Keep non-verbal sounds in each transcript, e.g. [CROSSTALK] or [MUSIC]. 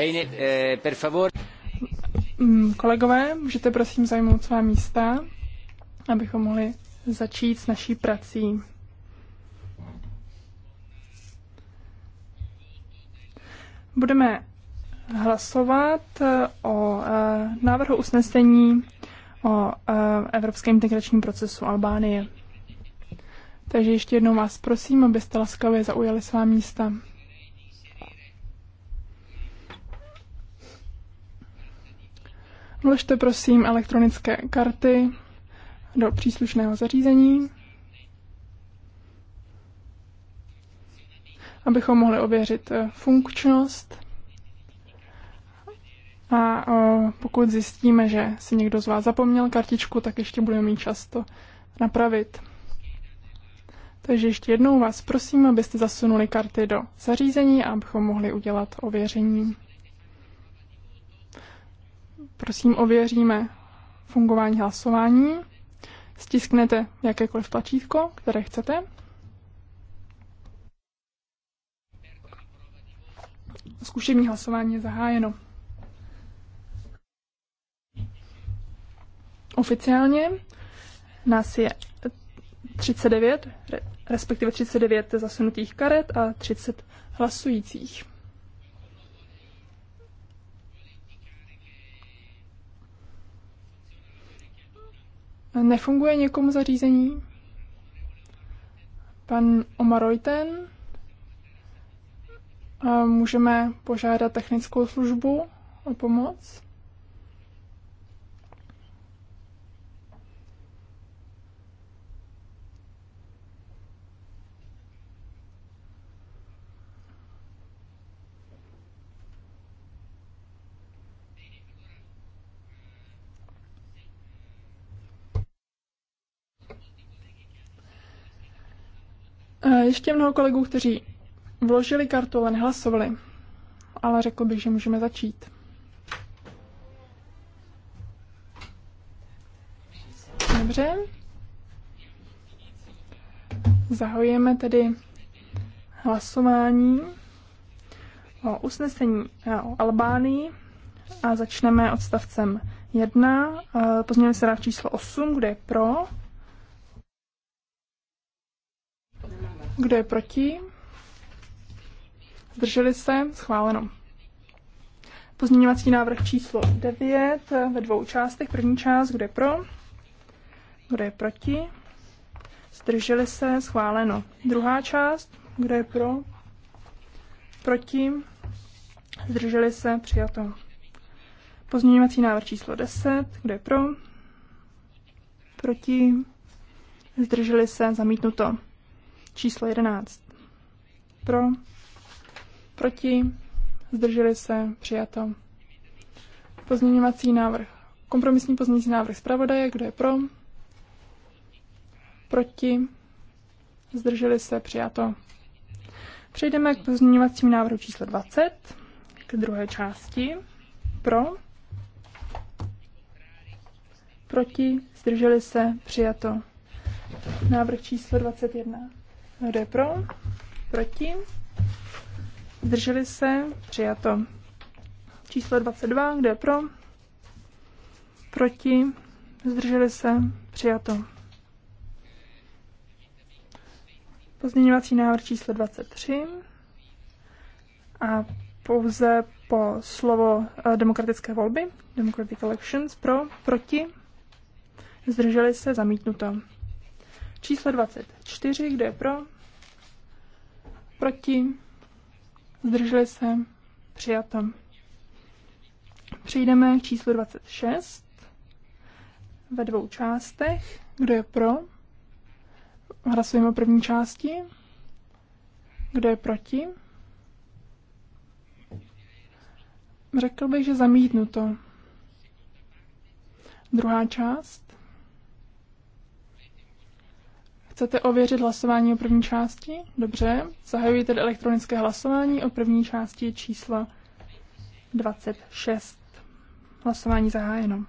Eh, mm, kolegové, můžete prosím zajmout svá místa, abychom mohli začít s naší prací. Budeme hlasovat eh, o eh, návrhu usnesení o evropském integračním procesu Albánie. Takže ještě jednou vás prosím, abyste laskavě zaujali svá místa. Vložte prosím elektronické karty do příslušného zařízení, abychom mohli ověřit eh, funkčnost. A eh, pokud zjistíme, že si někdo z vás zapomněl kartičku, tak ještě budeme mít čas to napravit. Takže ještě jednou vás prosím, abyste zasunuli karty do zařízení, abychom mohli udělat ověření. Prosím, ověříme fungování hlasování. Stisknete jakékoliv tlačítko, které chcete. Zkušení hlasování je zahájeno. Oficiálně nás je 39, respektive 39 zasunutých karet a 30 hlasujících. Nefunguje někomu zařízení? Pan Omarojten? Můžeme požádat technickou službu o pomoc? Eh, ještě mnoho kolegů, kteří vložili kartu, ale nehlasovali. Ale řekl bych, že můžeme začít. Dobře. Zahajujeme tedy hlasování o usnesení eh, o Albánii a začneme odstavcem 1, eh, se na číslo 8, kde je pro, Kdo je proti? Zdrželi se? Schváleno. Pozměňovací návrh číslo 9 ve dvou částech. První část, kde pro, kde je proti. Zdrželi se, schváleno. Druhá část, kde je pro, proti. Zdrželi se, přijato. Pozměňovací návrh číslo 10, kde je pro, proti. Zdrželi se, zamítnuto číslo 11. Pro, proti, zdrželi se, přijato. Pozměňovací návrh. Kompromisní pozměňovací návrh zpravodaje, kdo je pro, proti, zdrželi se, přijato. Přejdeme k pozměňovacímu návrhu číslo 20, k druhé části. Pro, proti, zdrželi se, přijato. Návrh číslo 21. Kdo je pro? Proti? Zdrželi se? Přijato. Číslo 22. Kdo je pro? Proti? Zdrželi se? Přijato. Pozměňovací návrh číslo 23. A pouze po slovo eh, demokratické volby, democratic elections, pro, proti, zdrželi se, zamítnuto. Číslo 24, kdo je pro? Proti? Zdrželi se? Přijato. Přejdeme k číslu 26 ve dvou částech. Kdo je pro? Hlasujeme o první části. Kdo je proti? Řekl bych, že zamítnuto. Druhá část. Chcete ověřit hlasování o první části? Dobře. Zahajuji tedy elektronické hlasování o první části číslo 26. Hlasování zahájeno.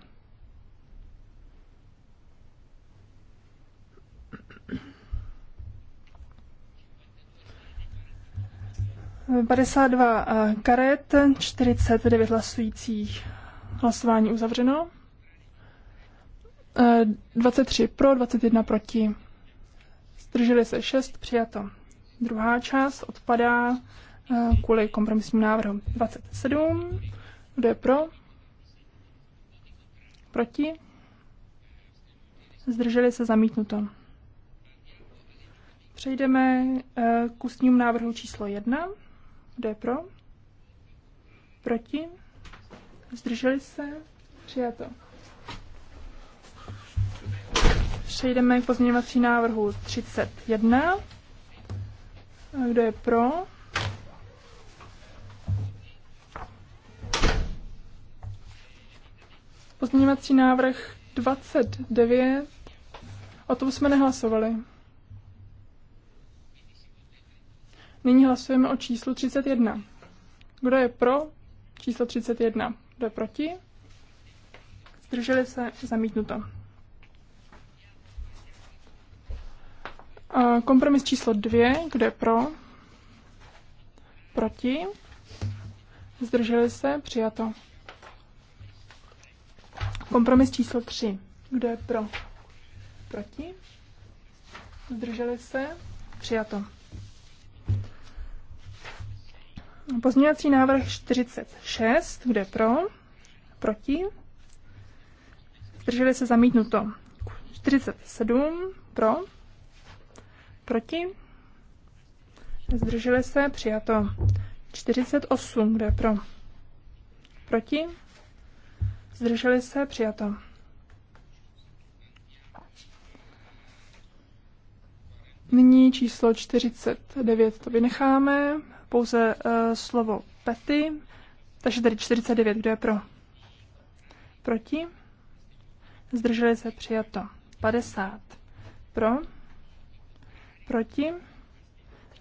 Padesát dva eh, karet, 49 hlasujících. Hlasování uzavřeno. 23 eh, pro, 21 proti zdrželi se 6, přijato. Druhá část odpadá eh, kvůli kompromisnímu návrhu 27. Kdo je pro? Proti? Zdrželi se zamítnuto. Přejdeme eh, k ústnímu návrhu číslo 1. Kdo je pro? Proti? Zdrželi se? Přijato. přejdeme k pozměňovací návrhu 31. Kdo je pro? Pozměňovací návrh 29. O tom jsme nehlasovali. Nyní hlasujeme o číslu 31. Kdo je pro číslo 31? Kdo je proti? Zdrželi se zamítnuto. Kompromis číslo dvě, kde pro? Proti? Zdrželi se? Přijato. Kompromis číslo tři, kde pro? Proti? Zdrželi se? Přijato. Pozměňovací návrh 46, kde pro? Proti? Zdrželi se zamítnuto. 47 pro, Proti? Zdrželi se, přijato. 48, kdo je pro? Proti? Zdrželi se, přijato. Nyní číslo 49 to vynecháme, pouze uh, slovo pety, takže tady 49, kdo je pro? Proti? Zdrželi se, přijato. 50. Pro? Proti?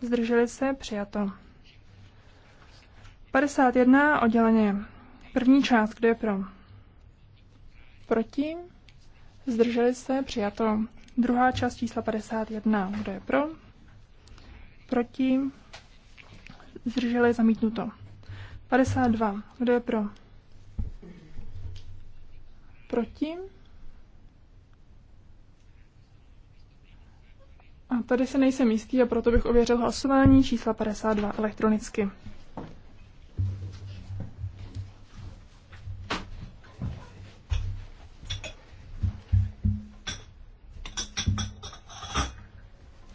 Zdrželi se? Přijato. 51 odděleně. První část, kdo je pro? Proti? Zdrželi se? Přijato. Druhá část čísla 51, kdo je pro? Proti? Zdrželi zamítnuto. 52, kdo je pro? Proti? A tady se nejsem jistý a proto bych ověřil hlasování čísla 52 elektronicky.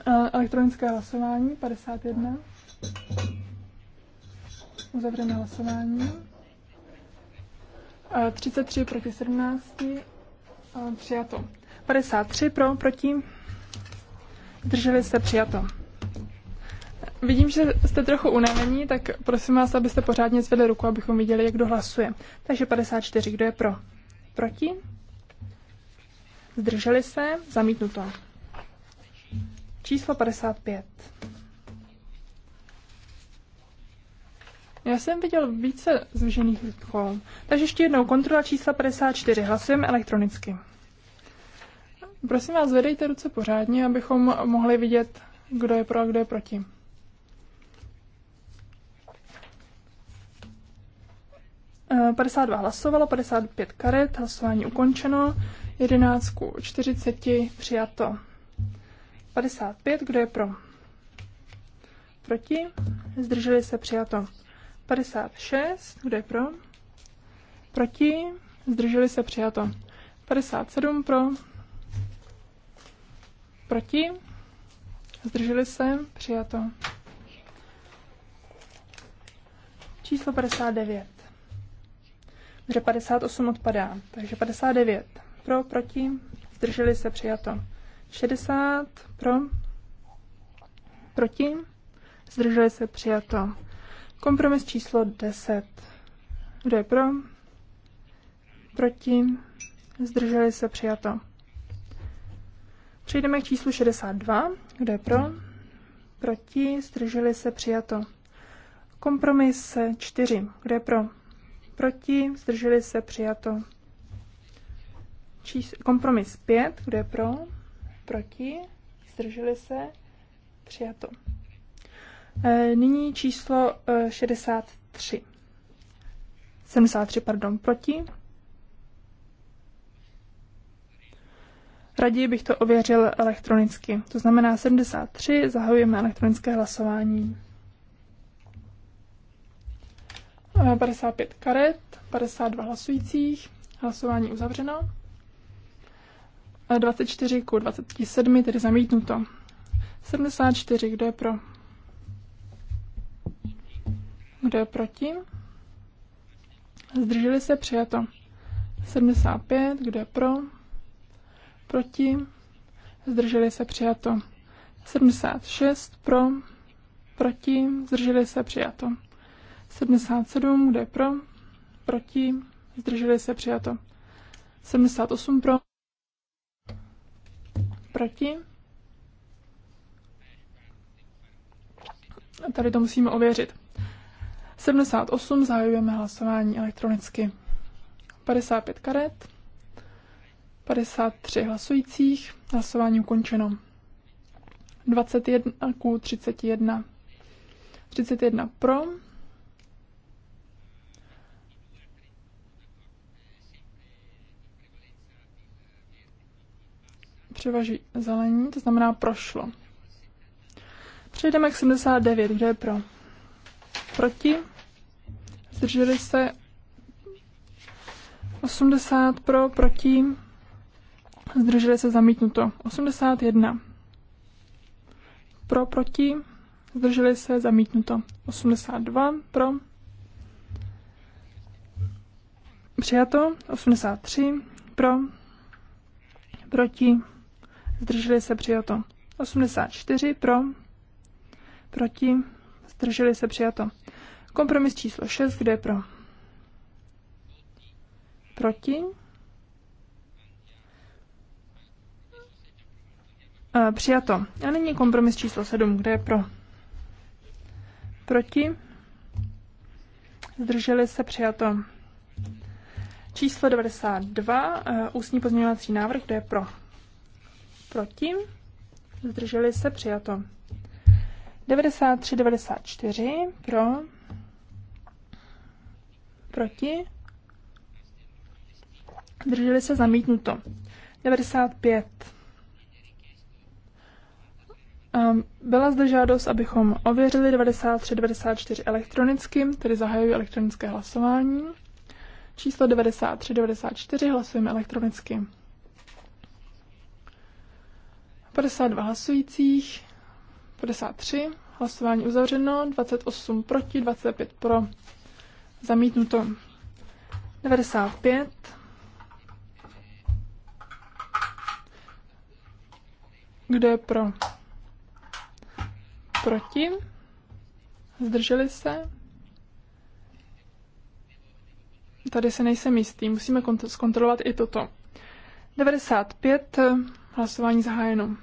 E, elektronické hlasování 51. Uzavřeme hlasování. 33 e, proti 17. E, přijato. 53 pro, proti. Drželi se přijato. Vidím, že jste trochu unavení, tak prosím vás, abyste pořádně zvedli ruku, abychom viděli, jak kdo hlasuje. Takže 54, kdo je pro? Proti? Zdrželi se? Zamítnuto. Číslo 55. Já jsem viděl více zvržených rukou. Takže ještě jednou kontrola čísla 54. Hlasujeme elektronicky. Prosím vás, zvedejte ruce pořádně, abychom mohli vidět, kdo je pro a kdo je proti. E, eh, 52 hlasovalo, 55 karet, hlasování ukončeno, 11 ku 40 přijato. 55, kdo je pro? Proti? Zdrželi se přijato. 56, kdo je pro? Proti? Zdrželi se přijato. 57 pro, Proti? Zdrželi se? Přijato. Číslo 59. Že 58 odpadá, takže 59. Pro, proti, zdrželi se, přijato. 60 pro, proti, zdrželi se, přijato. Kompromis číslo 10. Kdo je pro? Proti, zdrželi se, přijato. Přejdeme k číslu 62. Kdo je pro? Proti? Zdrželi se? Přijato. Kompromis 4. Kdo je pro? Proti? Zdrželi se? Přijato. Čís... Kompromis 5. Kdo je pro? Proti? Zdrželi se? Přijato. E, nyní číslo 63. E, 73, pardon, proti. Raději bych to ověřil elektronicky. To znamená 73, zahajujeme elektronické hlasování. 55 karet, 52 hlasujících, hlasování uzavřeno. 24 ku 27, tedy zamítnuto. 74, kdo je pro? Kdo je proti? Zdrželi se, přijato. 75, kdo je pro? proti, zdrželi se přijato. 76 pro, proti, zdrželi se přijato. 77 kde pro, proti, zdrželi se přijato. 78 pro, proti. Tady to musíme ověřit. 78 zahajujeme hlasování elektronicky. 55 karet. 53 hlasujících, hlasování ukončeno. 21 ku 31. 31 pro. Převaží zelení, to znamená prošlo. Přejdeme k 79, kde je pro? Proti? Zdrželi se 80 pro, proti? zdrželi se zamítnuto. 81 pro, proti, zdrželi se zamítnuto. 82 pro, přijato. 83 pro, proti, zdrželi se přijato. 84 pro, proti, zdrželi se přijato. Kompromis číslo 6, kde je pro? Proti, Eh, přijato. A nyní kompromis číslo 7. Kde je pro? Proti? Zdrželi se přijato. Číslo 92. Eh, ústní pozměňovací návrh. Kde je pro? Proti? Zdrželi se přijato. 93, 94. Pro? Proti? Zdrželi se zamítnuto. 95. Ehm, byla zde žádost, abychom ověřili 93-94 elektronicky, tedy zahajuji elektronické hlasování. Číslo 93-94 hlasujeme elektronicky. 52 hlasujících, 53, hlasování uzavřeno, 28 proti, 25 pro, zamítnuto. 95, kdo je pro? Proti? Zdrželi se? Tady se nejsem jistý, musíme zkontrolovat i toto. 95, hlasování zahájeno.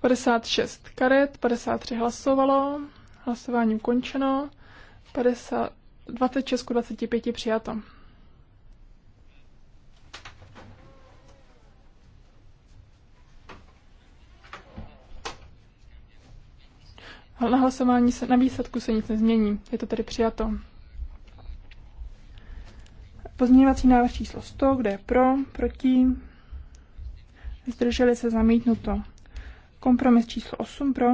Padesát šest karet, 53 hlasovalo, Hlasování ukončeno. 50, 20 Česku 25 přijato. ale na hlasování se, na výsledku se nic nezmění. Je to tedy přijato. Pozměňovací návrh číslo 100, kde je pro, proti, zdrželi se zamítnuto. Kompromis číslo 8 pro,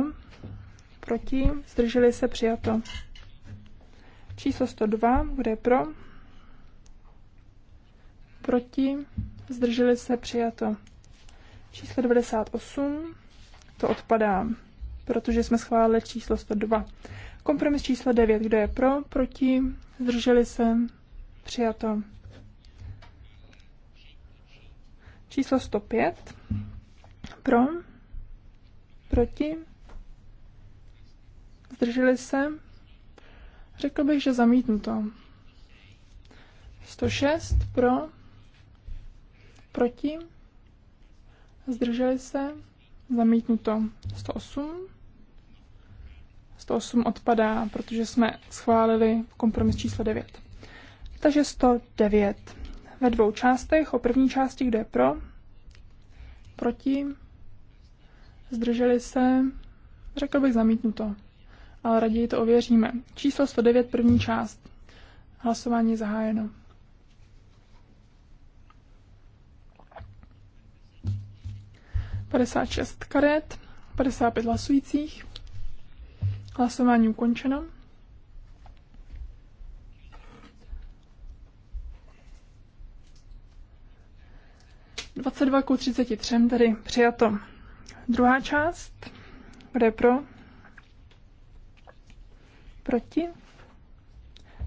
proti, zdrželi se přijato. Číslo 102, kde je pro, proti, zdrželi se přijato. Číslo 98, to odpadá protože jsme schválili číslo 102. Kompromis číslo 9. Kdo je pro? Proti? Zdrželi se? Přijato. Číslo 105. Pro? Proti? Zdrželi se? Řekl bych, že zamítnuto. 106 pro, proti, zdrželi se, zamítnuto. 108 108 odpadá, protože jsme schválili kompromis číslo 9. Takže 109 ve dvou částech. O první části, kde je pro, proti, zdrželi se, řekl bych zamítnuto, ale raději to ověříme. Číslo 109, první část. Hlasování je zahájeno. 56 karet, 55 hlasujících. Hlasování ukončeno. ku 33, tedy přijato. Druhá část, kde pro, proti,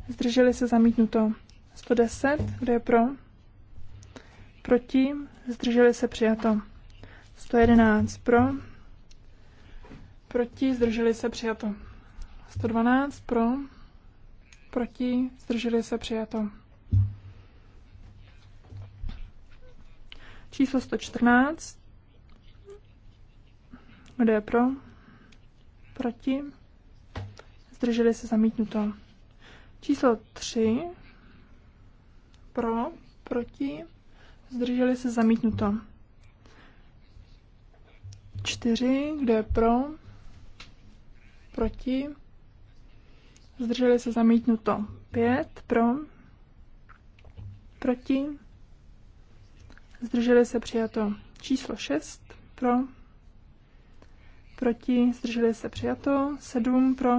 zdrželi se zamítnuto 110, kde je pro, proti, zdrželi se přijato 111 pro, Proti, zdrželi se, přijato. 112 pro, proti, zdrželi se, přijato. Číslo 114. Kdo je pro? Proti? Zdrželi se zamítnuto. Číslo 3. Pro? Proti? Zdrželi se zamítnuto. 4. Kdo je pro? proti, zdrželi se zamítnuto 5 pro, proti, zdrželi se přijato číslo 6 pro, proti, zdrželi se přijato 7 pro,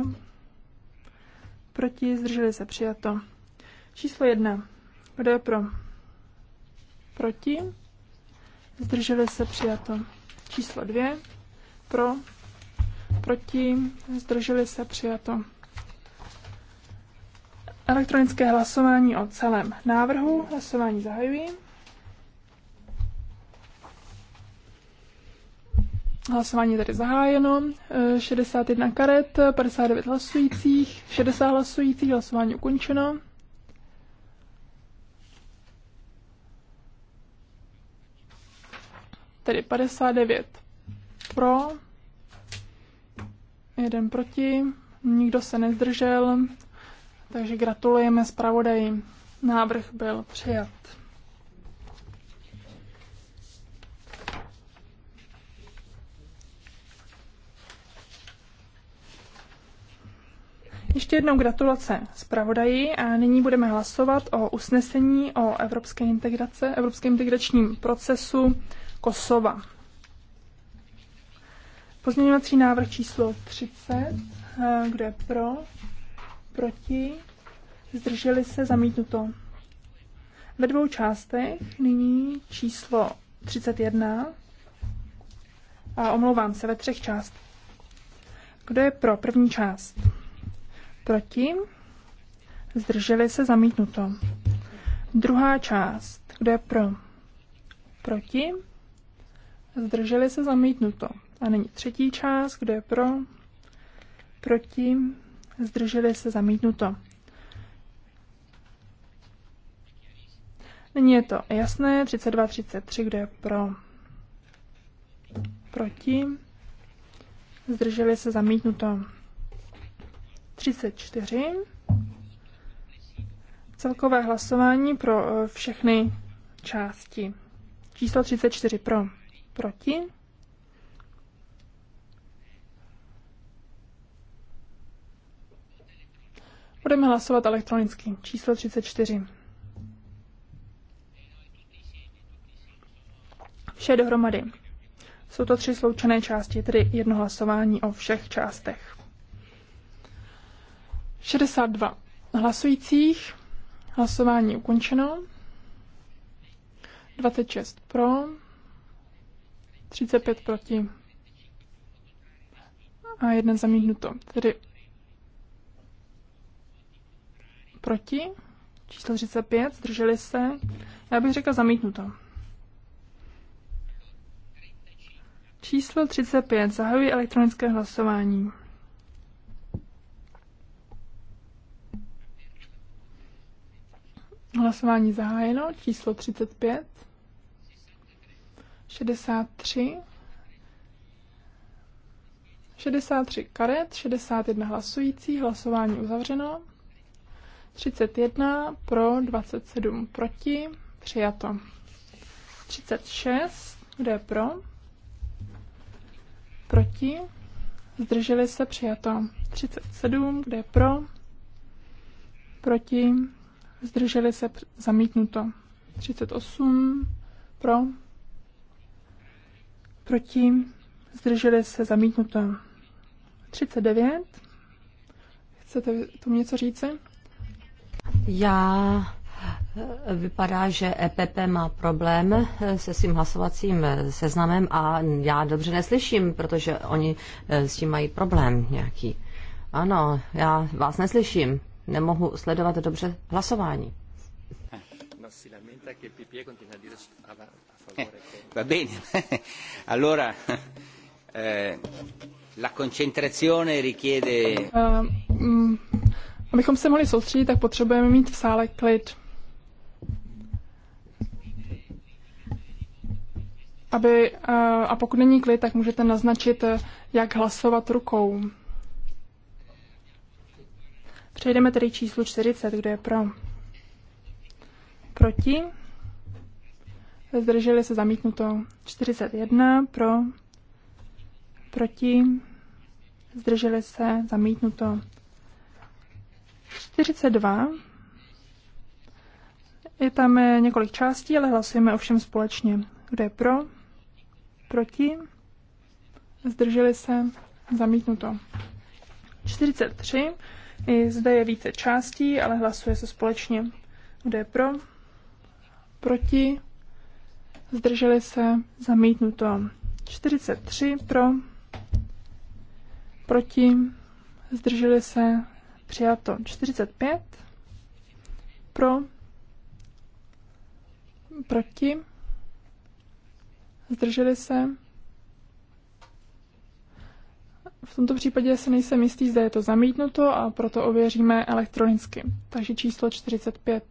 proti, zdrželi se přijato číslo 1, kdo je pro, proti, zdrželi se přijato číslo 2 pro, proti, zdrželi se, přijato. Elektronické hlasování o celém návrhu. Hlasování zahajují. Hlasování tady tedy zahájeno. 61 e, karet, 59 hlasujících, 60 hlasujících, hlasování ukončeno. Tedy 59 pro, jeden proti, nikdo se nezdržel, takže gratulujeme zpravodaji. Návrh byl přijat. Ještě jednou gratulace zpravodaji a nyní budeme hlasovat o usnesení o evropské integrace, evropském integračním procesu Kosova. Pozměňovací návrh číslo 30. Eh, kdo je pro? Proti? Zdrželi se? Zamítnuto. Ve dvou částech. Nyní číslo 31. A omlouvám se, ve třech částech. Kdo je pro první část? Proti? Zdrželi se? Zamítnuto. Druhá část. Kdo je pro? Proti? Zdrželi se? Zamítnuto. A nyní třetí část, kdo je pro, proti, zdrželi se zamítnuto. Nyní je to jasné, 32, 33, kdo je pro, proti, zdrželi se zamítnuto. 34. Celkové hlasování pro eh, všechny části. Číslo 34 pro, proti Budeme hlasovat elektronicky. Číslo 34. Vše dohromady. Jsou to tři sloučené části, tedy jedno hlasování o všech částech. 62 hlasujících. Hlasování ukončeno. 26 pro, 35 proti a jeden zamítnuto. Tedy Proti? Číslo 35. Zdrželi se? Já bych řekla zamítnuto. Číslo 35. Zahajuji elektronické hlasování. Hlasování zahájeno. Číslo 35. 63. 63 karet, 61 hlasující, hlasování uzavřeno. 31 pro, 27 proti, přijato. 36, kdo je pro? Proti, zdrželi se, přijato. 37, kdo je pro? Proti, zdrželi se, zamítnuto. 38, pro, proti, zdrželi se, zamítnuto. 39, chcete tomu něco říci? Já eh, Vypadá, že EPP má problém eh, se svým hlasovacím eh, seznamem a já dobře neslyším, protože oni s tím mají problém nějaký. Ano, já vás neslyším. Nemohu sledovat dobře hlasování. Va bene. [LAUGHS] Allora, la concentrazione richiede... Mm, Abychom se mohli soustředit, tak potřebujeme mít v sále klid. Aby, eh, a pokud není klid, tak můžete naznačit, eh, jak hlasovat rukou. Přejdeme tedy číslu 40, kdo je pro. Proti. Zdrželi se zamítnuto 41, pro. Proti. Zdrželi se zamítnuto 42. Je tam eh, několik částí, ale hlasujeme ovšem společně. Kdo je pro? Proti? Zdrželi se? Zamítnuto. 43. I zde je více částí, ale hlasuje se společně. Kdo je pro? Proti? Zdrželi se? Zamítnuto. 43 pro, proti, zdrželi se, Přijato 45. Pro. Proti. Zdrželi se. V tomto případě se nejsem jistý, zda je to zamítnuto a proto ověříme elektronicky. Takže číslo 45.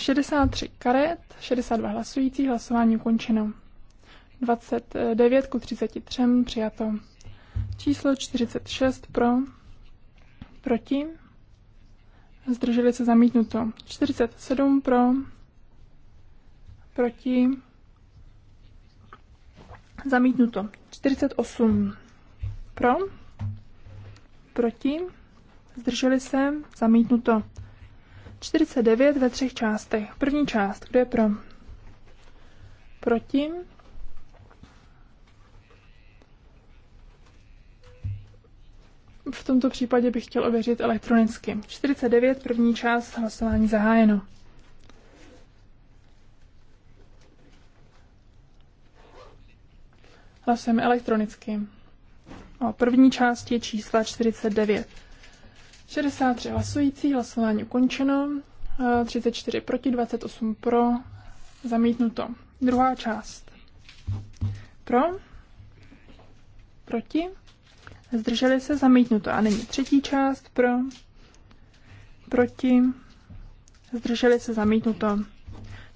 63 karet, 62 hlasující, hlasování ukončeno. 29 ku 33 přijato. Číslo 46 pro, proti, zdrželi se zamítnuto. 47 pro, proti, zamítnuto. 48 pro, proti, zdrželi se, zamítnuto. 49 ve třech částech. První část, kdo je pro? Proti? V tomto případě bych chtěl ověřit elektronicky. 49, první část, hlasování zahájeno. Hlasujeme elektronicky. O první části čísla 49. 63 hlasující, hlasování ukončeno, 34 eh, proti, 28 pro, zamítnuto. Druhá část. Pro, proti, zdrželi se, zamítnuto. A nyní třetí část, pro, proti, zdrželi se, zamítnuto.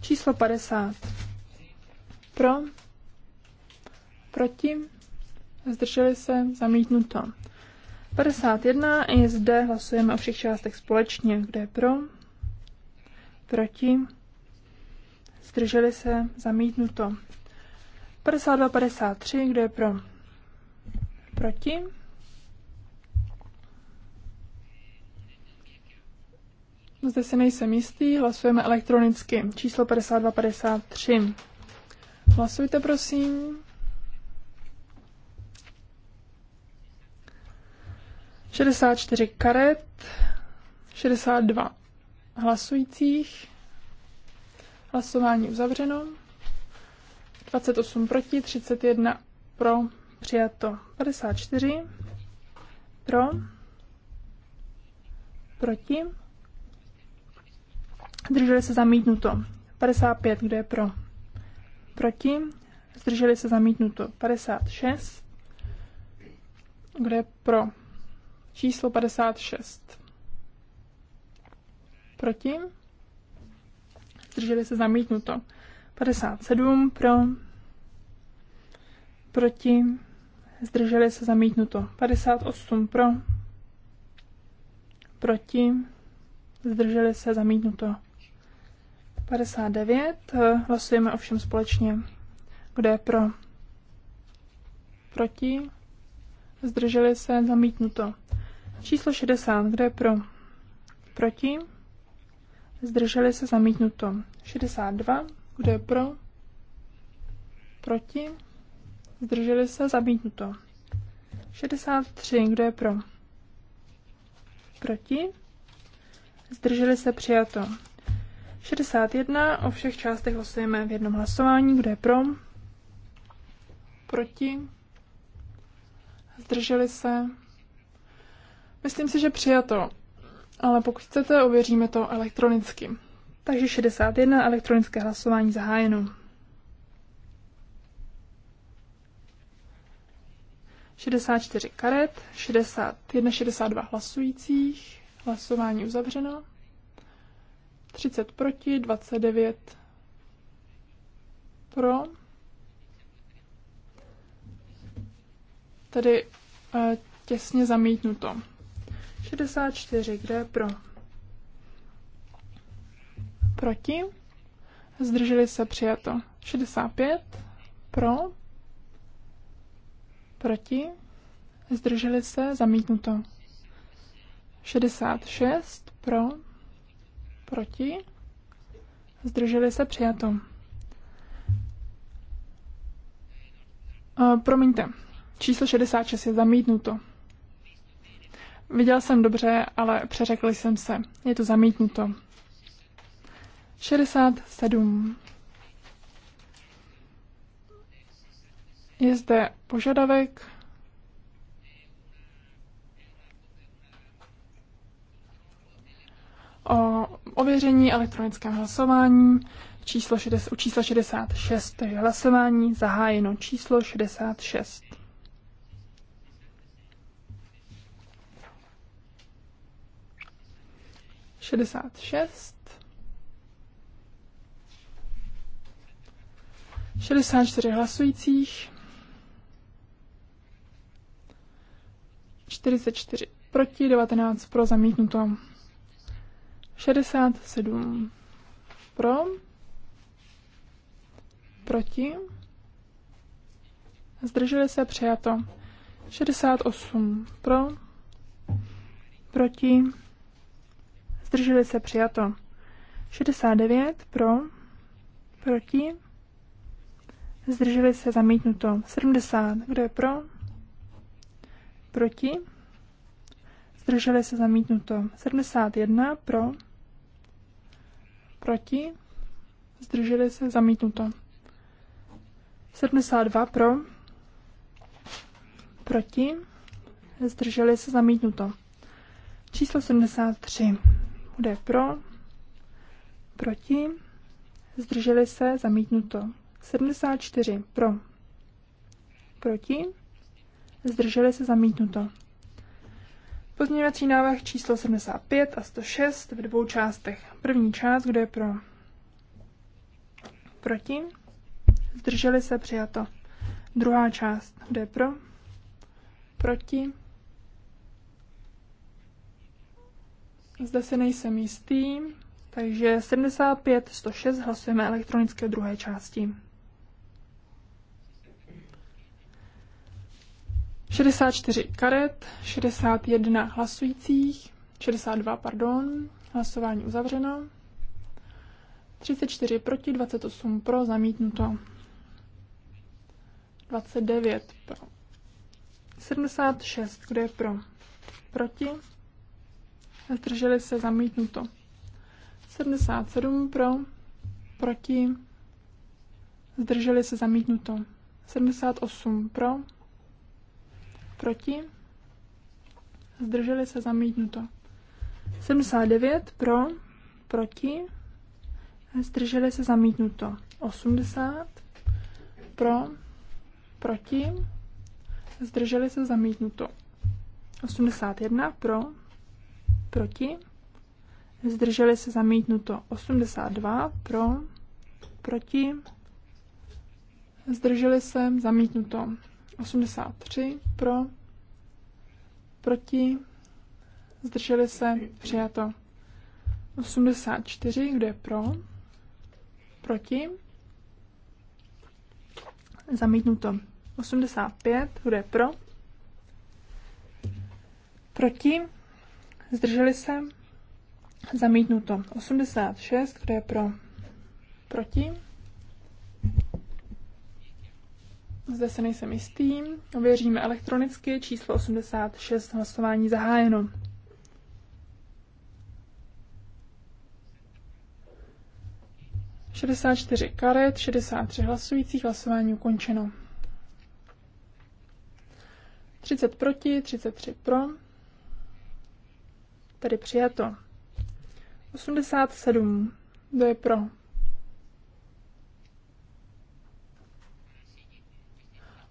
Číslo 50. Pro, proti, zdrželi se, zamítnuto. 51 i zde hlasujeme o všech částech společně. Kdo je pro? Proti? Zdrželi se? Zamítnuto. 52, 53, kdo je pro? Proti? Zde si nejsem jistý, hlasujeme elektronicky. Číslo 52, 53. Hlasujte, prosím. 64 karet, 62 hlasujících, hlasování uzavřeno, 28 proti, 31 pro, přijato 54, pro, proti, zdrželi se zamítnuto 55, kdo je pro, proti, zdrželi se zamítnuto 56, kdo je pro, Číslo 56. Proti? Zdrželi se zamítnuto. 57 pro. Proti? Zdrželi se zamítnuto. 58 pro. Proti? Zdrželi se zamítnuto. 59. Hlasujeme ovšem společně. Kdo je pro? Proti? zdrželi se, zamítnuto. Číslo 60, kde je pro? Proti, zdrželi se, zamítnuto. 62, kde je pro? Proti, zdrželi se, zamítnuto. 63, kdo je pro? Proti, zdrželi se, přijato. 61, o všech částech hlasujeme v jednom hlasování, kdo je pro? Proti, zdrželi se. Myslím si, že přijato, ale pokud chcete, ověříme to elektronicky. Takže 61 elektronické hlasování zahájeno. 64 karet, 61, 62 hlasujících, hlasování uzavřeno, 30 proti, 29 pro, tady uh, těsně zamítnuto. 64, kde je pro? Proti? Zdrželi se přijato. 65, pro? Proti? Zdrželi se zamítnuto. 66, pro? Proti? Zdrželi se přijato. Uh, Promiňte, Číslo 66 je zamítnuto. Viděl jsem dobře, ale přeřekl jsem se. Je to zamítnuto. 67. Je zde požadavek o ověření elektronického hlasování číslo 60, u čísla 66, takže hlasování zahájeno číslo 66. 66. 64 hlasujících. 44 proti, 19 pro zamítnuto. 67 pro, proti, zdrželi se přijato. 68 pro, proti, Zdrželi se přijato. 69 pro, proti, zdrželi se zamítnuto. 70, kdo je pro, proti, zdrželi se zamítnuto. 71 pro, proti, zdrželi se zamítnuto. 72 pro, proti, zdrželi se zamítnuto. Číslo 73. Kdo je pro? Proti? Zdrželi se? Zamítnuto. 74. Pro. Proti? Zdrželi se? Zamítnuto. Pozměňovací návrh číslo 75 a 106 v dvou částech. První část, kdo je pro? Proti? Zdrželi se? Přijato. Druhá část, kdo je pro? Proti? Zde si nejsem jistý, takže 75, 106 hlasujeme elektronické druhé části. 64 karet, 61 hlasujících, 62, pardon, hlasování uzavřeno. 34 proti, 28 pro, zamítnuto. 29 pro. 76, kde je pro? Proti? zdrželi se zamítnuto. 77 pro, proti, zdrželi se zamítnuto. 78 pro, proti, zdrželi se zamítnuto. 79 pro, proti, zdrželi se zamítnuto. 80 pro, proti, zdrželi se zamítnuto. 81 pro, proti, zdrželi se zamítnuto 82 pro, proti, zdrželi se zamítnuto 83 pro, proti, zdrželi se přijato 84, kde je pro, proti, zamítnuto 85, kde je pro, proti, Zdrželi se? Zamítnuto. 86, kdo je pro? Proti? Zde se nejsem jistý. Ověříme elektronicky. Číslo 86. Hlasování zahájeno. čtyři karet, 63 hlasujících, hlasování ukončeno. 30 proti, 33 pro. Tedy přijato. 87. Kdo je pro?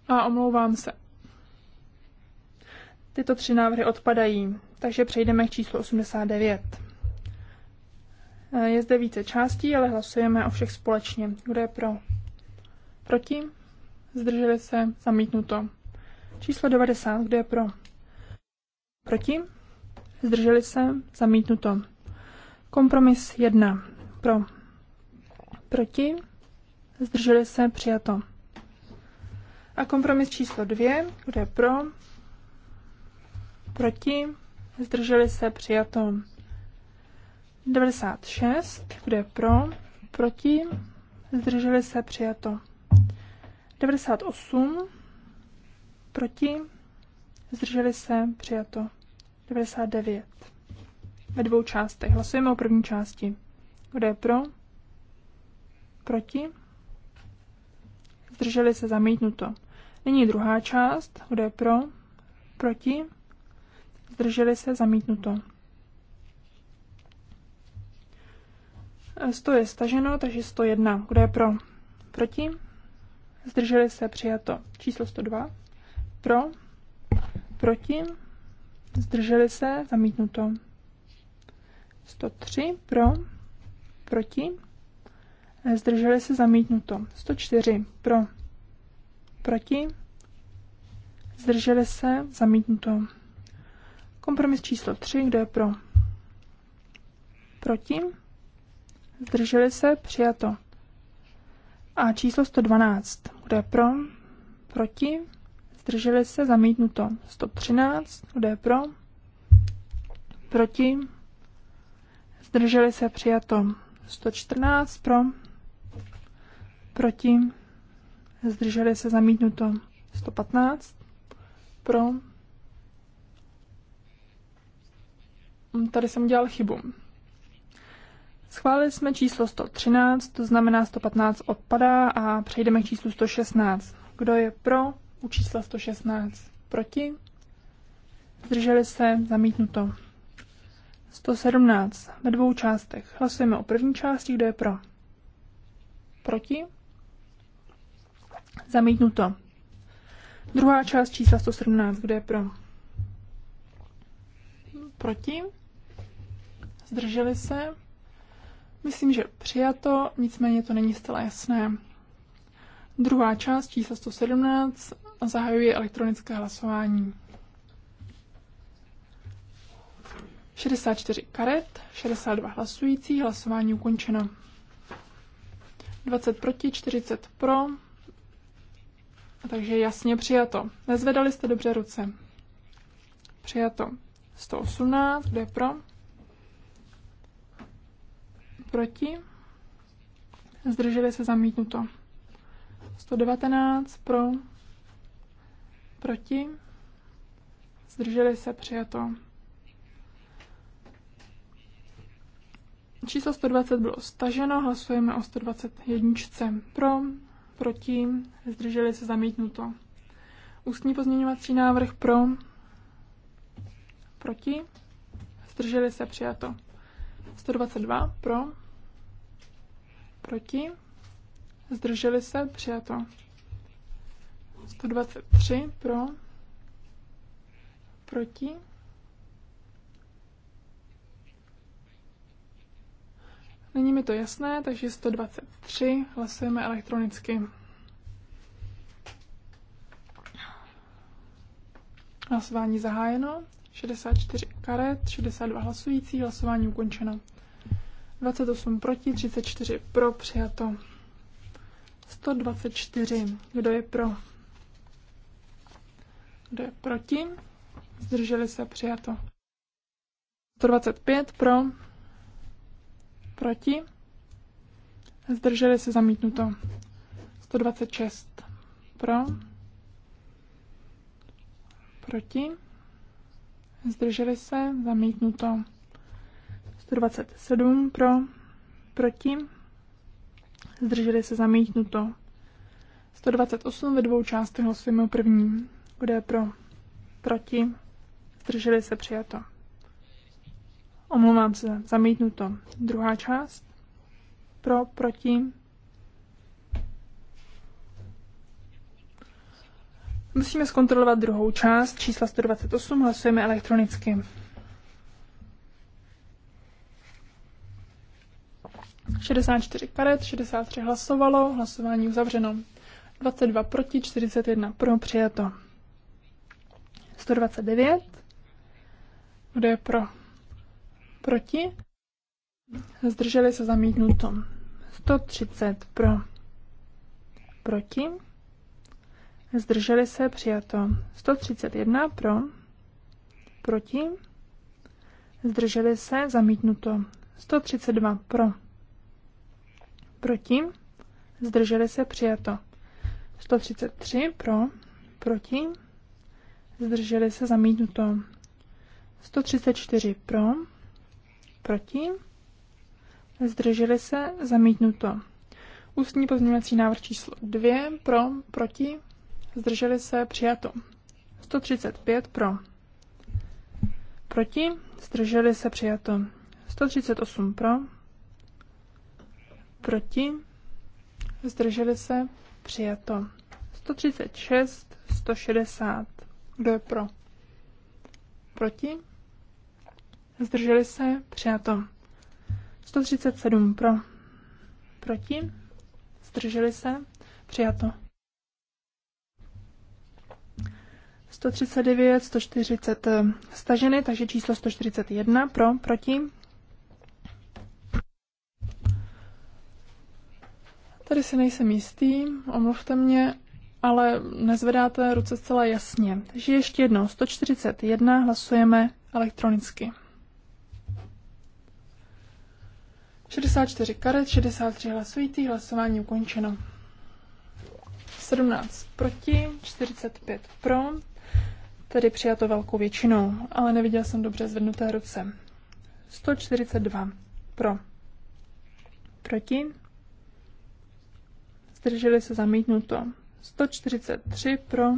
A omlouvám se. Tyto tři návrhy odpadají, takže přejdeme k číslu 89. Je zde více částí, ale hlasujeme o všech společně. Kdo je pro? Proti? Zdrželi se? Zamítnuto. Číslo 90. Kdo je pro? Proti? zdrželi se, zamítnuto. Kompromis 1 pro, proti, zdrželi se, přijato. A kompromis číslo 2, kde je pro, proti, zdrželi se, přijato. 96, kde je pro, proti, zdrželi se, přijato. 98, proti, zdrželi se, přijato. 99. Ve dvou částech. Hlasujeme o první části. Kdo je pro? Proti? Zdrželi se zamítnuto. Nyní druhá část. Kdo je pro? Proti? Zdrželi se zamítnuto. 100 je staženo, takže 101. Kdo je pro? Proti? Zdrželi se přijato. Číslo 102. Pro? Proti? zdrželi se, zamítnuto. 103 pro, proti, zdrželi se, zamítnuto. 104 pro, proti, zdrželi se, zamítnuto. Kompromis číslo 3, kdo je pro, proti, zdrželi se, přijato. A číslo 112, kdo je pro, proti, Zdrželi se zamítnuto 113. Kdo je pro? Proti? Zdrželi se přijato 114. Pro? Proti? Zdrželi se zamítnuto 115. Pro? Tady jsem udělal chybu. Schválili jsme číslo 113, to znamená 115 odpadá a přejdeme k číslu 116. Kdo je pro? u čísla 116. Proti? Zdrželi se? Zamítnuto. 117. Ve dvou částech. Hlasujeme o první části, kdo je pro. Proti? Zamítnuto. Druhá část čísla 117, kdo je pro. Proti? Zdrželi se? Myslím, že přijato, nicméně to není zcela jasné. Druhá část čísla 117, Zahajuji elektronické hlasování. 64 karet, 62 hlasující, hlasování ukončeno. 20 proti, 40 pro, takže jasně přijato. Nezvedali jste dobře ruce. Přijato. 118, kde pro? Proti? Zdrželi se zamítnuto. 119 pro, Proti? Zdrželi se přijato. Číslo 120 bylo staženo, hlasujeme o 121. Pro, proti, zdrželi se zamítnuto. Ústní pozměňovací návrh pro, proti, zdrželi se přijato. 122 pro, proti, zdrželi se přijato. 123 pro, proti. Není mi to jasné, takže 123 hlasujeme elektronicky. Hlasování zahájeno. 64 karet, 62 hlasující, hlasování ukončeno. 28 proti, 34 pro, přijato. 124. Kdo je pro? Kdo je proti? Zdrželi se přijato. 125 pro, proti, zdrželi se zamítnuto. 126 pro, proti, zdrželi se zamítnuto. 127 pro, proti, zdrželi se zamítnuto. 128 ve dvou částech hlasujeme o prvním. Kdo je pro? Proti? Zdrželi se přijato. Omlouvám se, zamítnuto. Druhá část. Pro, proti. Musíme zkontrolovat druhou část, čísla 128, hlasujeme elektronicky. Šedesát čtyři karet, 63 hlasovalo, hlasování uzavřeno. 22 proti, 41 pro, přijato. 129. Kdo je pro? Proti? Zdrželi se zamítnuto. 130 pro. Proti? Zdrželi se přijato. 131 pro. Proti? Zdrželi se zamítnuto. 132 pro. Proti? Zdrželi se přijato. 133 pro. Proti? zdrželi se zamítnuto. 134 pro, proti, zdrželi se zamítnuto. Ústní pozměňovací návrh číslo 2 pro, proti, zdrželi se přijato. 135 pro, proti, zdrželi se přijato. 138 pro, proti, zdrželi se přijato. 136, 160 kdo je pro? Proti? Zdrželi se? Přijato. 137 pro. Proti? Zdrželi se? Přijato. 139, 140 eh, staženy, takže číslo 141 pro, proti. Tady si nejsem jistý, omluvte mě ale nezvedáte ruce zcela jasně. Takže ještě jednou, 141, hlasujeme elektronicky. 64 karet, 63 hlasující, hlasování ukončeno. 17 proti, 45 pro, tedy přijato velkou většinou, ale neviděl jsem dobře zvednuté ruce. 142 pro, proti, zdrželi se zamítnuto. 143 pro.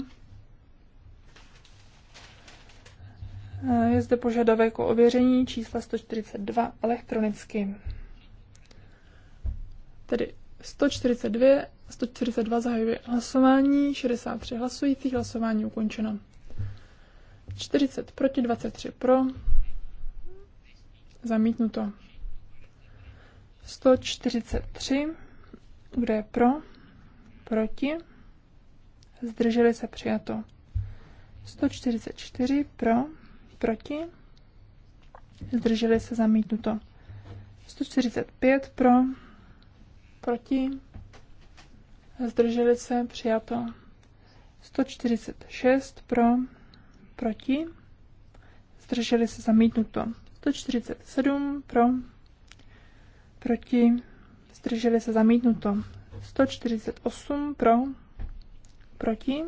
Je zde požadavek o ověření čísla 142 elektronicky. Tedy 142, 142 zahajuje hlasování, 63 hlasujících, hlasování ukončeno. 40 proti, 23 pro, zamítnuto. 143, kde je pro, proti, zdrželi se přijato. 144 pro, proti, zdrželi se zamítnuto. 145 pro, proti, zdrželi se přijato. 146 pro, proti, zdrželi se zamítnuto. 147 pro, proti, zdrželi se zamítnuto. 148 pro, Proti?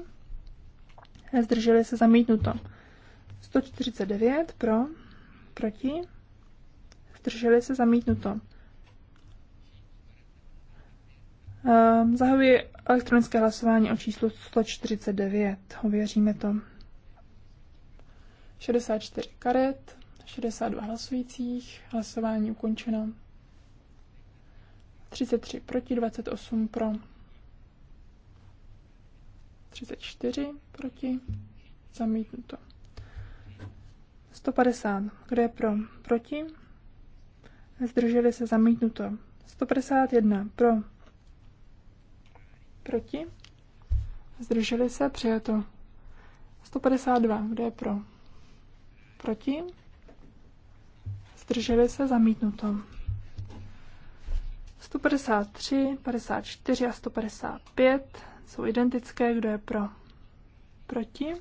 Zdrželi se zamítnuto. 149 pro, proti, zdrželi se zamítnuto. Ehm, zahajuji elektronické hlasování o číslu 149. Ověříme to. 64 karet, 62 hlasujících, hlasování ukončeno. 33 proti, 28 pro. 34 proti, zamítnuto. 150, kdo je pro, proti, zdrželi se, zamítnuto. 151 pro, proti, zdrželi se, přijato. 152, kdo je pro, proti, zdrželi se, zamítnuto. 153, 54 a 155 jsou identické, kdo je pro, proti,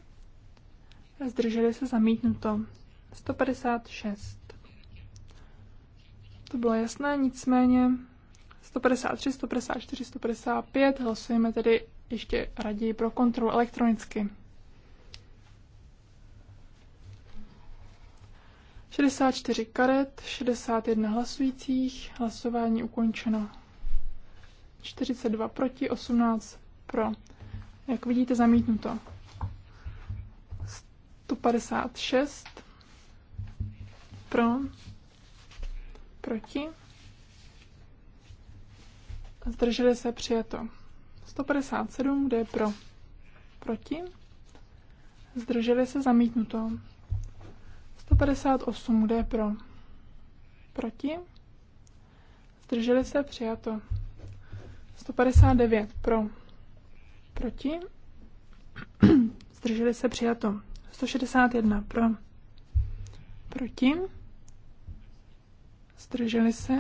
zdrželi se zamítnuto. 156. To bylo jasné, nicméně 153, 154, 155 hlasujeme tedy ještě raději pro kontrolu elektronicky. 64 karet, 61 hlasujících, hlasování ukončeno. 42 proti, 18 pro. Jak vidíte, zamítnuto. 156 pro, proti. Zdrželi se přijato. 157, kde je pro, proti. Zdrželi se zamítnuto. 158, kde je pro, proti. Zdrželi se přijato. 159 pro Proti? [CLEARS THROAT] Zdrželi se přijato. 161 pro. Proti? Zdrželi se.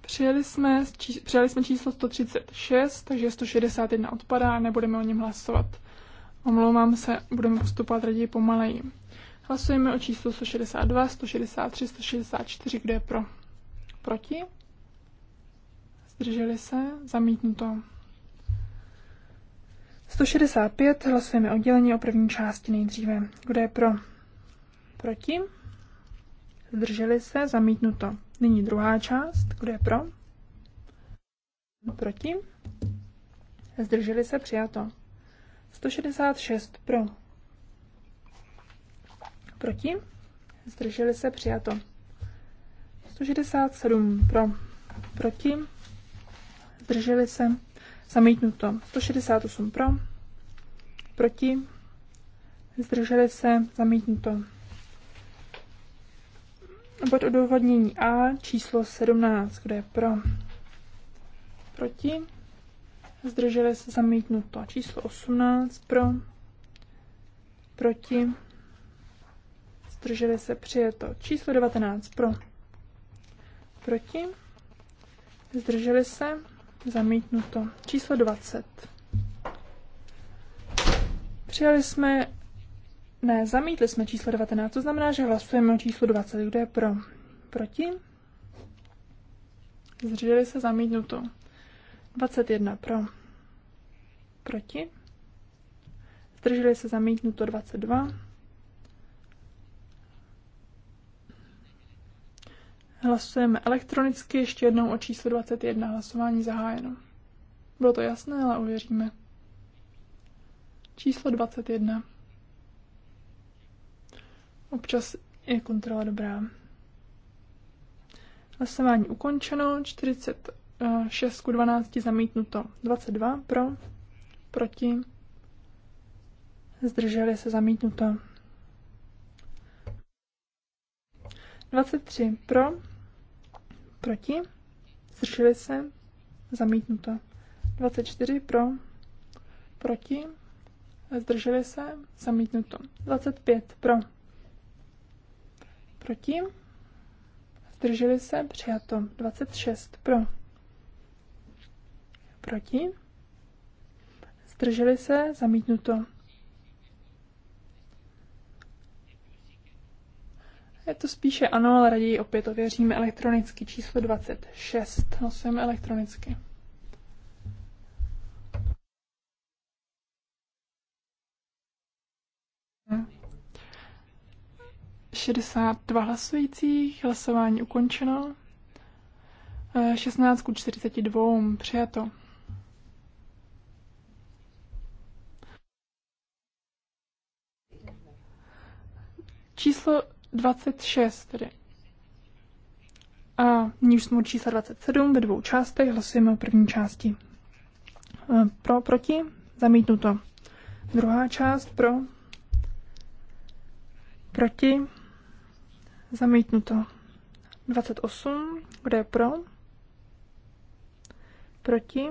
Přijeli jsme, či, přijeli jsme číslo 136, takže 161 odpadá, nebudeme o něm hlasovat. Omlouvám se, budeme postupovat raději pomaleji. Hlasujeme o číslo 162, 163, 164, kdo je pro? Proti? zdrželi se, zamítnuto. 165, hlasujeme odděleně o první části nejdříve. Kdo je pro? Proti? Zdrželi se, zamítnuto. Nyní druhá část, kdo je pro? Proti? Zdrželi se, přijato. 166 pro. Proti? Zdrželi se, přijato. 167 pro. Proti? zdrželi se, zamítnuto. 168 pro, proti, zdrželi se, zamítnuto. Bod odůvodnění A, číslo 17, kde je pro, proti, zdrželi se, zamítnuto. Číslo 18 pro, proti, zdrželi se, přijeto. Číslo 19 pro, proti, zdrželi se, Zamítnuto. Číslo 20. Přijali jsme, ne, zamítli jsme číslo 19, to znamená, že hlasujeme o číslu 20. Kdo je pro? Proti? Zřídili se zamítnuto. 21 pro. Proti? Zdrželi se zamítnuto 22 Hlasujeme elektronicky, ještě jednou o číslo 21 hlasování zahájeno. Bylo to jasné, ale uvěříme. Číslo 21. Občas je kontrola dobrá. Hlasování ukončeno, 46 ku 12 zamítnuto, 22 pro, proti, zdrželi se zamítnuto. 23 pro, Proti? Zdrželi se? Zamítnuto. 24 pro. Proti? Zdrželi se? Zamítnuto. 25 pro. Proti? Zdrželi se? Přijato. 26 pro. Proti? Zdrželi se? Zamítnuto. Je to spíše ano, ale raději opět ověříme elektronicky. Číslo 26 hlasujeme elektronicky. Hm. 62 hlasujících, hlasování ukončeno. 16 k 42 přijato. Číslo 26 tedy. A nyní už jsme čísla 27 ve dvou částech. Hlasujeme o první části. E, pro, proti, zamítnuto. Druhá část pro, proti, zamítnuto. 28, kde je pro, proti,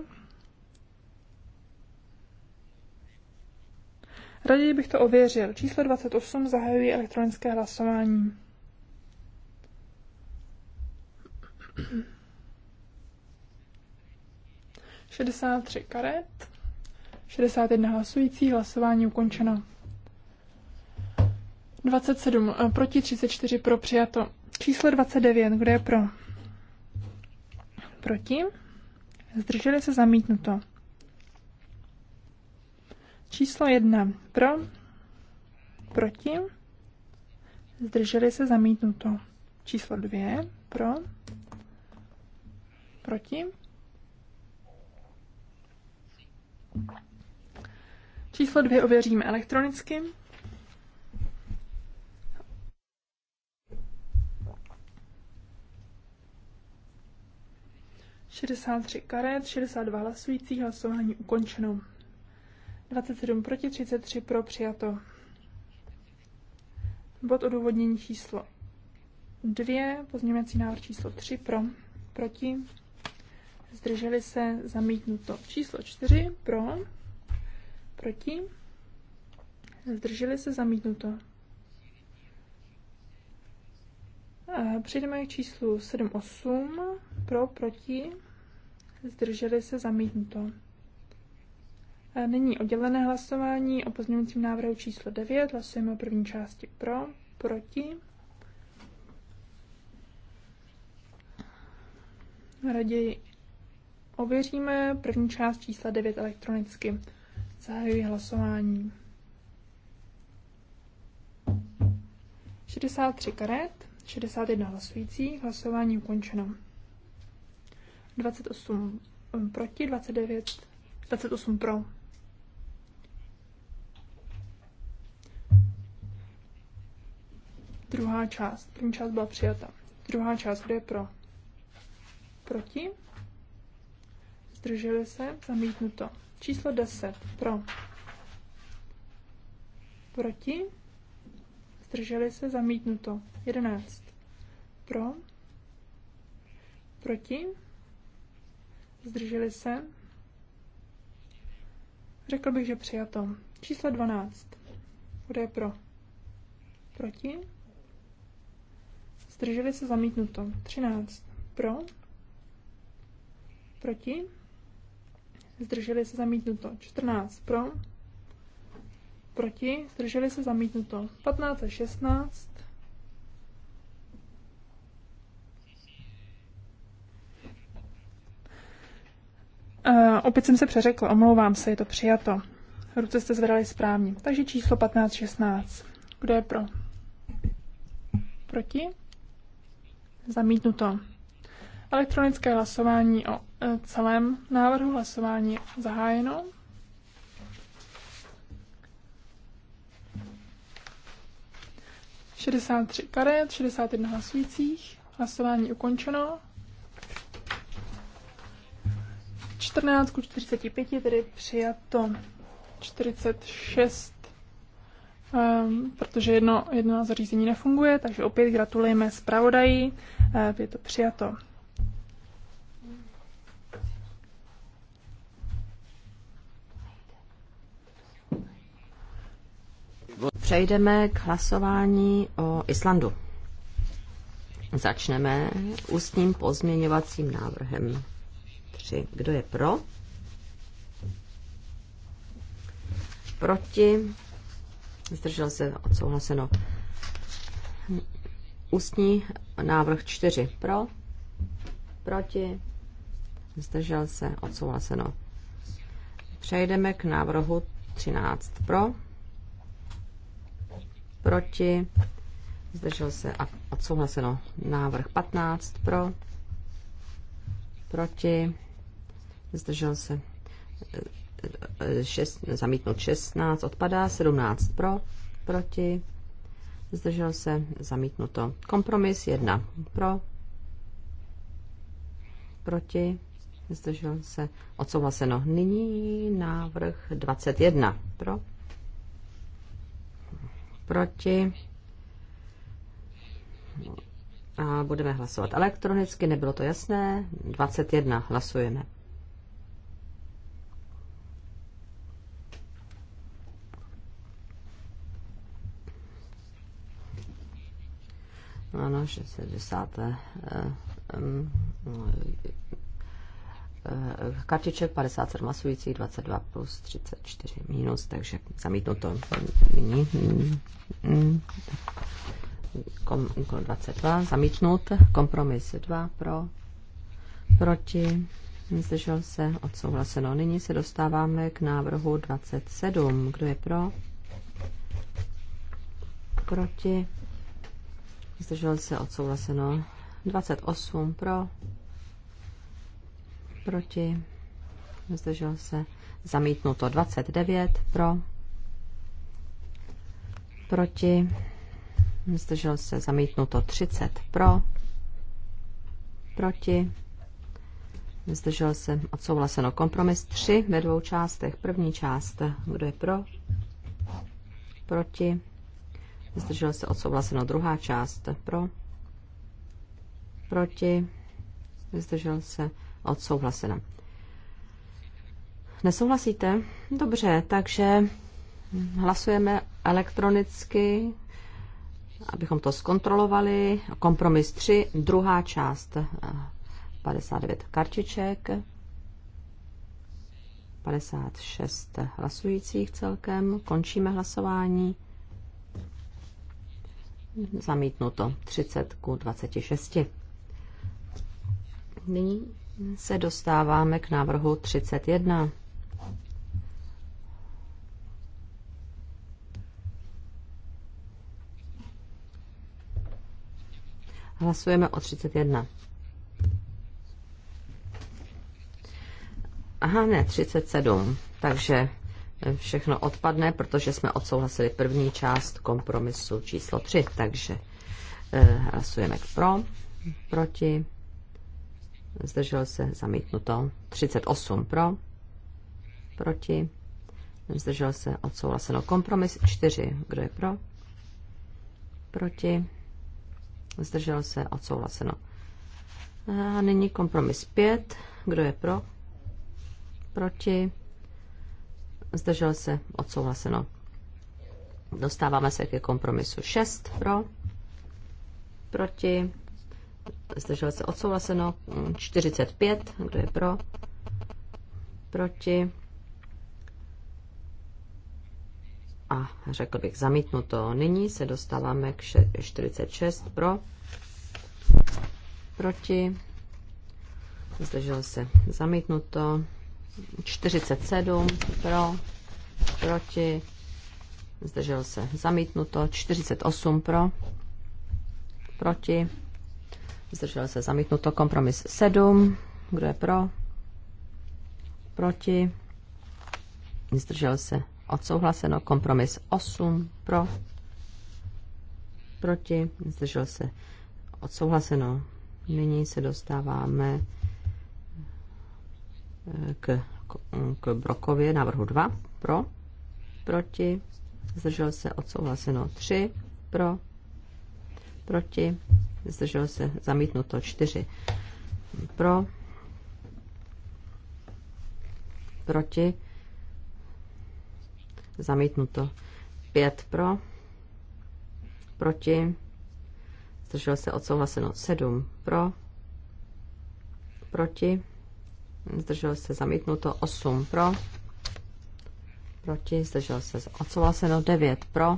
Raději bych to ověřil. Číslo 28 zahajuje elektronické hlasování. Šedesát tři karet, 61 hlasující, hlasování ukončeno. 27 eh, proti, 34 pro přijato. Číslo 29, kdo je pro? Proti? Zdrželi se zamítnuto. Číslo jedna pro, proti, zdrželi se zamítnuto. Číslo dvě pro, proti. Číslo dvě ověříme elektronicky. Šedesát tři karet, šedesát dva hlasující, hlasování ukončeno. 27 proti 33 pro přijato. Bod odůvodnění číslo 2, pozměňovací návrh číslo 3 pro, proti, zdrželi se, zamítnuto. Číslo 4 pro, proti, zdrželi se, zamítnuto. Přijdeme k číslu 7-8, pro, proti, zdrželi se, zamítnuto. Nyní oddělené hlasování o pozměňujícím návrhu číslo 9. Hlasujeme o první části pro, proti. Raději ověříme první část čísla 9 elektronicky. Zahajuji hlasování. 63 karet, 61 hlasující, hlasování ukončeno. 28 hm, proti, 29, 28 pro. Druhá část. První část byla přijata. Druhá část, kde je pro? Proti? Zdrželi se? Zamítnuto. Číslo 10. Pro. Proti? Zdrželi se? Zamítnuto. 11. Pro. Proti? Zdrželi se? Řekl bych, že přijato. Číslo 12. Bude pro. Proti? Zdrželi se zamítnuto. 13. Pro. Proti. Zdrželi se zamítnuto. 14. Pro. Proti. Zdrželi se zamítnuto. 15 a 16. Uh, eh, opět jsem se přeřekla, omlouvám se, je to přijato. Ruce jste zvedali správně. Takže číslo 15, 16. Kdo je pro? Proti? Zamítnuto. Elektronické hlasování o e, celém návrhu hlasování zahájeno. Šedesát tři karet, 61 hlasujících, hlasování ukončeno. 14 ku 45, tedy přijato 46 Ehm, protože jedno, jedno zařízení nefunguje, takže opět gratulujeme zpravodají, ehm, je to přijato. Přejdeme k hlasování o Islandu. Začneme ústním pozměňovacím návrhem 3. Kdo je pro? Proti? zdržel se, odsouhlaseno. Ústní návrh 4 pro, proti, zdržel se, odsouhlaseno. Přejdeme k návrhu 13 pro, proti, zdržel se a odsouhlaseno. Návrh 15 pro, proti, zdržel se, 6, zamítnut 16, odpadá 17 pro, proti, zdržel se, zamítnuto. Kompromis 1 pro, proti, zdržel se, odsouhlaseno. Nyní návrh 21 pro, proti, a budeme hlasovat elektronicky, nebylo to jasné. 21 hlasujeme. Ano, 60. Eh, eh, eh, kartiček 57 masující, 22 plus 34 minus, takže zamítnu to nyní. Kom, 22 zamítnout, kompromis 2 pro, proti, zdržel se, odsouhlaseno. Nyní se dostáváme k návrhu 27. Kdo je pro? Proti zdržel se odsouhlaseno 28 pro, proti, zdržel se zamítnuto 29 pro, proti, zdržel se zamítnuto 30 pro, proti, zdržel se odsouhlaseno kompromis 3 ve dvou částech. První část, kdo je pro, proti, zdržel se odsouhlaseno. Druhá část pro, proti, zdržel se odsouhlaseno. Nesouhlasíte? Dobře, takže hlasujeme elektronicky, abychom to zkontrolovali. Kompromis 3, druhá část, 59 kartiček, 56 hlasujících celkem. Končíme hlasování. Zamítnuto 30 ku 26. Nyní se dostáváme k návrhu 31. Hlasujeme o 31. Aha, ne, 37. Takže všechno odpadne, protože jsme odsouhlasili první část kompromisu číslo 3. Takže eh, hlasujeme pro, proti, zdržel se, zamítnuto, 38 pro, proti, zdržel se, odsouhlaseno, kompromis 4, kdo je pro, proti, zdržel se, odsouhlaseno. A nyní kompromis 5, kdo je pro, proti, zdržel se, odsouhlaseno. Dostáváme se ke kompromisu 6 pro, proti, zdržel se, odsouhlaseno. 45, kdo je pro, proti. A řekl bych zamítnuto. Nyní se dostáváme k 46 pro, proti, zdržel se, zamítnuto. 47 pro, proti, zdržel se zamítnuto, 48 pro, proti, zdržel se zamítnuto, kompromis 7, kdo je pro, proti, zdržel se odsouhlaseno, kompromis 8 pro, proti, zdržel se odsouhlaseno. Nyní se dostáváme k, k Brokově, návrhu 2, pro, proti, zdržel se odsouhlaseno 3, pro, proti, zdržel se zamítnuto 4, pro, proti, zamítnuto 5 pro, proti, zdržel se odsouhlaseno 7 pro, proti, zdržel se zamítnuto 8 pro, proti, zdržel se odsouhlaseno 9 pro,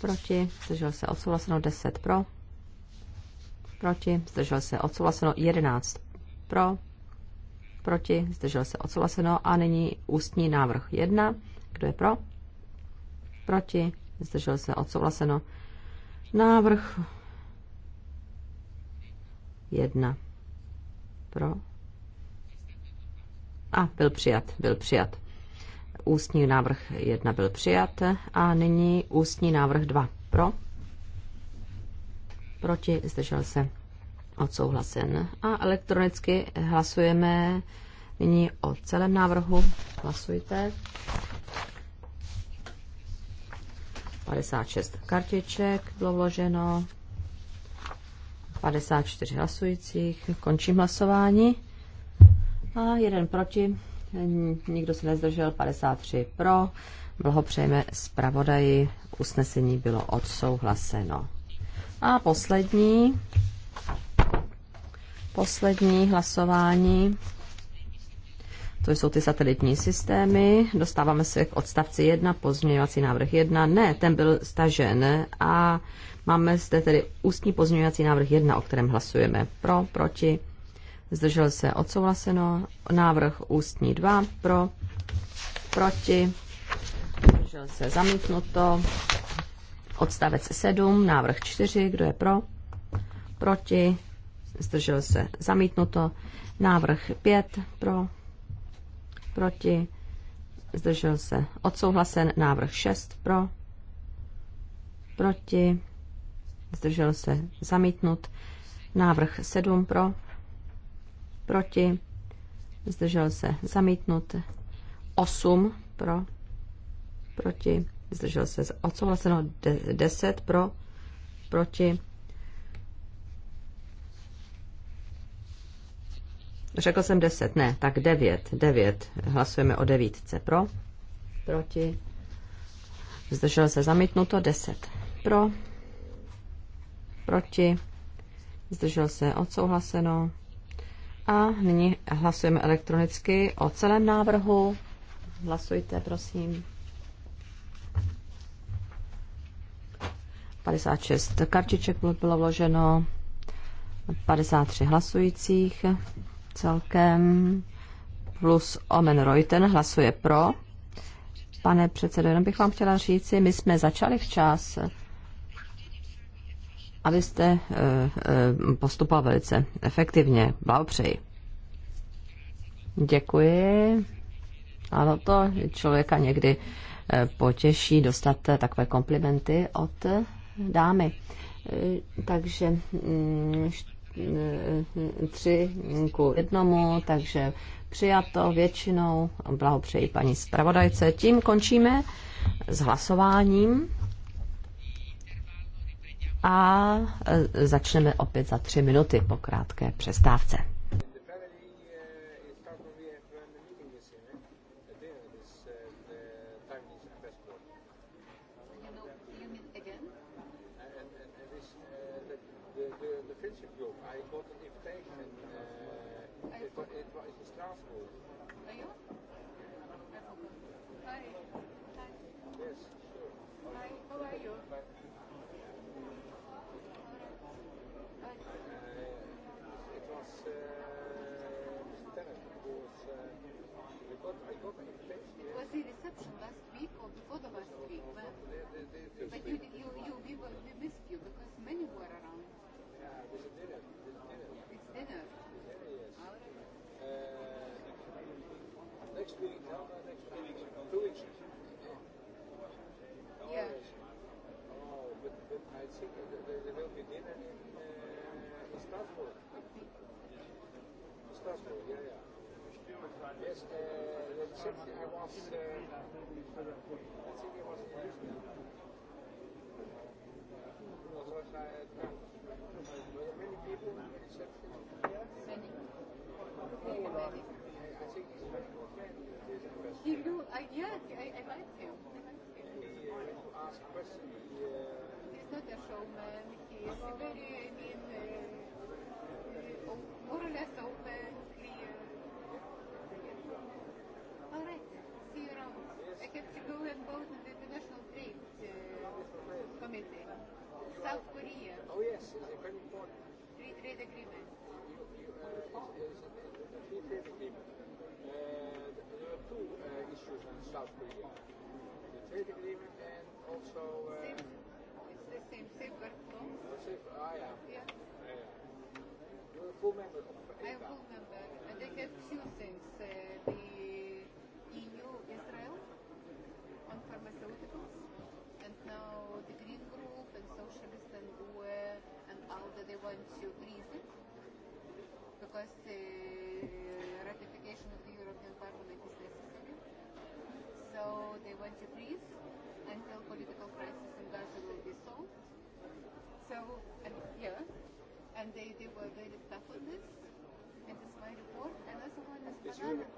proti, zdržel se odsouhlaseno 10 pro, proti, zdržel se odsouhlaseno 11 pro, proti, zdržel se odsouhlaseno a nyní ústní návrh 1, kdo je pro, proti, zdržel se odsouhlaseno návrh 1 pro, a byl přijat, byl přijat. Ústní návrh 1 byl přijat a nyní ústní návrh 2. Pro? Proti? Zdržel se? Odsouhlasen. A elektronicky hlasujeme nyní o celém návrhu. Hlasujte. 56 kartiček bylo vloženo, 54 hlasujících. Končím hlasování a jeden proti, nikdo se nezdržel, 53 pro. Blahopřejeme zpravodaji, usnesení bylo odsouhlaseno. A poslední, poslední hlasování, to jsou ty satelitní systémy. Dostáváme se k odstavci 1, pozměňovací návrh 1. Ne, ten byl stažen a máme zde tedy ústní pozměňovací návrh 1, o kterém hlasujeme. Pro, proti, zdržel se odsouhlaseno, návrh ústní 2 pro, proti, zdržel se zamítnuto, odstavec 7, návrh 4, kdo je pro, proti, zdržel se zamítnuto, návrh 5 pro, proti, zdržel se odsouhlasen, návrh 6 pro, proti, zdržel se zamítnut, návrh 7 pro, proti, zdržel se zamítnut, 8 pro, proti, zdržel se odsouhlaseno, 10 pro, proti, Řekl jsem 10, ne, tak 9, 9. Hlasujeme o devítce. Pro? Proti? Zdržel se zamítnuto 10. Pro? Proti? Zdržel se odsouhlaseno a nyní hlasujeme elektronicky o celém návrhu. Hlasujte, prosím. 56 kartiček bylo vloženo, 53 hlasujících celkem, plus Omen Reuten hlasuje pro. Pane předsedo, jenom bych vám chtěla říci, my jsme začali včas a vy jste eh, eh, postupoval velice efektivně. Blahopřeji. Děkuji. Ano, to člověka někdy eh, potěší dostat takové komplimenty od dámy. Takže mm, tři ku jednomu, takže přijato většinou. Blahopřeji paní zpravodajce. Tím končíme s hlasováním a e, začneme opět za tři minuty po krátké přestávce.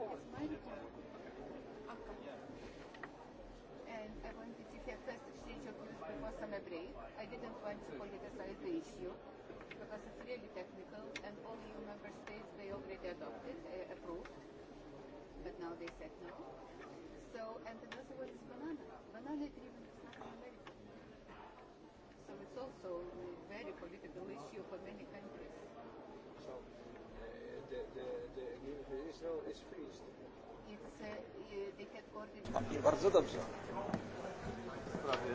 course. Akka. And I wanted to say first exchange of views before summer break. I didn't want to politicize the issue because it's really technical and all EU member states, they already adopted, uh, approved, but now they said no. So, and another one is banana. Banana agreement is not in So it's also a very political issue for many countries. Bardzo dobrze. Prawie.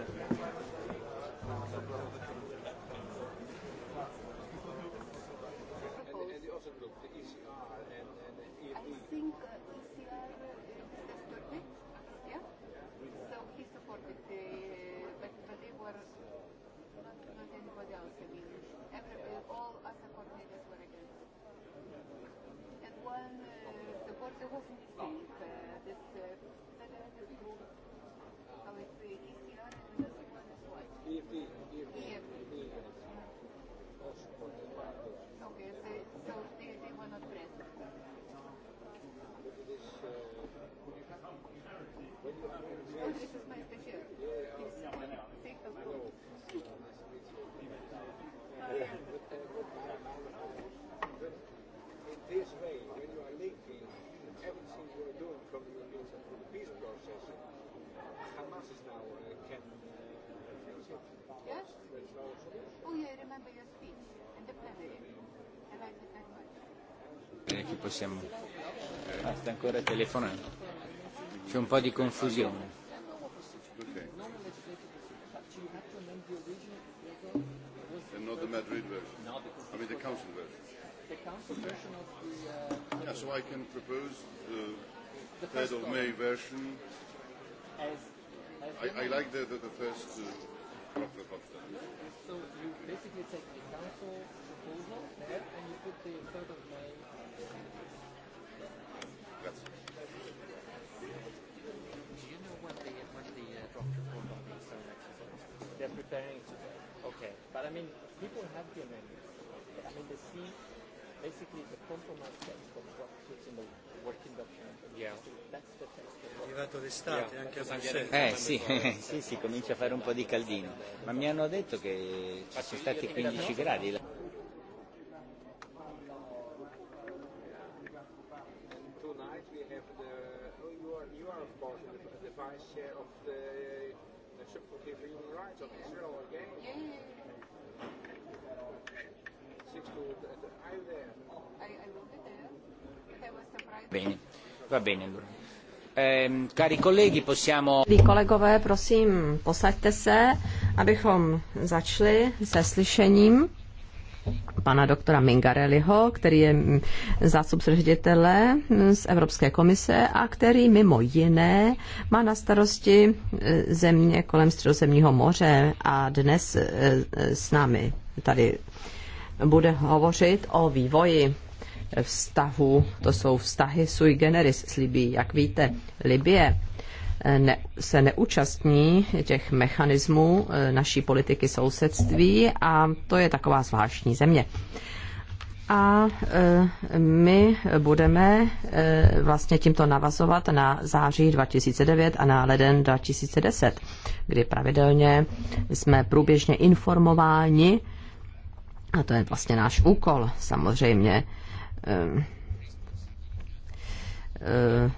possiamo... Ah, sta ancora telefonando. C'è un po' di confusione. not the Madrid version? No, I mean the council version? The council version of the... Uh, yeah, so I can propose the 3rd of May version. As, as I, I like the, the, the first... Uh, so you basically take the council proposal there, and you put the 3rd of May. Grazie. Do you know when the, when the uh, draft report on these are actually They're preparing today. Okay. But I mean, people have the amendments. I mean, they see basically the compromise text of what in the working document. Yeah. That's the text. Eh sì, [LAUGHS] sì, sì, comincia a fare un po' di caldino. Ma mi hanno detto che ci sono stati 15 gradi. Bene. Va bene allora. Ehm, cari possiamo... Kolegové, prosím, posaďte se, abychom začali se slyšením pana doktora Mingareliho, který je zástupce ředitele z Evropské komise a který mimo jiné má na starosti eh, země kolem Středozemního moře a dnes eh, s námi tady bude hovořit o vývoji vztahu, to jsou vztahy sui generis s Libií. Jak víte, Libie eh, ne, se neúčastní těch mechanismů eh, naší politiky sousedství a to je taková zvláštní země. A eh, my budeme vlastně tímto navazovat na září 2009 a na leden 2010, kdy pravidelně jsme průběžně informováni, a to je vlastně náš úkol samozřejmě, Ehm, ehm,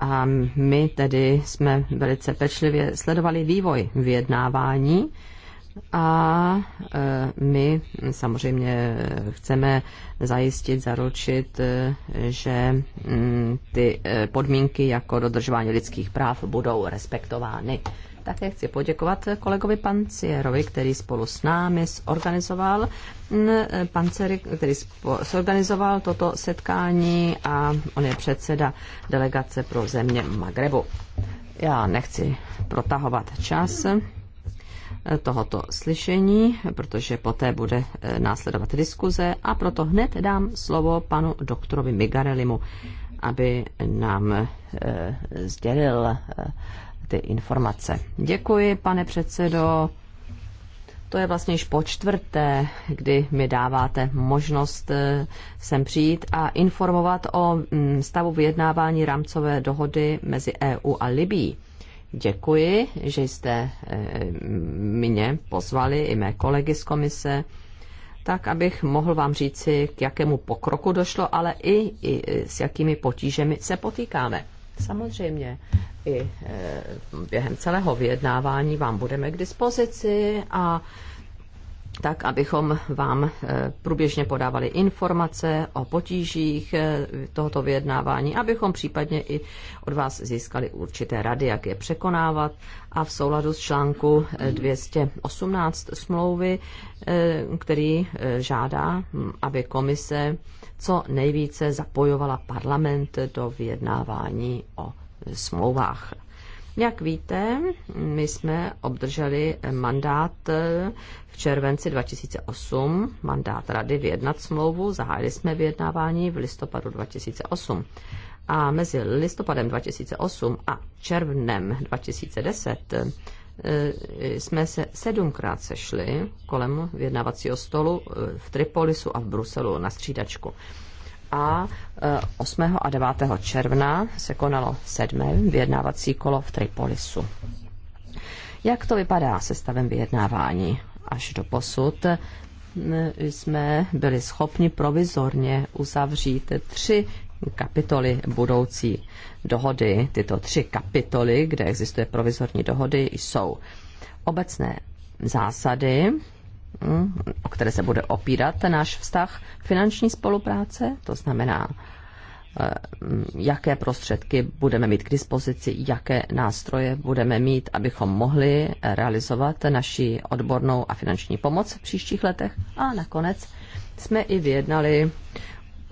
a my tedy jsme velice pečlivě sledovali vývoj vyjednávání a ehm, my samozřejmě chceme zajistit, zaručit, že hm, ty eh, podmínky jako dodržování lidských práv budou respektovány také chci poděkovat kolegovi Pancierovi, který spolu s námi zorganizoval, mm, Panceri, který zorganizoval toto setkání a on je předseda delegace pro země Magrebu. Já nechci protahovat čas tohoto slyšení, protože poté bude eh, následovat diskuze a proto hned dám slovo panu doktorovi Migarelimu, aby nám eh, sdělil eh, ty informace. Děkuji, pane předsedo. To je vlastně již po čtvrté, kdy mi dáváte možnost eh, sem přijít a informovat o mm, stavu vyjednávání rámcové dohody mezi EU a Libí. Děkuji, že jste eh, mě pozvali i mé kolegy z komise, tak abych mohl vám říci, k jakému pokroku došlo, ale i, i s jakými potížemi se potýkáme. Samozřejmě i e, během celého vyjednávání vám budeme k dispozici a tak, abychom vám e, průběžně podávali informace o potížích e, tohoto vyjednávání, abychom případně i od vás získali určité rady, jak je překonávat. A v souladu s článku 218 smlouvy, který žádá, aby komise co nejvíce zapojovala parlament do vyjednávání o smlouvách. Jak víte, my jsme obdrželi mandát eh, v červenci 2008, mandát rady vyjednat smlouvu, zahájili jsme vyjednávání v listopadu 2008. A mezi listopadem 2008 a červnem 2010 Eh, jsme se sedmkrát sešli kolem vyjednávacího stolu eh, v Tripolisu a v Bruselu na střídačku. A 8. Eh, a 9. června se konalo sedmé vyjednávací kolo v Tripolisu. Jak to vypadá se stavem vyjednávání? Až do posud jsme byli schopni provizorně uzavřít tři kapitoly budoucí dohody, tyto tři kapitoly, kde existuje provizorní dohody, jsou obecné zásady, mm, o které se bude opírat ten náš vztah finanční spolupráce, to znamená, eh, jaké prostředky budeme mít k dispozici, jaké nástroje budeme mít, abychom mohli realizovat naši odbornou a finanční pomoc v příštích letech. A nakonec jsme i vyjednali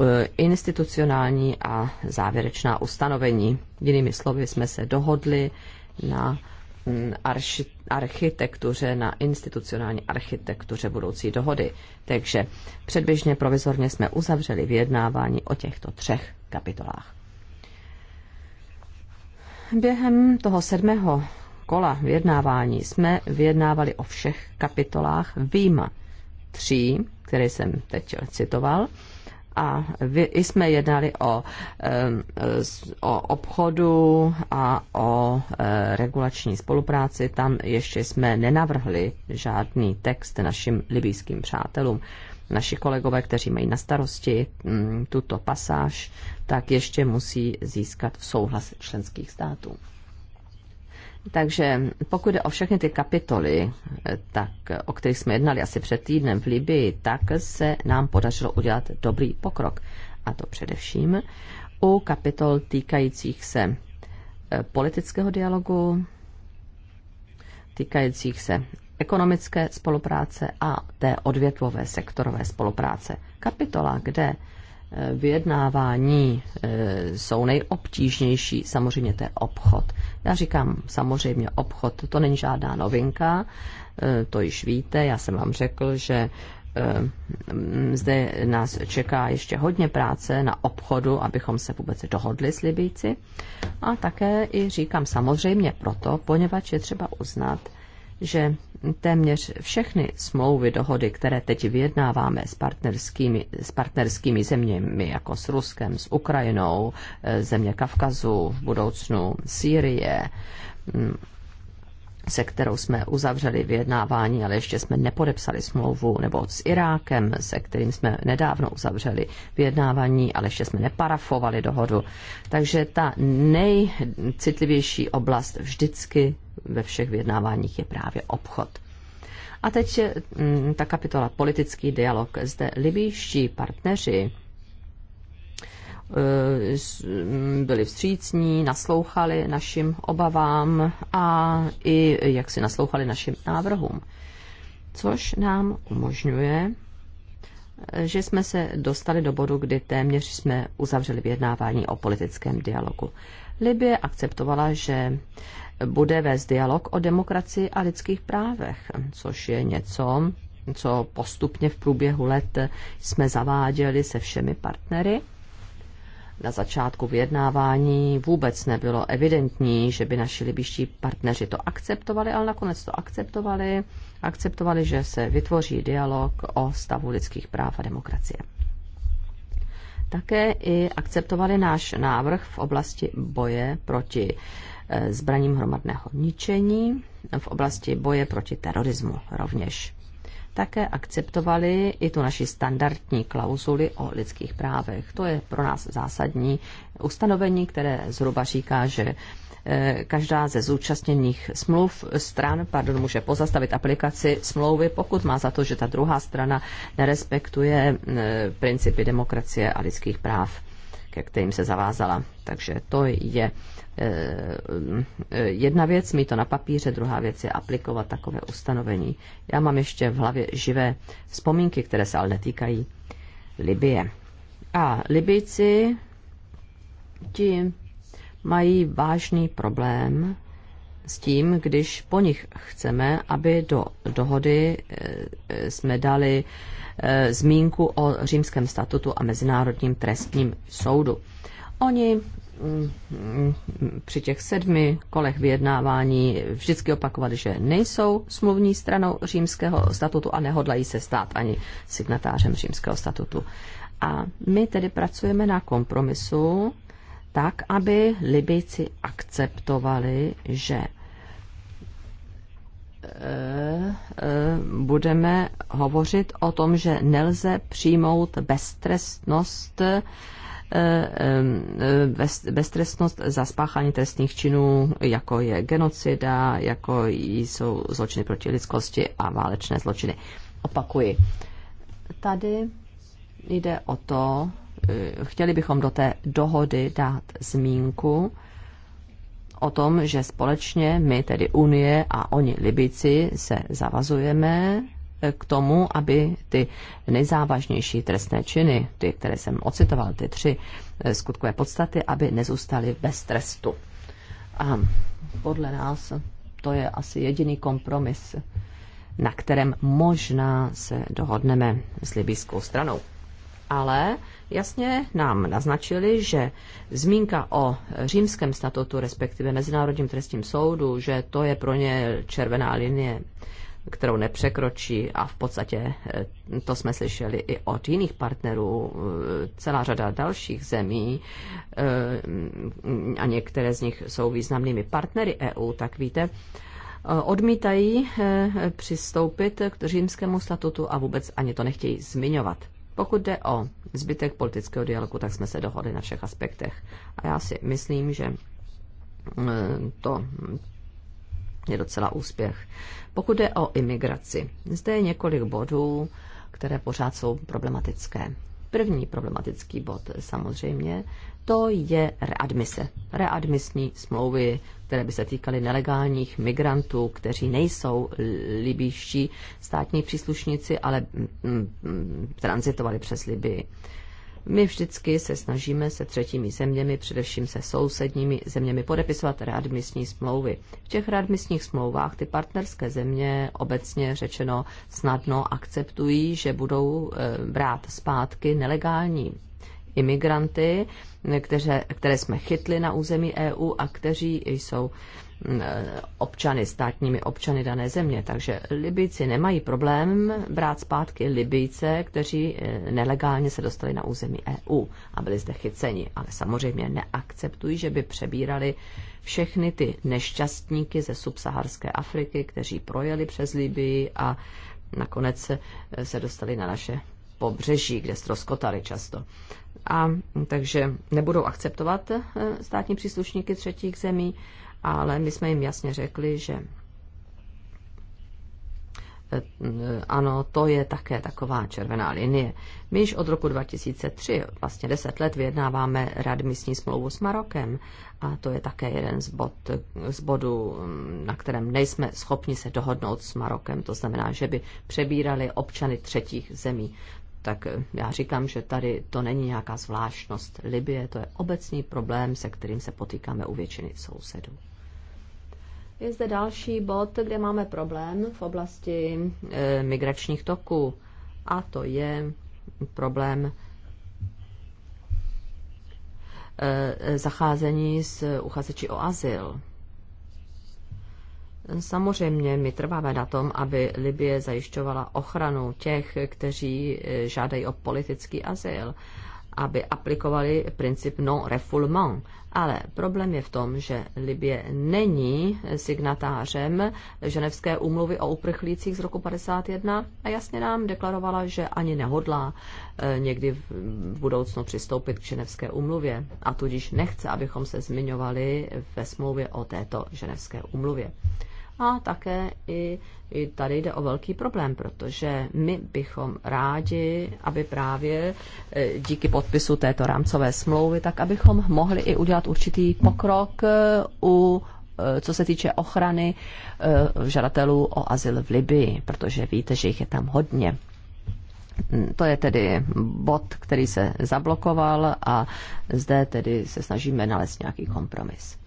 E, institucionální a závěrečná ustanovení. Jinými slovy jsme se dohodli na architektuře, na institucionální architektuře budoucí dohody. Takže předběžně provizorně jsme uzavřeli vyjednávání o těchto třech kapitolách. Během toho sedmého kola vyjednávání jsme vyjednávali o všech kapitolách výjima tří, které jsem teď citoval, a vy, jsme jednali o, o obchodu a o e, regulační spolupráci. Tam ještě jsme nenavrhli žádný text našim libijským přátelům. Naši kolegové, kteří mají na starosti tuto pasáž, tak ještě musí získat souhlas členských států. Takže pokud jde o všechny ty kapitoly, tak, o kterých jsme jednali asi před týdnem v Libii, tak se nám podařilo udělat dobrý pokrok. A to především u kapitol týkajících se eh, politického dialogu, týkajících se ekonomické spolupráce a té odvětvové sektorové spolupráce. Kapitola, kde vyjednávání eh, jsou nejobtížnější, samozřejmě to je obchod. Já říkám samozřejmě obchod, to není žádná novinka, eh, to již víte, já jsem vám řekl, že eh, zde nás čeká ještě hodně práce na obchodu, abychom se vůbec dohodli s Libíci. A také i říkám samozřejmě proto, poněvadž je třeba uznat, že téměř všechny smlouvy, dohody, které teď vyjednáváme s partnerskými, s partnerskými zeměmi, jako s Ruskem, s Ukrajinou, eh, země Kavkazu, v budoucnu Sýrie, mm, se kterou jsme uzavřeli vyjednávání, ale ještě jsme nepodepsali smlouvu, nebo s Irákem, se kterým jsme nedávno uzavřeli vyjednávání, ale ještě jsme neparafovali dohodu. Takže ta nejcitlivější oblast vždycky ve všech vyjednáváních je právě obchod. A teď mm, ta kapitola politický dialog. Zde libýští partneři eh, mm, byli vstřícní, naslouchali našim obavám a i jak si naslouchali našim návrhům. Což nám umožňuje, eh, že jsme se dostali do bodu, kdy téměř jsme uzavřeli vyjednávání o politickém dialogu. Libie akceptovala, že bude vést dialog o demokracii a lidských právech, což je něco, co postupně v průběhu let jsme zaváděli se všemi partnery. Na začátku vyjednávání vůbec nebylo evidentní, že by naši libiští partneři to akceptovali, ale nakonec to akceptovali. Akceptovali, že se vytvoří dialog o stavu lidských práv a demokracie. Také i akceptovali náš návrh v oblasti boje proti uh, Eh, zbraním hromadného ničení v oblasti boje proti terorismu rovněž. Také akceptovali i tu naši standardní klauzuli o lidských právech. To je pro nás zásadní ustanovení, které zhruba říká, že eh, každá ze zúčastněných smluv stran pardon, může pozastavit aplikaci smlouvy, pokud má za to, že ta druhá strana nerespektuje eh, principy demokracie a lidských práv ke kterým se zavázala. Takže to je eh, jedna věc, mít to na papíře, druhá věc je aplikovat takové ustanovení. Já mám ještě v hlavě živé vzpomínky, které se ale netýkají Libie. A Libici ti mají vážný problém s tím, když po nich chceme, aby do dohody eh, jsme dali eh, zmínku o římském statutu a Mezinárodním trestním soudu. Oni mm, mm, při těch sedmi kolech vyjednávání vždycky opakovali, že nejsou smluvní stranou římského statutu a nehodlají se stát ani signatářem římského statutu. A my tedy pracujeme na kompromisu, tak, aby Libyjci akceptovali, že eh, eh, budeme hovořit o tom, že nelze přijmout beztrestnost eh, beztrestnost za spáchání trestných činů, jako je genocida, jako jsou zločiny proti lidskosti a válečné zločiny. Opakuji. Tady jde o to, Eh, chtěli bychom do té dohody dát zmínku o tom, že společně my, tedy Unie a oni Libici, se zavazujeme eh, k tomu, aby ty nejzávažnější trestné činy, ty, které jsem ocitoval, ty tři eh, skutkové podstaty, aby nezůstaly bez trestu. A podle nás to je asi jediný kompromis, na kterém možná se dohodneme s libijskou stranou ale jasně nám naznačili, že zmínka o římském statutu, respektive Mezinárodním trestním soudu, že to je pro ně červená linie, kterou nepřekročí a v podstatě eh, to jsme slyšeli i od jiných partnerů, eh, celá řada dalších zemí eh, a některé z nich jsou významnými partnery EU, tak víte, odmítají přistoupit k římskému statutu a vůbec ani to nechtějí zmiňovat. Pokud jde o zbytek politického dialogu, tak jsme se dohodli na všech aspektech. A já si myslím, že mm, to je docela úspěch. Pokud jde o imigraci, zde je několik bodů, které pořád jsou problematické. První problematický bod samozřejmě to je readmise. Readmisní smlouvy, které by se týkaly nelegálních migrantů, kteří nejsou libíští státní příslušníci, ale mm, mm, mm, transitovali přes Libii. My vždycky se snažíme se třetími zeměmi, především se sousedními zeměmi, podepisovat readmisní smlouvy. V těch readmisních smlouvách ty partnerské země obecně řečeno snadno akceptují, že budou eh, brát zpátky nelegální imigranty, které, které jsme chytli na území EU a kteří jsou mm, občany, státními občany dané země. Takže Libijci nemají problém brát zpátky Libijce, kteří eh, nelegálně se dostali na území EU a byli zde chyceni. Ale samozřejmě neakceptují, že by přebírali všechny ty nešťastníky ze subsaharské Afriky, kteří projeli přes Libii a nakonec eh, se dostali na naše pobřeží, kde stroskotali často a takže nebudou akceptovat eh, státní příslušníky třetích zemí, ale my jsme jim jasně řekli, že eh, eh, ano, to je také taková červená linie. My již od roku 2003, vlastně 10 let, vyjednáváme readmisní smlouvu s Marokem a to je také jeden z, bod, z bodů, mm, na kterém nejsme schopni se dohodnout s Marokem. To znamená, že by přebírali občany třetích zemí tak já říkám, že tady to není nějaká zvláštnost Libie, to je obecný problém, se kterým se potýkáme u většiny sousedů. Je zde další bod, kde máme problém v oblasti e, migračních toků a to je problém e, zacházení s uchazeči o azyl. Samozřejmě my trváme na tom, aby Libie zajišťovala ochranu těch, kteří eh, žádají o politický azyl, aby aplikovali princip non refoulement. Ale problém je v tom, že Libie není eh, signatářem Ženevské úmluvy o uprchlících z roku 51 a jasně nám deklarovala, že ani nehodlá eh, někdy v budoucnu přistoupit k Ženevské úmluvě a tudíž nechce, abychom se zmiňovali ve smlouvě o této Ženevské úmluvě. A také i, i tady jde o velký problém, protože my bychom rádi, aby právě e, díky podpisu této rámcové smlouvy, tak abychom mohli i udělat určitý pokrok e, u e, co se týče ochrany žadatelů o azyl v Libii, protože víte, že jich je tam hodně. To je tedy bod, který se zablokoval a zde tedy se snažíme nalézt nějaký kompromis.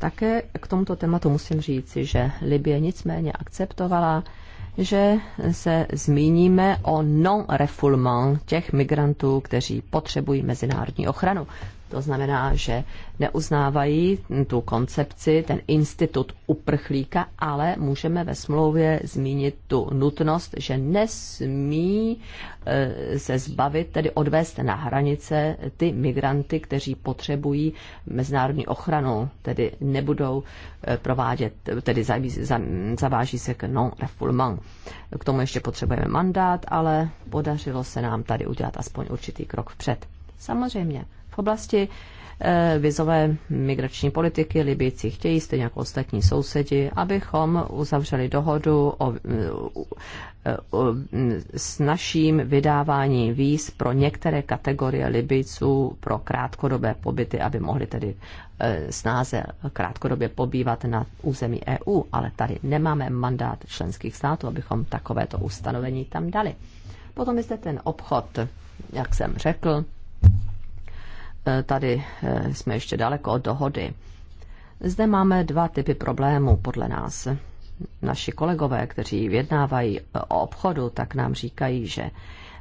Také k tomuto tématu musím říci, že Libie nicméně akceptovala, že se zmíníme o non-refoulement těch migrantů, kteří potřebují mezinárodní ochranu. To znamená, že neuznávají tu koncepci, ten institut uprchlíka, ale můžeme ve smlouvě zmínit tu nutnost, že nesmí e, se zbavit, tedy odvést na hranice ty migranty, kteří potřebují mezinárodní ochranu, tedy nebudou e, provádět, tedy zaváží se k non-refoulement. K tomu ještě potřebujeme mandát, ale podařilo se nám tady udělat aspoň určitý krok vpřed. Samozřejmě v oblasti eh, vizové migrační politiky Libijci chtějí, stejně jako ostatní sousedi, abychom uzavřeli dohodu o, o, eh, o eh, s naším vydávání víz pro některé kategorie Libijců pro krátkodobé pobyty, aby mohli tedy snáze krátkodobě pobývat na území EU, ale tady nemáme mandát členských států, abychom takovéto ustanovení tam dali. Potom je ten obchod, jak jsem řekl, Eh, tady eh, jsme ještě daleko od dohody. Zde máme dva typy problémů podle nás. Naši kolegové, kteří vědnávají eh, o obchodu, tak nám říkají, že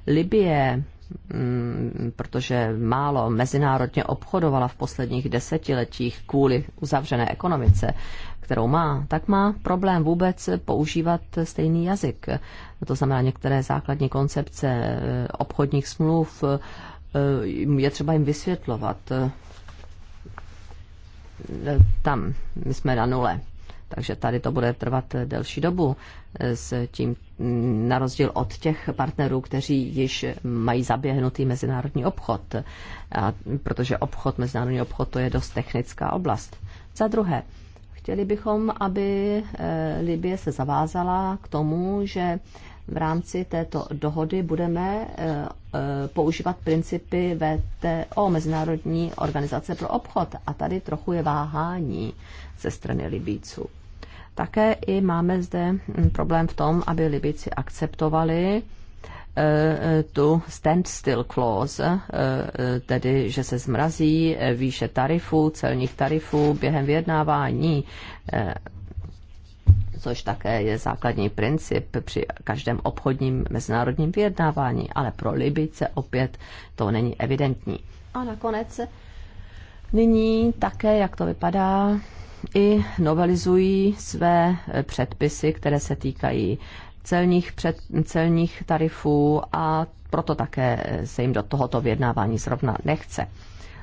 Libie, mm, protože málo mezinárodně obchodovala v posledních desetiletích kvůli uzavřené ekonomice, kterou má, tak má problém vůbec používat stejný jazyk. To znamená některé základní koncepce obchodních smluv, Eh, je třeba jim vysvětlovat. Eh, tam my jsme na nule. Takže tady to bude trvat delší dobu eh, s tím, mm, na rozdíl od těch partnerů, kteří již mají zaběhnutý mezinárodní obchod, a, protože obchod, mezinárodní obchod, to je dost technická oblast. Za druhé, chtěli bychom, aby Libie se zavázala k tomu, že v rámci této dohody budeme eh, eh, používat principy VTO, Mezinárodní organizace pro obchod. A tady trochu je váhání ze strany Libíců. Také i máme zde hm, problém v tom, aby Libíci akceptovali eh, tu standstill clause, tedy že se zmrazí výše tarifů, celních tarifů během vyjednávání což také je základní princip při každém obchodním mezinárodním vyjednávání, ale pro Libice opět to není evidentní. A nakonec nyní také, jak to vypadá, i novelizují své předpisy, které se týkají celních, před, celních tarifů a proto také se jim do tohoto vyjednávání zrovna nechce.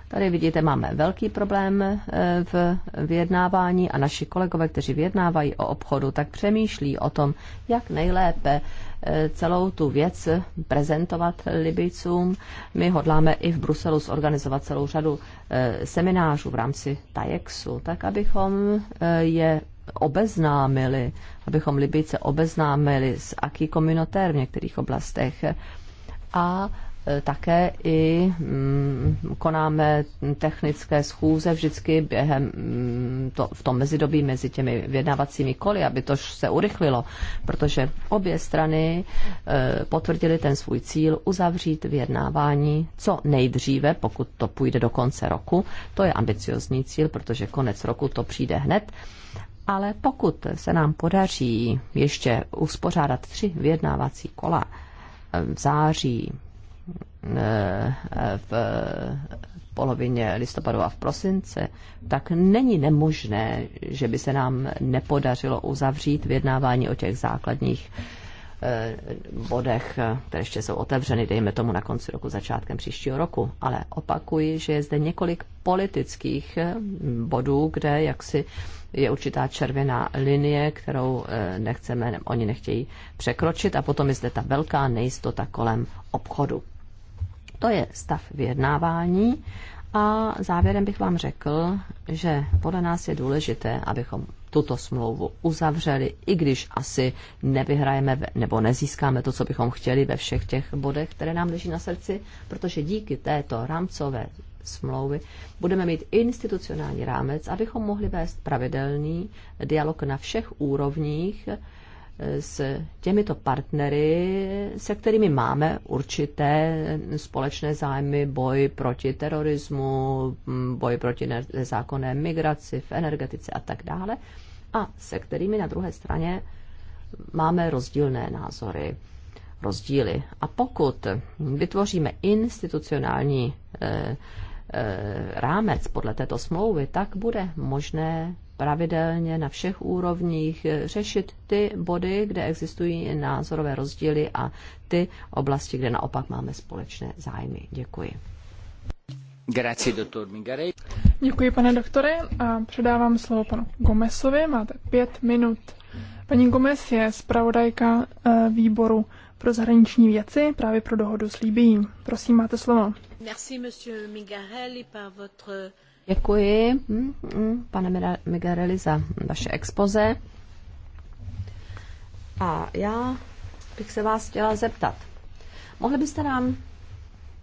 Tady vidíte, máme velký problém eh, v vyjednávání a naši kolegové, kteří vyjednávají o obchodu, tak přemýšlí o tom, jak nejlépe eh, celou tu věc prezentovat Libicům. My hodláme i v Bruselu zorganizovat celou řadu eh, seminářů v rámci TAJEXu, tak abychom je obeznámili, abychom Libice obeznámili s aký komunitér v některých oblastech a také i mm, konáme technické schůze vždycky během mm, to, v tom mezidobí mezi těmi vědnávacími koly, aby to se urychlilo, protože obě strany e, potvrdili ten svůj cíl uzavřít vyjednávání co nejdříve, pokud to půjde do konce roku. To je ambiciozní cíl, protože konec roku to přijde hned. Ale pokud se nám podaří ještě uspořádat tři vyjednávací kola e, v září, Eh, v polovině listopadu a v prosince, tak není nemožné, že by se nám nepodařilo uzavřít vyjednávání o těch základních eh, bodech, které ještě jsou otevřeny, dejme tomu na konci roku, začátkem příštího roku. Ale opakuji, že je zde několik politických eh, bodů, kde jaksi je určitá červená linie, kterou nechceme, oni nechtějí překročit a potom je zde ta velká nejistota kolem obchodu. To je stav vyjednávání a závěrem bych vám řekl, že podle nás je důležité, abychom tuto smlouvu uzavřeli, i když asi nevyhrajeme nebo nezískáme to, co bychom chtěli ve všech těch bodech, které nám leží na srdci, protože díky této rámcové smlouvy budeme mít institucionální rámec, abychom mohli vést pravidelný dialog na všech úrovních s těmito partnery, se kterými máme určité společné zájmy, boj proti terorismu, boj proti nezákonné migraci v energetice a tak dále, a se kterými na druhé straně máme rozdílné názory, rozdíly. A pokud vytvoříme institucionální eh, eh, rámec podle této smlouvy, tak bude možné pravidelně na všech úrovních eh, řešit ty body, kde existují názorové rozdíly a ty oblasti, kde naopak máme společné zájmy. Děkuji. Grazie, doktor Mingarej. Děkuji, pane doktore, a předávám slovo panu Gomesovi. Máte pět minut. Paní Gomez je zpravodajka eh, výboru pro zahraniční věci, právě pro dohodu s Líbí. Prosím, máte slovo. Merci, monsieur Mingarelli, par votre Děkuji, mm, mm, pane Migareli, za vaše expoze. A já bych se vás chtěla zeptat. Mohli byste nám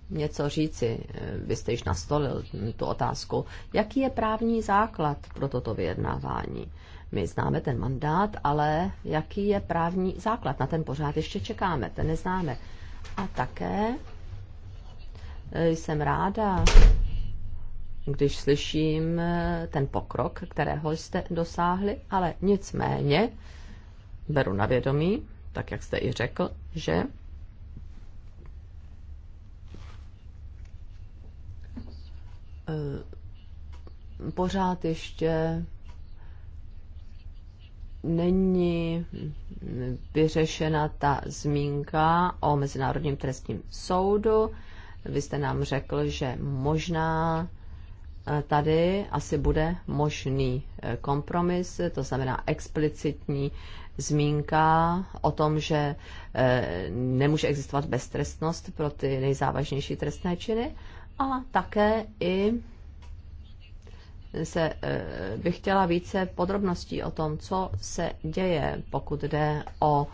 něco říci, vy jste již nastolil tu otázku, jaký je právní základ pro toto vyjednávání? My známe ten mandát, ale jaký je právní základ? Na ten pořád ještě čekáme, ten neznáme. A také jsem ráda, když slyším eh, ten pokrok, kterého jste dosáhli, ale nicméně beru na vědomí, tak jak jste i řekl, že eh, pořád ještě není vyřešena ta zmínka o Mezinárodním trestním soudu. Vy jste nám řekl, že možná Eh, tady asi bude možný eh, kompromis, to znamená explicitní zmínka o tom, že eh, nemůže existovat beztrestnost pro ty nejzávažnější trestné činy a také i se, bych chtěla více podrobností o tom, co se děje, pokud jde o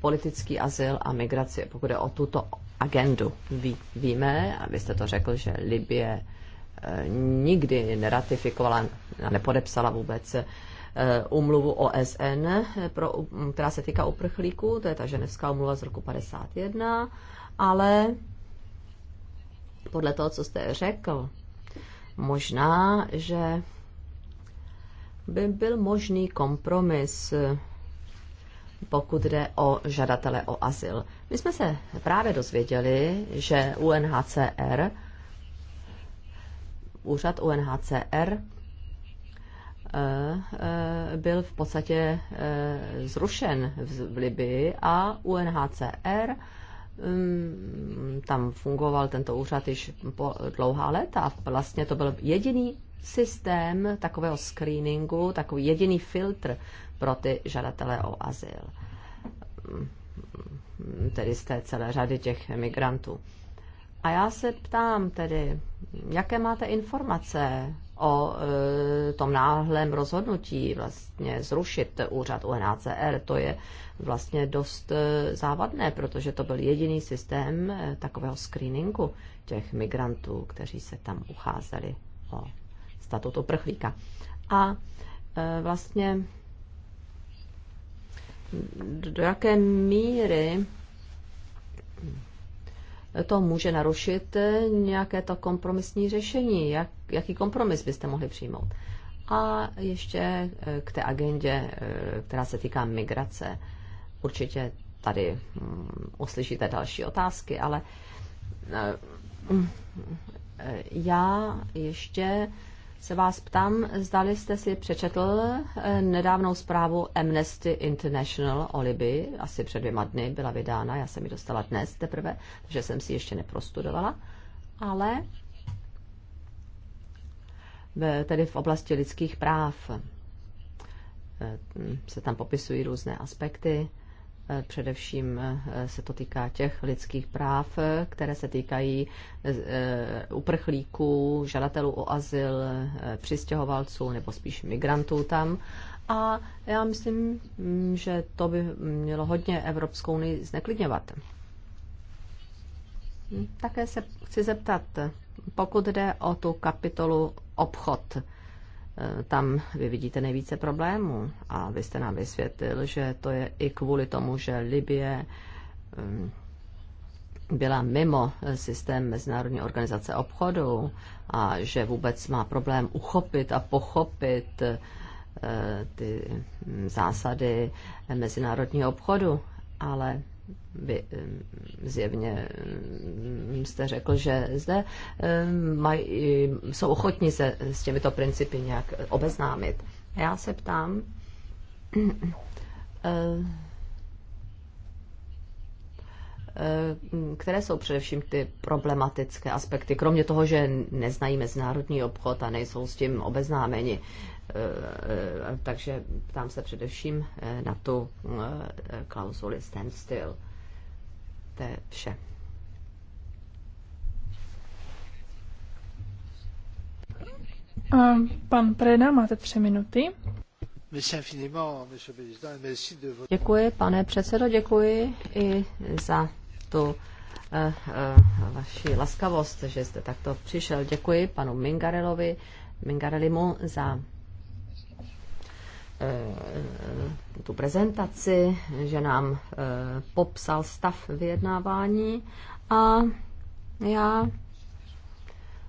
politický azyl a migraci, pokud jde o tuto agendu. Ví, víme, a vy jste to řekl, že Libie eh, nikdy neratifikovala a nepodepsala vůbec eh, umluvu OSN, eh, pro, která se týká uprchlíků, to je ta ženevská umluva z roku 51, ale podle toho, co jste řekl, možná, že by byl možný kompromis pokud jde o žadatele o azyl. My jsme se právě dozvěděli, že UNHCR, úřad UNHCR, eh, eh, byl v podstatě eh, zrušen v Libii a UNHCR mm, tam fungoval tento úřad již po dlouhá léta a vlastně to byl jediný systém takového screeningu, takový jediný filtr pro ty žadatele o azyl, tedy z té celé řady těch migrantů. A já se ptám tedy, jaké máte informace o e, tom náhlém rozhodnutí vlastně zrušit úřad UNHCR. To je vlastně dost e, závadné, protože to byl jediný systém e, takového screeningu těch migrantů, kteří se tam ucházeli o statut prchlíka. A e, vlastně do jaké míry to může narušit e, nějaké to kompromisní řešení? Jak, jaký kompromis byste mohli přijmout? A ještě e, k té agendě, která se týká migrace. Určitě tady mm, uslyšíte další otázky, ale mm, já ještě se vás ptám, zdali jste si přečetl eh, nedávnou zprávu Amnesty International o Libii, asi před dvěma dny byla vydána, já jsem ji dostala dnes teprve, takže jsem si ještě neprostudovala, ale v, tedy v oblasti lidských práv eh, hm, se tam popisují různé aspekty Eh, především eh, se to týká těch lidských práv, eh, které se týkají uprchlíků, žadatelů o azyl, přistěhovalců nebo spíš migrantů tam. A já myslím, mm, že to by mělo hodně Evropskou unii zneklidňovat. Hm, také se chci zeptat, pokud jde o tu kapitolu obchod, Eh, tam vy vidíte nejvíce problémů. A vy jste nám vysvětlil, že to je i kvůli tomu, že Libie ehm, byla mimo eh, systém Mezinárodní organizace obchodu a že vůbec má problém uchopit a pochopit eh, ty mm, zásady mezinárodního obchodu, ale vy eh, zjevně eh, jste řekl, že zde eh, maj, jsou ochotní se s těmito principy nějak obeznámit. Já se ptám, které jsou především ty problematické aspekty, kromě toho, že neznají mezinárodní obchod a nejsou s tím obeznámeni. Eh, takže ptám se především eh, na tu eh, klauzuli standstill. To je vše. Pan Preda, máte tři minuty. Děkuji, pane předsedo, děkuji i za tu vaši laskavost, že jste takto přišel. Děkuji panu Mingarelovi, Mingarelimu za Eh, tu prezentaci, že nám eh, popsal stav vyjednávání a já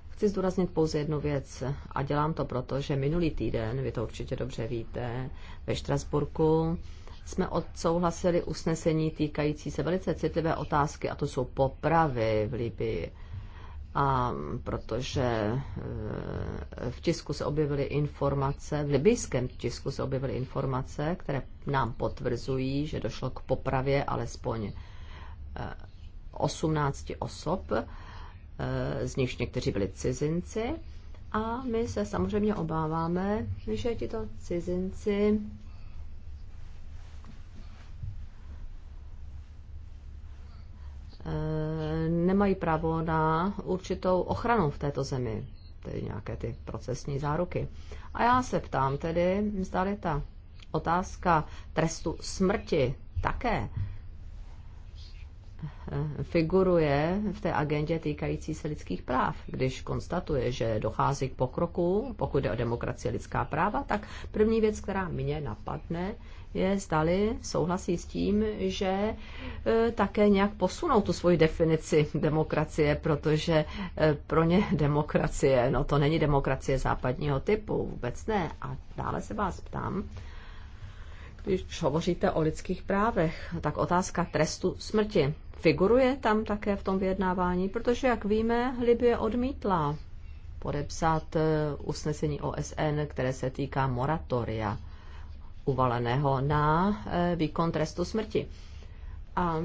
chci zdůraznit pouze jednu věc a dělám to proto, že minulý týden, vy to určitě dobře víte, ve Štrasburku jsme odsouhlasili usnesení týkající se velice citlivé otázky a to jsou popravy v Libii a protože eh, v tisku se objevily informace, v libijském tisku se objevily informace, které nám potvrzují, že došlo k popravě alespoň 18 eh, osob, eh, z nichž někteří byli cizinci. A my se samozřejmě obáváme, že tito cizinci Eh, nemají právo na určitou ochranu v této zemi, tedy nějaké ty procesní záruky. A já se ptám tedy, je ta otázka trestu smrti také eh, figuruje v té agendě týkající se lidských práv. Když konstatuje, že dochází k pokroku, pokud jde o demokracie lidská práva, tak první věc, která mě napadne, je, zdali souhlasí s tím, že e, také nějak posunou tu svoji definici demokracie, protože e, pro ně demokracie, no to není demokracie západního typu, vůbec ne. A dále se vás ptám, když hovoříte o lidských právech, tak otázka trestu smrti figuruje tam také v tom vyjednávání, protože, jak víme, Libie odmítla podepsat e, usnesení OSN, které se týká moratoria uvaleného na eh, výkon trestu smrti. A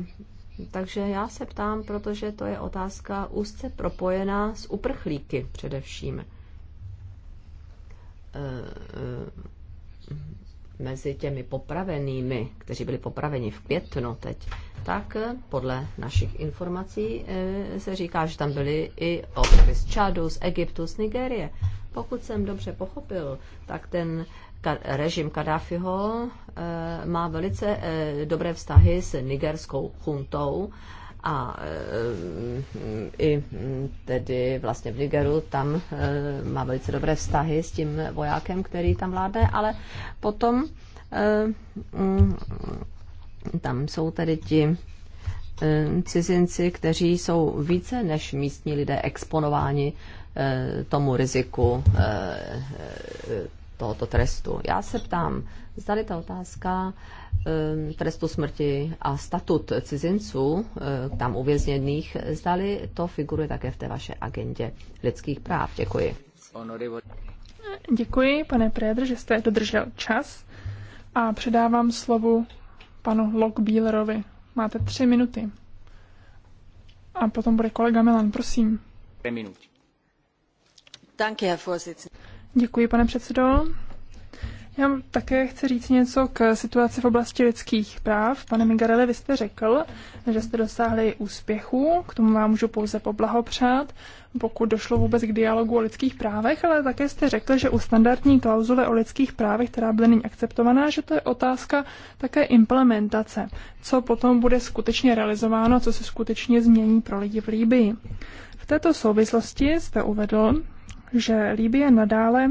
takže já se ptám, protože to je otázka úzce propojená s uprchlíky především. Eh, eh, mezi těmi popravenými, kteří byli popraveni v květnu teď, tak podle našich informací se říká, že tam byli i osoby z Čadu, z Egyptu, z Nigérie. Pokud jsem dobře pochopil, tak ten režim Kadáfiho eh, má velice eh, dobré vztahy s nigerskou chuntou a eh, i hm, tedy vlastně v Nigeru tam má velice dobré vztahy s tím vojákem, který tam vládne, ale potom hm, tam jsou tedy ti cizinci, kteří jsou více než místní lidé exponováni tomu riziku tohoto trestu. Já se ptám, zdali ta otázka ehm, trestu smrti a statut cizinců eh, tam uvězněných, zdali to figuruje také v té vaše agendě lidských práv. Děkuji. Děkuji, pane Prédr, že jste dodržel čas a předávám slovu panu Lockbílerovi. Máte tři minuty. A potom bude kolega Milan, prosím. Tři minuty. Děkuji, Děkuji, pane předsedo. Já také chci říct něco k situaci v oblasti lidských práv. Pane Migarele, vy jste řekl, že jste dosáhli úspěchu, k tomu vám můžu pouze poblahopřát, pokud došlo vůbec k dialogu o lidských právech, ale také jste řekl, že u standardní klauzule o lidských právech, která byla nyní akceptovaná, že to je otázka také implementace, co potom bude skutečně realizováno, co se skutečně změní pro lidi v Líbii. V této souvislosti jste uvedl, že Líbie nadále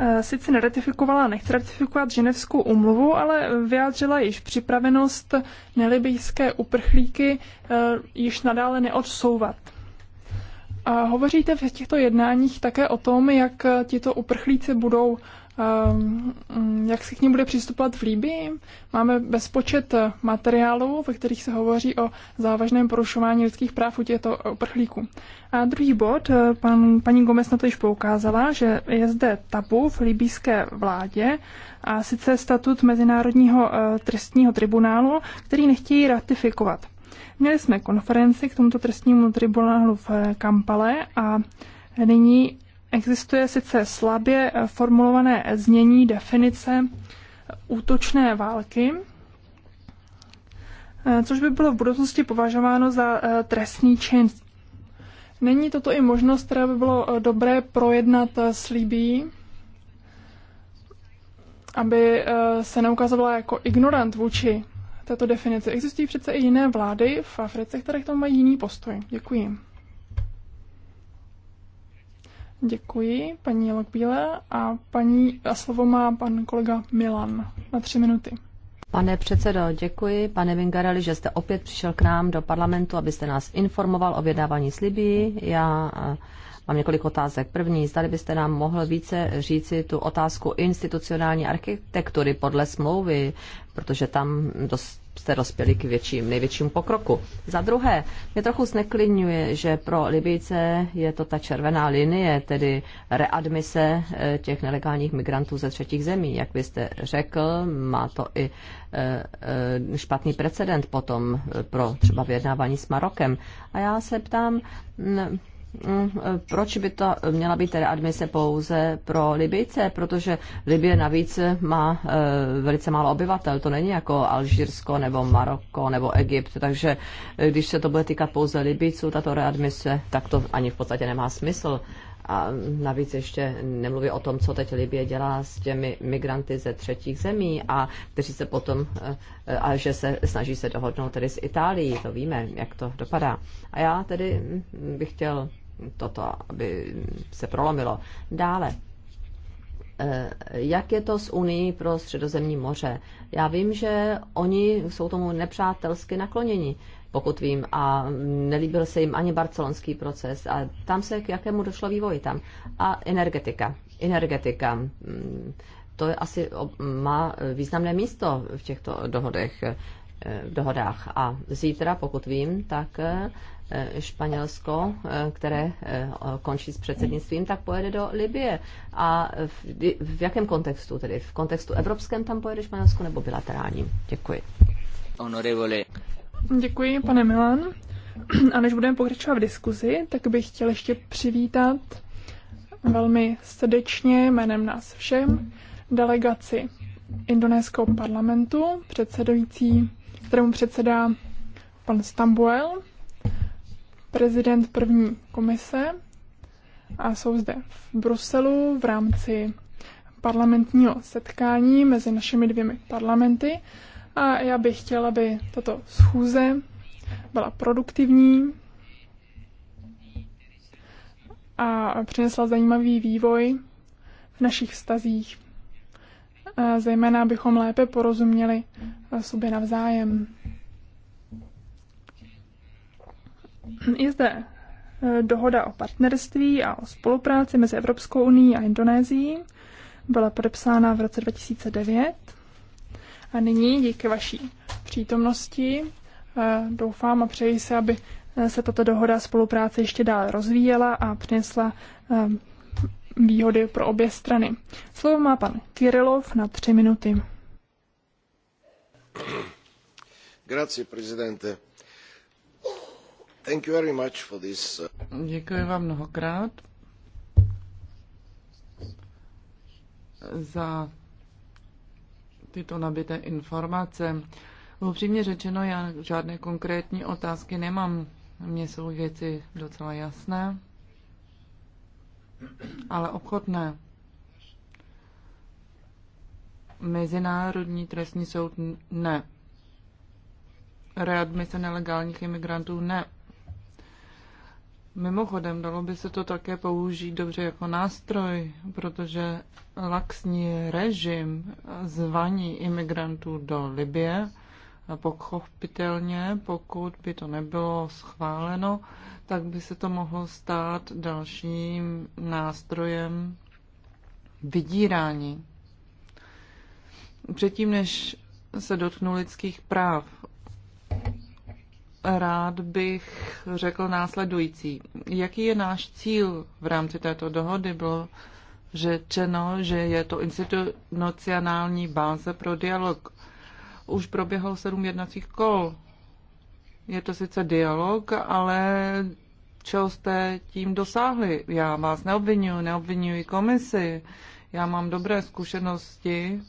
eh, sice neratifikovala, nechce ratifikovat ženevskou umluvu, ale vyjádřila již připravenost nelibijské uprchlíky eh, již nadále neodsouvat. A hovoříte v těchto jednáních také o tom, jak tito uprchlíci budou Ehm, jak se k ním bude přistupovat v Líbii. Máme bezpočet eh, materiálů, ve kterých se hovoří o závažném porušování lidských práv u těchto uprchlíků. A druhý bod, eh, pan, paní Gomez na to již poukázala, že je zde tabu v libijské vládě, a sice statut Mezinárodního eh, trestního tribunálu, který nechtějí ratifikovat. Měli jsme konferenci k tomuto trestnímu tribunálu v Kampale a nyní Existuje sice slabě formulované znění definice útočné války, eh, což by bylo v budoucnosti považováno za eh, trestný čin. Není toto i možnost, která by bylo eh, dobré projednat s Libí, aby se neukazovala jako ignorant vůči této definici. Existují přece i jiné vlády v Africe, které k tomu mají jiný postoj. Děkuji. Děkuji, paní Lokbíle. A, paní, a slovo má pan kolega Milan na tři minuty. Pane předsedo, děkuji. Pane Vingareli, že jste opět přišel k nám do parlamentu, abyste nás informoval o vědávání s Já Mám několik otázek. První, zda byste nám mohl více říci tu otázku institucionální architektury podle smlouvy, protože tam dost jste dospěli k větším, největšímu pokroku. Za druhé, mě trochu zneklidňuje, že pro Libijce je to ta červená linie, tedy readmise eh, těch nelegálních migrantů ze třetích zemí. Jak byste řekl, má to i eh, eh, špatný precedent potom pro třeba vyjednávání s Marokem. A já se ptám, mm, Mm, proč by to měla být tedy admise pouze pro Libice, protože Libie navíc má eh, velice málo obyvatel, to není jako Alžírsko nebo Maroko nebo Egypt, takže eh, když se to bude týkat pouze Libiců, tato readmise, tak to ani v podstatě nemá smysl. A navíc ještě nemluví o tom, co teď Libie dělá s těmi migranty ze třetích zemí a kteří se potom, eh, a že se snaží se dohodnout tedy s Itálií, to víme, jak to dopadá. A já tedy mm, bych chtěl toto, aby se prolomilo. Dále, eh, jak je to s Unii pro středozemní moře? Já vím, že oni jsou tomu nepřátelsky nakloněni, pokud vím, a nelíbil se jim ani barcelonský proces. A tam se k jakému došlo vývoji tam. A energetika. Energetika. Mm, to je asi má významné místo v těchto dohodech eh, v dohodách. A zítra, pokud vím, tak eh, Eh, Španělsko, eh, které eh, končí s předsednictvím, tak pojede do Libie. A v, v jakém kontextu tedy? V kontextu evropském tam pojede Španělsko nebo bilaterálním? Děkuji. Honorevole. Děkuji, pane Milan. [CLEARS THROAT] A než budeme pokračovat v diskuzi, tak bych chtěl ještě přivítat velmi srdečně jménem nás všem delegaci indonéského parlamentu, předsedující, kterému předsedá pan Stambuel, prezident první komise a jsou zde v Bruselu v rámci parlamentního setkání mezi našimi dvěmi parlamenty. A já bych chtěla, aby tato schůze byla produktivní a přinesla zajímavý vývoj v našich vztazích. Zejména, abychom lépe porozuměli eh, sobě navzájem. Je zde e, dohoda o partnerství a o spolupráci mezi Evropskou unii a Indonésií. Byla podepsána v roce 2009. A nyní, díky vaší přítomnosti, e, doufám a přeji se, aby e, se tato dohoda spolupráce ještě dál rozvíjela a přinesla výhody pro obě strany. Slovo má pan Kirilov na tři minuty. Grazie, prezidente Thank you very much for this. Uh, Děkuji vám mnohokrát za tyto nabité informace. Upřímně řečeno, já žádné konkrétní otázky nemám. Mně jsou věci docela jasné, ale obchodné. Mezinárodní trestní soud ne. Readmise nelegálních imigrantů ne. Mimochodem, dalo by se to také použít dobře jako nástroj, protože laxní režim zvaní imigrantů do Libie, pochopitelně, pokud by to nebylo schváleno, tak by se to mohlo stát dalším nástrojem vydírání. Předtím, než se dotknu lidských práv, rád bych řekl následující. Jaký je náš cíl v rámci této dohody? Bylo řečeno, že je to institucionální báze pro dialog. Už proběhlo sedm jednacích kol. Je to sice dialog, ale čeho jste tím dosáhli? Já vás neobvinuji, neobvinuji komisi. Já mám dobré zkušenosti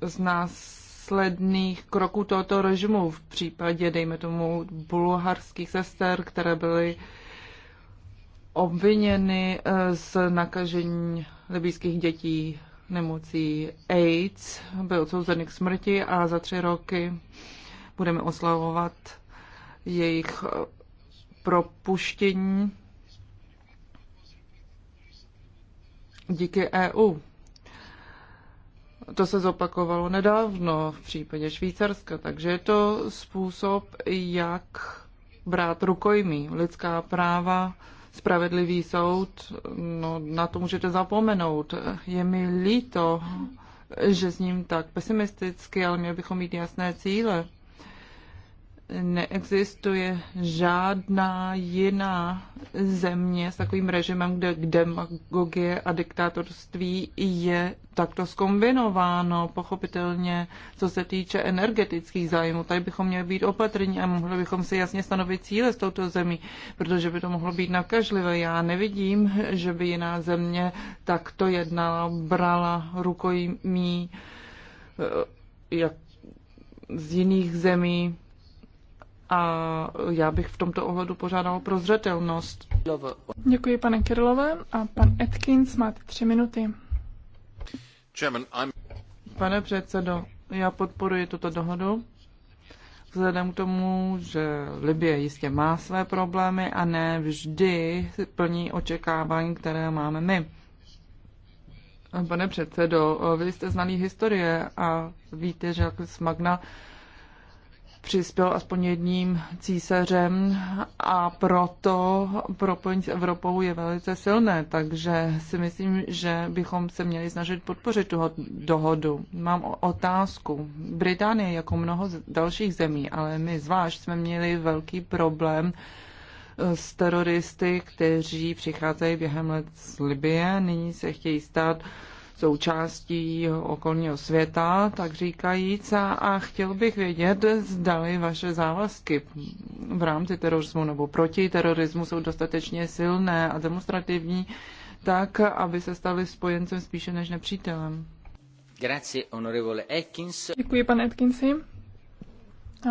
z nás následných kroků tohoto režimu v případě, dejme tomu, bulharských sester, které byly obviněny eh, z nakažení libijských dětí nemocí AIDS, byl odsouzený k smrti a za tři roky budeme oslavovat jejich eh, propuštění díky EU to se zopakovalo nedávno v případě Švýcarska, takže je to způsob, jak brát rukojmí. Lidská práva, spravedlivý soud, no, na to můžete zapomenout. Je mi líto, že s ním tak pesimisticky, ale měli bychom mít jasné cíle neexistuje žádná jiná země s takovým režimem, kde demagogie a diktátorství je takto skombinováno, pochopitelně, co se týče energetických zájmů. Tady bychom měli být opatrní a mohli bychom si jasně stanovit cíle s touto zemí, protože by to mohlo být nakažlivé. Já nevidím, že by jiná země takto jednala, brala rukojmí eh, jak z jiných zemí a já bych v tomto ohledu požádala pro zřetelnost. Děkuji, pane Kirlové A pan Atkins, máte tři minuty. Pane předsedo, já podporuji tuto dohodu. Vzhledem k tomu, že Libie jistě má své problémy a ne vždy plní očekávání, které máme my. Pane předsedo, vy jste znalý historie a víte, že Magna přispěl aspoň jedním císařem a proto propojení s Evropou je velice silné, takže si myslím, že bychom se měli snažit podpořit tu dohodu. Mám otázku. Británie, jako mnoho dalších zemí, ale my zvlášť jsme měli velký problém eh, s teroristy, kteří přicházejí během let z Libie, nyní se chtějí stát součástí okolního světa, tak říkajíc, a, a chtěl bych vědět, zdali vaše závazky v rámci terorismu nebo proti terorismu jsou dostatečně silné a demonstrativní, tak, aby se stali spojencem spíše než nepřítelem. Děkuji, pane Atkinsi.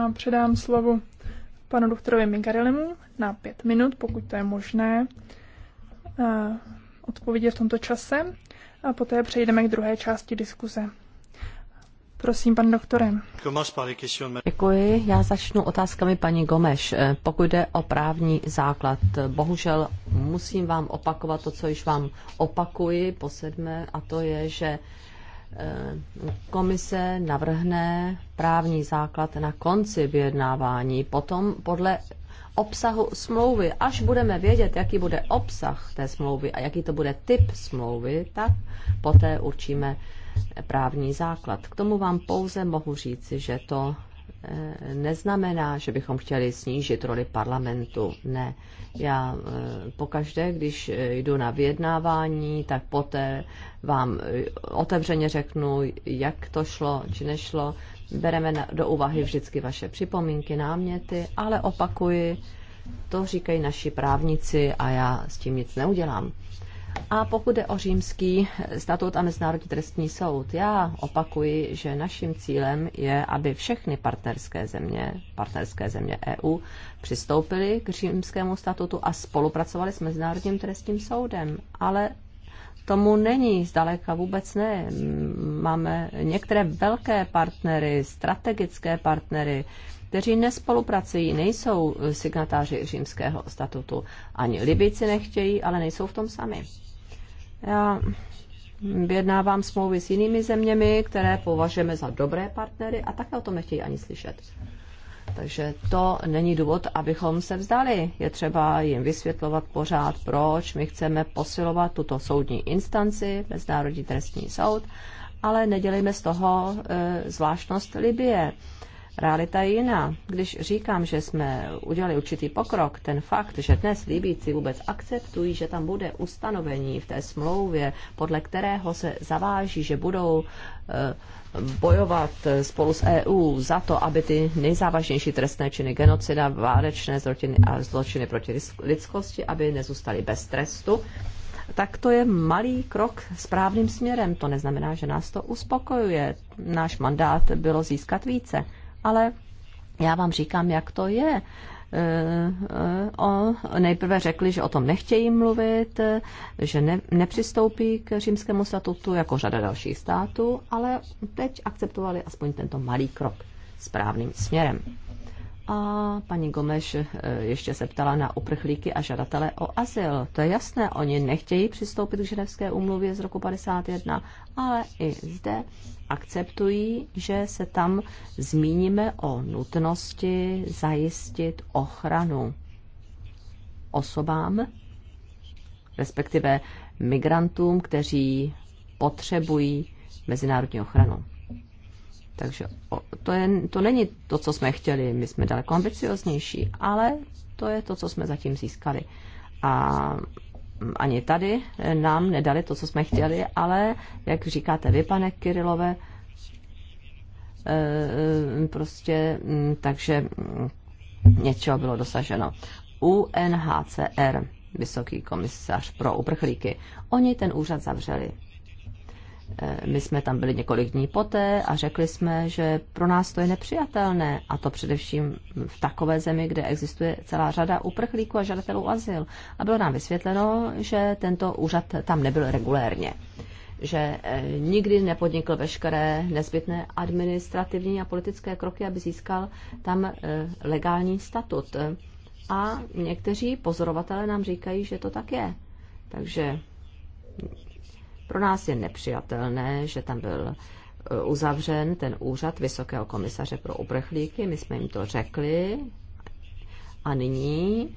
A předám slovo panu doktorovi Migarelemu na pět minut, pokud to je možné, eh, odpovědět v tomto čase a poté přejdeme k druhé části diskuze. Prosím, pan doktore. Děkuji. Já začnu otázkami paní Gomeš. Eh, pokud jde o právní základ, eh, bohužel musím vám opakovat to, co již vám opakuji po sedmé, a to je, že eh, komise navrhne právní základ na konci vyjednávání. Potom podle obsahu smlouvy. Až budeme vědět, jaký bude obsah té smlouvy a jaký to bude typ smlouvy, tak poté určíme právní základ. K tomu vám pouze mohu říci, že to eh, neznamená, že bychom chtěli snížit roli parlamentu. Ne. Já eh, pokaždé, když eh, jdu na vyjednávání, tak poté vám otevřeně řeknu, jak to šlo či nešlo. Bereme do úvahy vždycky vaše připomínky, náměty, ale opakuji, to říkají naši právníci a já s tím nic neudělám. A pokud jde o římský statut a Mezinárodní trestní soud, já opakuji, že naším cílem je, aby všechny partnerské země, partnerské země EU přistoupily k římskému statutu a spolupracovali s Mezinárodním trestním soudem. Ale tomu není, zdaleka vůbec ne. Máme některé velké partnery, strategické partnery, kteří nespolupracují, nejsou signatáři římského statutu. Ani Libici nechtějí, ale nejsou v tom sami. Já vyjednávám smlouvy s jinými zeměmi, které považujeme za dobré partnery a také o tom nechtějí ani slyšet. Takže to není důvod, abychom se vzdali. Je třeba jim vysvětlovat pořád, proč my chceme posilovat tuto soudní instanci, Mezinárodní trestní soud, ale nedělejme z toho e, zvláštnost Libie. E, Realita je jiná. Když říkám, že jsme udělali určitý pokrok, ten fakt, že dnes Libíci vůbec akceptují, že tam bude ustanovení v té smlouvě, podle kterého se zaváží, že budou eh, bojovat eh, spolu s EU za to, aby ty nejzávažnější trestné činy genocida, válečné zločiny a zločiny proti lidskosti, aby nezůstaly bez trestu, tak to je malý krok správným směrem. To neznamená, že nás to uspokojuje. Náš mandát bylo získat více ale já vám říkám, jak to je. E, e, o, nejprve řekli, že o tom nechtějí mluvit, že ne, nepřistoupí k římskému statutu jako řada dalších států, ale teď akceptovali aspoň tento malý krok správným směrem. A paní Gomeš eh, ještě se ptala na uprchlíky a žadatele o azyl. To je jasné, oni nechtějí přistoupit k ženevské umluvě z roku 51, ale i zde akceptují, že se tam zmíníme o nutnosti zajistit ochranu osobám, respektive migrantům, kteří potřebují mezinárodní ochranu. Takže to, je, to není to, co jsme chtěli, my jsme daleko ambicioznější, ale to je to, co jsme zatím získali. A mm, ani tady nám nedali to, co jsme chtěli, ale, jak říkáte vy, pane Kirilové, e, e, prostě, mm, takže mm, něčeho bylo dosaženo. UNHCR, Vysoký komisař pro uprchlíky, oni ten úřad zavřeli Eh, my jsme tam byli několik dní poté a řekli jsme, že pro nás to je nepřijatelné, a to především v takové zemi, kde existuje celá řada uprchlíků a žadatelů azyl. A bylo nám vysvětleno, že tento úřad tam nebyl regulérně že eh, nikdy nepodnikl veškeré nezbytné administrativní a politické kroky, aby získal tam eh, legální statut. A někteří pozorovatelé nám říkají, že to tak je. Takže pro nás je nepřijatelné, že tam byl eh, uzavřen ten úřad Vysokého komisaře pro uprchlíky, my jsme jim to řekli a nyní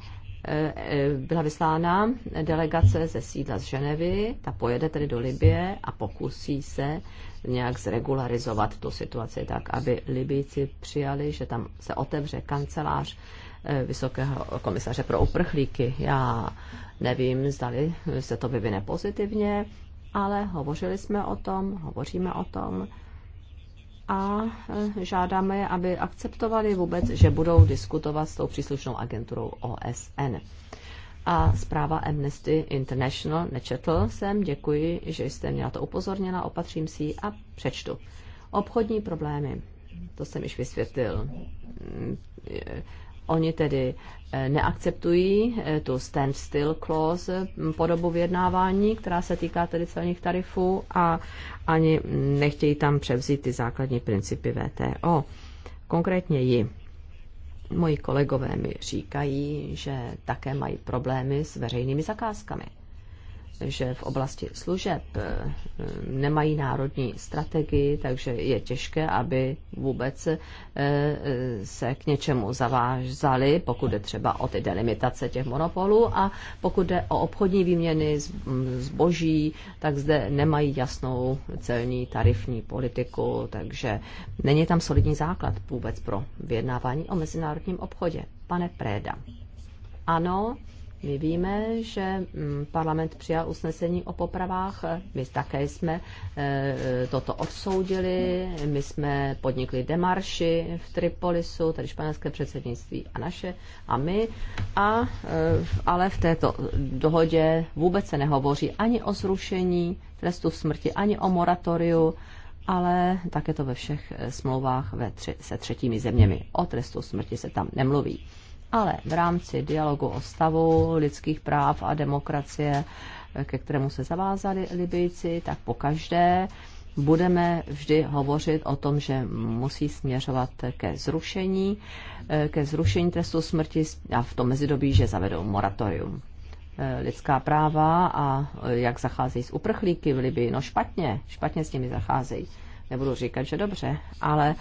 eh, eh, byla vyslána delegace ze sídla z Ženevy, ta pojede tedy do Libie a pokusí se nějak zregularizovat tu situaci tak, aby Libíci přijali, že tam se otevře kancelář Vysokého komisaře pro uprchlíky. Já nevím, zdali se to vyvine pozitivně, ale hovořili jsme o tom, hovoříme o tom a eh, žádáme je, aby akceptovali vůbec, že budou diskutovat s tou příslušnou agenturou OSN. A zpráva Amnesty International nečetl jsem, děkuji, že jste mě na to upozornila, opatřím si ji a přečtu. Obchodní problémy, to jsem již vysvětlil. Oni tedy eh, neakceptují eh, tu standstill clause mm, podobu vyjednávání, která se týká tedy celních tarifů a ani nechtějí tam převzít ty základní principy VTO. Konkrétně ji. Moji kolegové mi říkají, že také mají problémy s veřejnými zakázkami že v oblasti služeb eh, nemají národní strategii, takže je těžké, aby vůbec eh, se k něčemu zavázali, pokud jde třeba o ty delimitace těch monopolů a pokud jde o obchodní výměny mm, zboží, tak zde nemají jasnou celní tarifní politiku, takže není tam solidní základ vůbec pro vyjednávání o mezinárodním obchodě. Pane Préda. Ano, my víme, že mm, parlament přijal usnesení o popravách, my také jsme e, toto odsoudili, my jsme podnikli demarši v Tripolisu, tedy španělské předsednictví a naše a my, a, e, ale v této dohodě vůbec se nehovoří ani o zrušení trestu smrti, ani o moratoriu, ale také to ve všech e, smlouvách ve tři, se třetími zeměmi. O trestu smrti se tam nemluví ale v rámci dialogu o stavu lidských práv a demokracie, ke kterému se zavázali Libyjci, tak po každé budeme vždy hovořit o tom, že musí směřovat ke zrušení, ke zrušení trestu smrti a v tom mezidobí, že zavedou moratorium lidská práva a jak zacházejí s uprchlíky v Libii. No špatně, špatně s nimi zacházejí. Nebudu říkat, že dobře, ale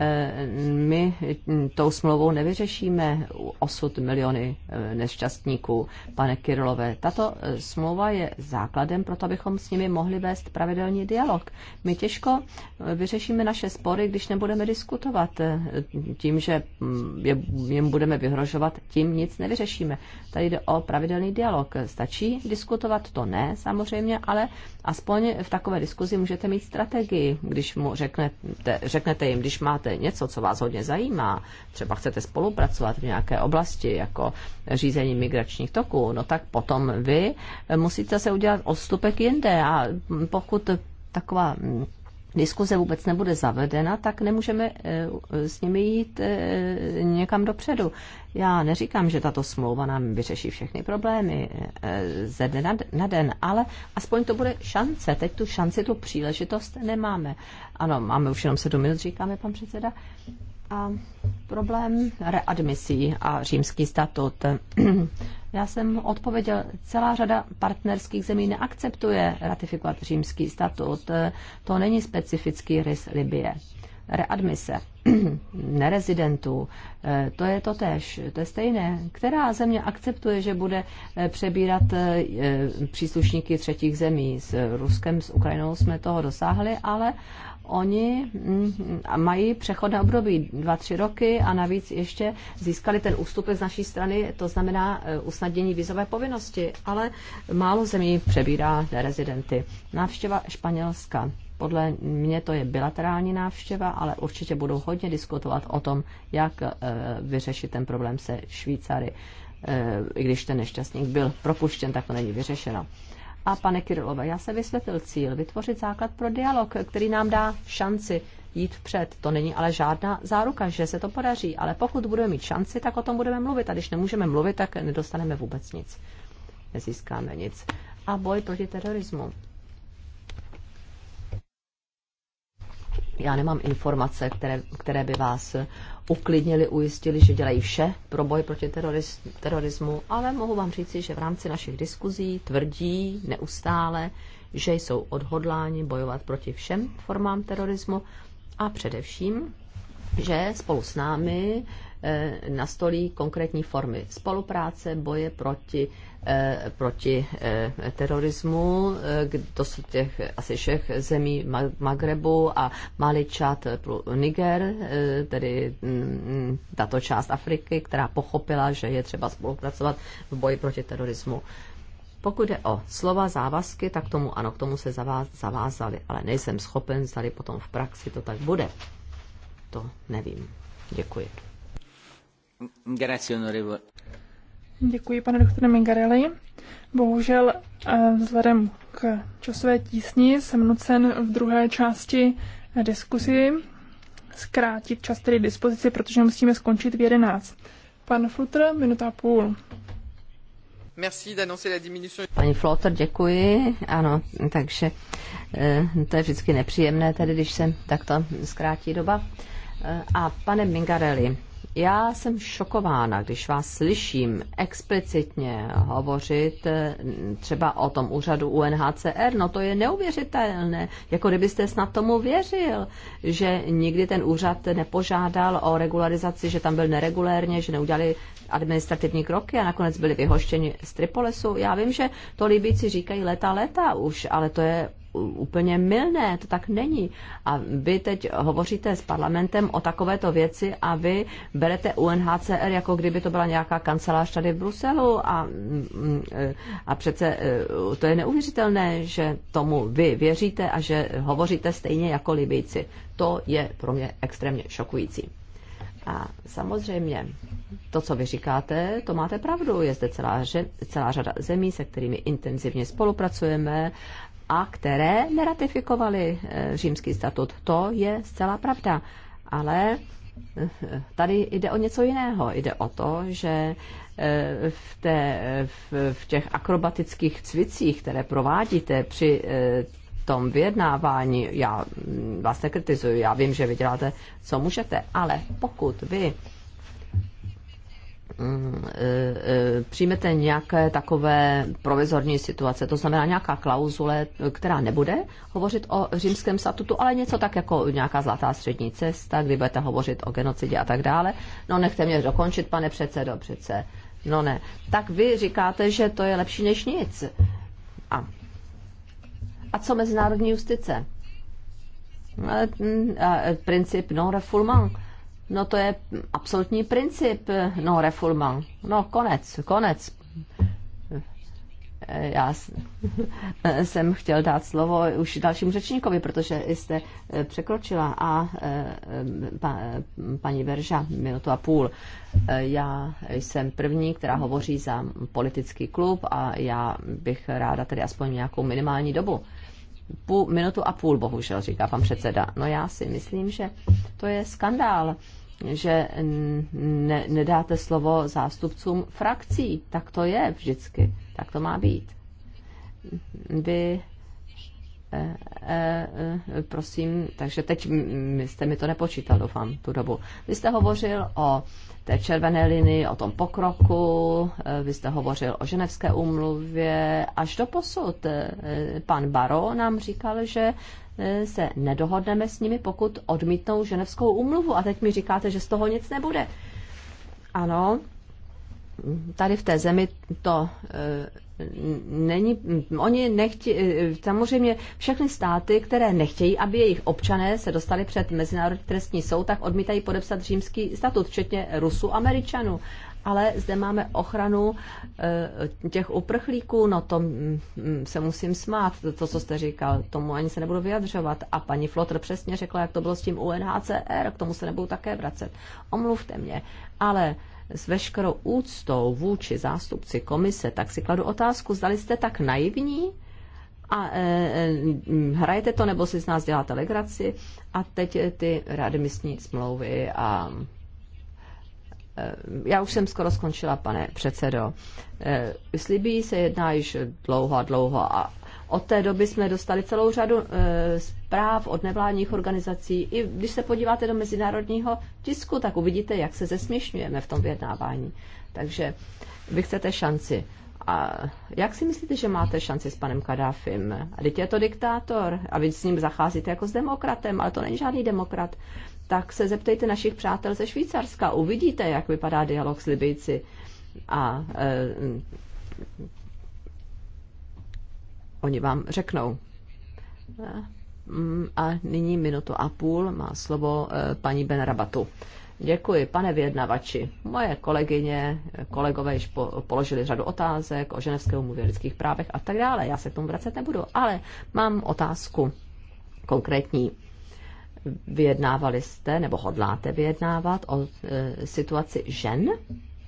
Eh, my tou smlouvou nevyřešíme osud miliony eh, nešťastníků, pane Kirlové. Tato eh, smlouva je základem pro to, abychom s nimi mohli vést pravidelný dialog. My těžko vyřešíme naše spory, když nebudeme diskutovat. Tím, že mm, jim budeme vyhrožovat, tím nic nevyřešíme. Tady jde o pravidelný dialog. Stačí diskutovat? To ne, samozřejmě, ale aspoň v takové diskuzi můžete mít strategii, když mu řeknete, řeknete jim, když máte máte něco, co vás hodně zajímá, třeba chcete spolupracovat v nějaké oblasti, jako řízení migračních toků, no tak potom vy musíte se udělat odstupek jinde a pokud taková diskuze vůbec nebude zavedena, tak nemůžeme eh, s nimi jít eh, někam dopředu. Já neříkám, že tato smlouva nám vyřeší všechny problémy eh, ze dne na den, ale aspoň to bude šance. Teď tu šanci, tu příležitost nemáme. Ano, máme už jenom sedm minut, říkáme pan předseda. A problém readmisí a římský statut. [CLEARS THROAT] Já jsem odpověděl, celá řada partnerských zemí neakceptuje ratifikovat římský statut. To není specifický rys Libie. Readmise [CLEARS THROAT] nerezidentů, eh, to je to tež, to je stejné. Která země akceptuje, že bude eh, přebírat eh, příslušníky třetích zemí? S Ruskem, s Ukrajinou jsme toho dosáhli, ale oni mm, mají přechodné období 2-3 roky a navíc ještě získali ten ústupek z naší strany, to znamená eh, usnadnění vizové povinnosti, ale málo zemí přebírá rezidenty. Návštěva Španělska. Podle mě to je bilaterální návštěva, ale určitě budou hodně diskutovat o tom, jak eh, vyřešit ten problém se Švýcary. Eh, I když ten nešťastník byl propuštěn, tak to není vyřešeno. A pane Kirilové, já se vysvětlil cíl, vytvořit základ pro dialog, který nám dá šanci jít vpřed. To není ale žádná záruka, že se to podaří, ale pokud budeme mít šanci, tak o tom budeme mluvit. A když nemůžeme mluvit, tak nedostaneme vůbec nic. Nezískáme nic. A boj proti terorismu. Já nemám informace, které, které by vás uklidnili, ujistili, že dělají vše pro boj proti teroriz, terorismu, ale mohu vám říci, že v rámci našich diskuzí tvrdí neustále, že jsou odhodláni bojovat proti všem formám terorismu a především, že spolu s námi Eh, Na stolí konkrétní formy spolupráce, boje proti, eh, proti eh, terorismu, to jsou těch asi všech zemí Magrebu a malý Čad, Niger, tedy mm, tato část Afriky, která pochopila, že je třeba spolupracovat v boji proti terorismu. Pokud je o slova závazky, tak tomu ano, k tomu se zavázali, ale nejsem schopen, zdali potom v praxi to tak bude. To nevím. Děkuji. Děkuji, pane doktore Mingarelli. Bohužel eh, vzhledem k časové tísni jsem nucen v druhé části eh, diskusi zkrátit čas tedy dispozici, protože musíme skončit v 11. Pan Flutr, minuta a půl. Paní Flotter, děkuji. Ano, takže eh, to je vždycky nepříjemné, tedy když se takto zkrátí doba. A pane Mingarelli, já jsem šokována, když vás slyším explicitně hovořit eh, třeba o tom úřadu UNHCR. No to je neuvěřitelné, jako kdybyste snad tomu věřil, že nikdy ten úřad nepožádal o regularizaci, že tam byl neregulérně, že neudělali administrativní kroky a nakonec byli vyhoštěni z Tripolesu. Já vím, že to Libíci říkají leta, leta už, ale to je úplně milné, to tak není. A vy teď hovoříte s parlamentem o takovéto věci a vy berete UNHCR, jako kdyby to byla nějaká kancelář tady v Bruselu a, a přece eh, to je neuvěřitelné, že tomu vy věříte a že hovoříte stejně jako Libijci. To je pro mě extrémně šokující. A samozřejmě, to, co vy říkáte, to máte pravdu. Je zde celá, že, celá řada zemí, se kterými intenzivně spolupracujeme a které neratifikovaly eh, římský statut. To je zcela pravda. Ale eh, tady jde o něco jiného. Jde o to, že eh, v, té, v, v těch akrobatických cvicích, které provádíte při tom vyjednávání, já mm, vás nekritizuju, já vím, že vy děláte, co můžete, ale pokud vy Eh, eh, přijmete nějaké takové provizorní situace, to znamená nějaká klauzule, která nebude hovořit o římském statutu, ale něco tak jako nějaká zlatá střední cesta, kdy budete hovořit o genocidě a tak dále. No nechte mě dokončit, pane předsedo, přece. No ne. Tak vy říkáte, že to je lepší než nic. A, a co mezinárodní justice? Eh, mm, princip non-refoulement No to je absolutní princip, no reforma, no konec, konec. Já [LAUGHS] jsem chtěl dát slovo už dalšímu řečníkovi, protože jste eh, překročila a eh, pa, paní Verža minutu a půl. Eh, já jsem první, která hovoří za politický klub a já bych ráda tedy aspoň nějakou minimální dobu půl, minutu a půl, bohužel, říká pan předseda. No já si myslím, že to je skandál, že ne, nedáte slovo zástupcům frakcí. Tak to je vždycky. Tak to má být. Vy E, e, e, prosím, takže teď jste mi to nepočítal, doufám, tu dobu. Vy jste hovořil o té červené linii, o tom pokroku, vy jste hovořil o ženevské úmluvě. Až do posud pan Baro nám říkal, že se nedohodneme s nimi, pokud odmítnou ženevskou úmluvu. A teď mi říkáte, že z toho nic nebude. Ano, tady v té zemi to eh, není, oni nechtí, eh, samozřejmě všechny státy, které nechtějí, aby jejich občané se dostali před Mezinárodní trestní soud, tak odmítají podepsat římský statut, včetně Rusu Američanů. Ale zde máme ochranu eh, těch uprchlíků, no to mm, mm, se musím smát, to, co jste říkal, tomu ani se nebudu vyjadřovat. A paní Flotr přesně řekla, jak to bylo s tím UNHCR, k tomu se nebudu také vracet. Omluvte mě. Ale s veškerou úctou vůči zástupci komise, tak si kladu otázku, zdali jste tak naivní a e, e hrajete to, nebo si z nás děláte legraci a teď e, ty readmisní smlouvy a e, já už jsem skoro skončila, pane předsedo. Slibí se jedná již dlouho a dlouho a od té doby jsme dostali celou řadu e, zpráv od nevládních organizací. I když se podíváte do mezinárodního tisku, tak uvidíte, jak se zesměšňujeme v tom vyjednávání. Takže vy chcete šanci. A jak si myslíte, že máte šanci s panem Kadáfim? A teď je to diktátor a vy s ním zacházíte jako s demokratem, ale to není žádný demokrat. Tak se zeptejte našich přátel ze Švýcarska, uvidíte, jak vypadá dialog s Libyjci. A e, oni vám řeknou. Mm, a nyní minutu a půl má slovo eh, paní Ben Rabatu. Děkuji, pane vyjednavači. Moje kolegyně, kolegové již po, položili řadu otázek o ženevské umluvě o lidských právech a tak dále. Já se k tomu vracet nebudu, ale mám otázku konkrétní. Vyjednávali jste nebo hodláte vyjednávat o e, situaci žen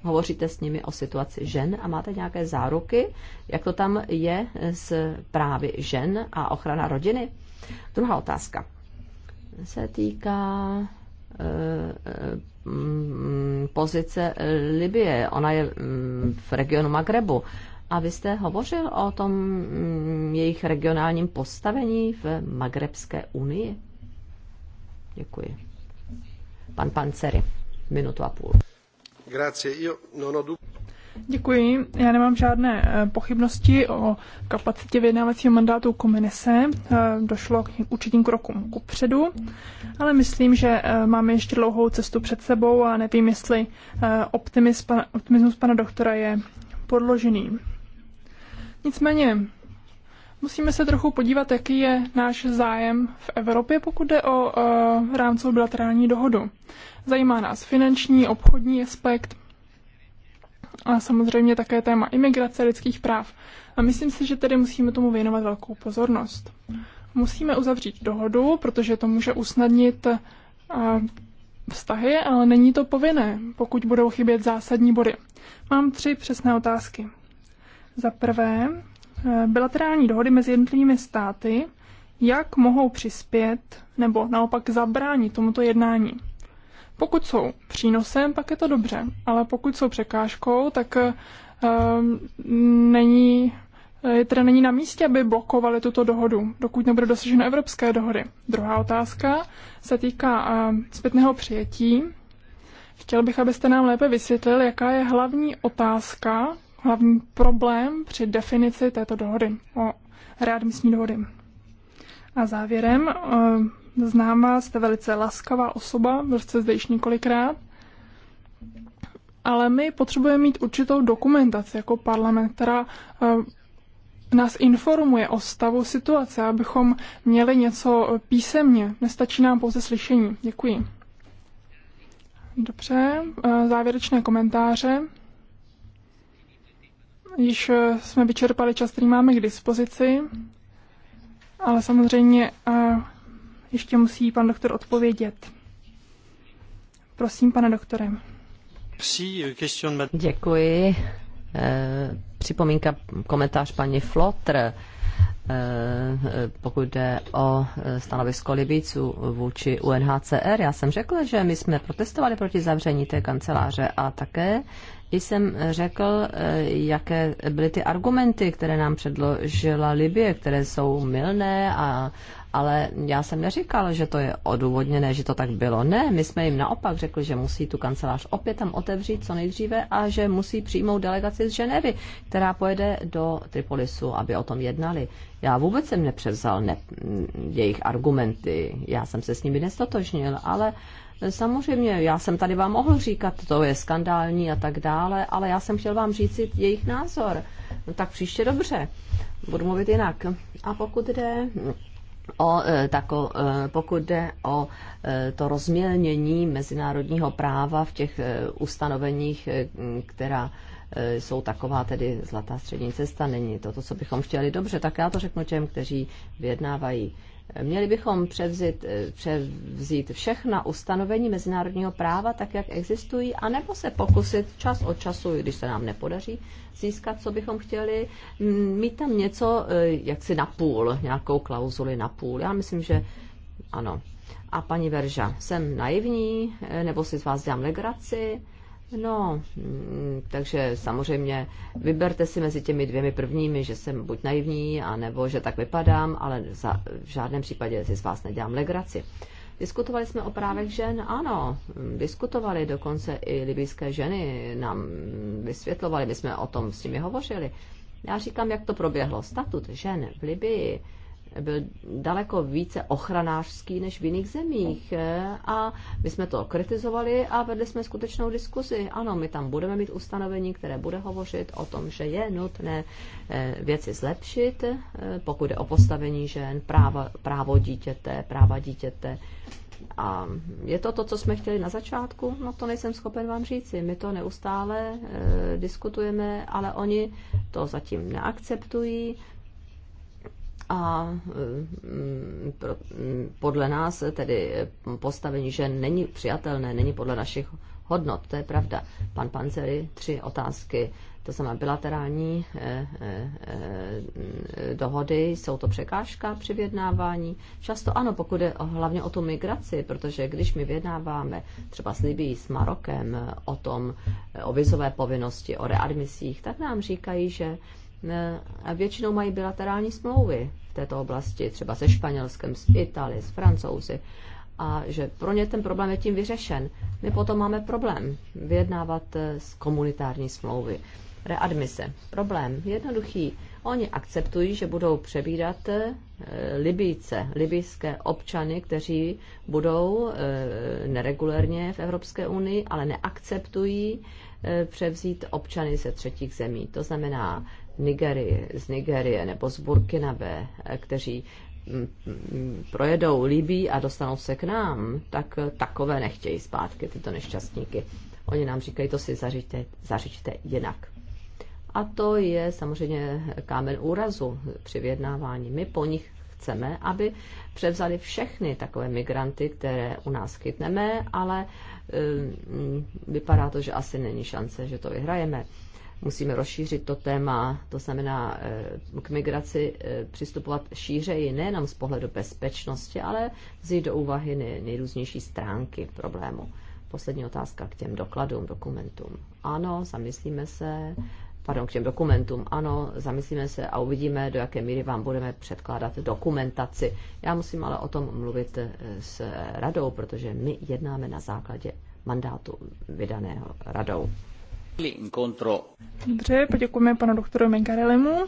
hovoříte s nimi o situaci žen a máte nějaké záruky, jak to tam je s právy žen a ochrana rodiny? Druhá otázka se týká eh, eh, pozice Libie. Ona je mm, v regionu Magrebu. A vy jste hovořil o tom mm, jejich regionálním postavení v Magrebské unii? Děkuji. Pan Panceri, minutu a půl. Já nemám žádné eh, pochybnosti o kapacitě vyjednávacího mandátu komise. Eh, došlo k určitým krokům kupředu, ale myslím, že eh, máme ještě dlouhou cestu před sebou a nevím, jestli optimismus pana doktora je podložený. Nicméně Musíme se trochu podívat, jaký je náš zájem v Evropě, pokud jde o uh, rámcovou bilaterální dohodu. Zajímá nás finanční, obchodní aspekt a samozřejmě také téma imigrace lidských práv. A myslím si, že tedy musíme tomu věnovat velkou pozornost. Musíme uzavřít dohodu, protože to může usnadnit uh, vztahy, ale není to povinné, pokud budou chybět zásadní body. Mám tři přesné otázky. Za prvé, bilaterální dohody mezi jednotlivými státy, jak mohou přispět nebo naopak zabránit tomuto jednání. Pokud jsou přínosem, pak je to dobře, ale pokud jsou překážkou, tak eh, není, je eh, teda není na místě, aby blokovali tuto dohodu, dokud nebude dosaženo evropské dohody. Druhá otázka se týká eh, zpětného přijetí. Chtěl bych, abyste nám lépe vysvětlil, jaká je hlavní otázka, hlavní problém při definici této dohody o readmisní dohody. A závěrem, eh, znám vás, jste velice laskavá osoba, byl jste zde již několikrát, ale my potřebujeme mít určitou dokumentaci jako parlament, která eh, nás informuje o stavu situace, abychom měli něco písemně. Nestačí nám pouze slyšení. Děkuji. Dobře, eh, závěrečné komentáře. Již eh, jsme vyčerpali čas, který máme k dispozici, ale samozřejmě eh, ještě musí pan doktor odpovědět. Prosím, pane doktore. Eh, Děkuji. Připomínka, komentář paní Flotr pokud jde o stanovisko Libíců vůči UNHCR. Já jsem řekla, že my jsme protestovali proti zavření té kanceláře a také jsem řekl, eh, jaké byly ty argumenty, které nám předložila Libie, které jsou milné, a, ale já jsem neříkal, že to je odůvodněné, že to tak bylo. Ne, my jsme jim naopak řekli, že musí tu kancelář opět tam otevřít co nejdříve a že musí přijmout delegaci z Ženevy, která pojede do Tripolisu, aby o tom jednali. Já vůbec jsem nepřevzal ne, jejich argumenty, já jsem se s nimi nestotožnil, ale uh, Samozřejmě, já jsem tady vám mohl říkat, to je skandální a tak dále, ale já jsem chtěl vám říct jejich názor. No, tak příště dobře, budu mluvit jinak. A pokud jde o, e, tako, e, pokud jde o e, to rozmělnění mezinárodního práva v těch ustanoveních, která jsou taková tedy zlatá střední cesta, není to to, co bychom chtěli dobře, tak já to řeknu těm, kteří vyjednávají. Měli bychom převzít, eh, převzít všechna ustanovení mezinárodního práva, tak jak existují, anebo se pokusit čas od času, když se nám nepodaří získat, co bychom chtěli, mít tam něco eh, jaksi na půl, nějakou klauzuli na půl. Já myslím, že ano. A paní Verža, jsem naivní, eh, nebo si z vás dělám legraci? No, mm, takže samozřejmě vyberte si mezi těmi dvěmi prvními, že jsem buď naivní, anebo že tak vypadám, ale za, v žádném případě si z vás nedělám legraci. Diskutovali jsme o právech žen, ano, mm, diskutovali, dokonce i libijské ženy nám vysvětlovali, my jsme o tom s nimi hovořili. Já říkám, jak to proběhlo. Statut žen v Libii byl daleko více ochranářský než v jiných zemích. A my jsme to kritizovali a vedli jsme skutečnou diskuzi. Ano, my tam budeme mít ustanovení, které bude hovořit o tom, že je nutné eh, věci zlepšit, eh, pokud je o postavení žen, práva, právo dítěte, práva dítěte. A je to to, co jsme chtěli na začátku? No to nejsem schopen vám říci. My to neustále e, diskutujeme, ale oni to zatím neakceptují a mm, mm, podle nás tedy postavení žen není přijatelné, není podle našich hodnot, to je pravda. Pan Panzeri, tři otázky. To znamená bilaterální eh, eh, dohody, jsou to překážka při vyjednávání? Často ano, pokud je hlavně o tu migraci, protože když my vyjednáváme třeba s Libí, s Marokem eh, o tom, o vizové povinnosti, o readmisích, tak nám říkají, že Eh, většinou mají bilaterální smlouvy v této oblasti, třeba se Španělskem, s Itálií, s Francouzi, a že pro ně ten problém je tím vyřešen. My potom máme problém vyjednávat z eh, komunitární smlouvy. Readmise. Problém jednoduchý. Oni akceptují, že budou přebírat eh, Libíce, libijské občany, kteří budou neregulérně v Evropské unii, ale neakceptují převzít občany ze třetích zemí. To znamená, Nigerie, z Nigerie nebo z Burkinabe, kteří mm, mm, projedou Libii a dostanou se k nám, tak takové nechtějí zpátky tyto nešťastníky. Oni nám říkají, to si zařiďte, zařiďte jinak. A to je samozřejmě kámen úrazu při vyjednávání. My po nich chceme, aby převzali všechny takové migranty, které u nás chytneme, ale eh, mm, vypadá to, že asi není šance, že to vyhrajeme musíme rozšířit to téma, to znamená eh, k migraci eh, přistupovat šířeji, nejenom z pohledu bezpečnosti, ale vzít do úvahy nejrůznější stránky problému. Poslední otázka k těm dokladům, dokumentům. Ano, zamyslíme se, pardon, k těm dokumentům. Ano, zamyslíme se a uvidíme, do jaké míry vám budeme předkládat dokumentaci. Já musím ale o tom mluvit eh, s radou, protože my jednáme na základě mandátu vydaného radou. Dobře, poděkujeme panu doktoru Minkarelimu.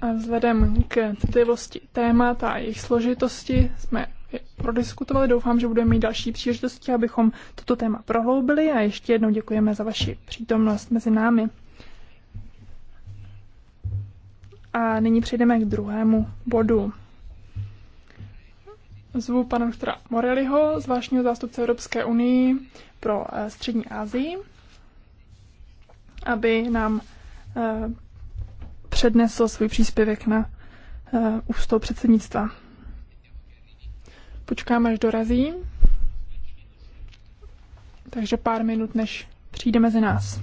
A vzhledem k citlivosti témat a jejich složitosti jsme je prodiskutovali. Doufám, že budeme mít další příležitosti, abychom toto téma prohloubili a ještě jednou děkujeme za vaši přítomnost mezi námi. A nyní přejdeme k druhému bodu. Zvu pana doktora Moreliho, zvláštního zástupce Evropské unii pro eh, střední Asii aby nám eh, přednesl svůj příspěvek na eh, ústou předsednictva. Počkáme, až dorazí. Takže pár minut, než přijde mezi nás.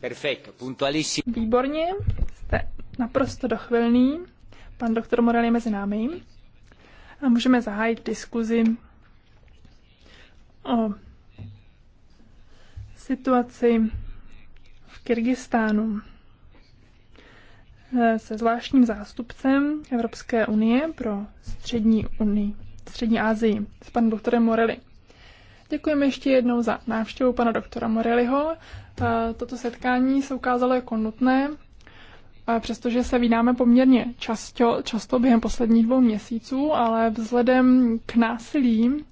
Perfecto, puntualísimo. Výborně, jste naprosto dochvilný. Pan doktor Morel je mezi námi. A můžeme zahájit diskuzi o situaci v Kyrgyzstánu se zvláštním zástupcem Evropské unie pro střední unii, střední Asii, s panem doktorem Morelem. Děkujeme ještě jednou za návštěvu pana doktora Moreliho. Toto setkání se ukázalo jako nutné, přestože se vídáme poměrně často, často během posledních dvou měsíců, ale vzhledem k násilí,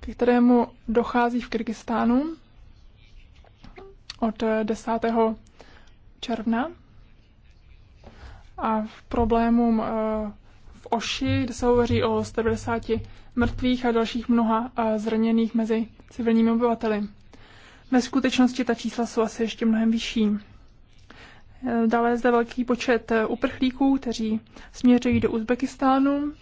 ke kterému dochází v Kyrgyzstánu od 10. června a v problémům eh, Oši, kde se hovoří o 190 mrtvých a dalších mnoha zraněných mezi civilními obyvateli. Ve skutečnosti ta čísla jsou asi ještě mnohem vyšší. Dále je zde velký počet uprchlíků, kteří směřují do Uzbekistánu.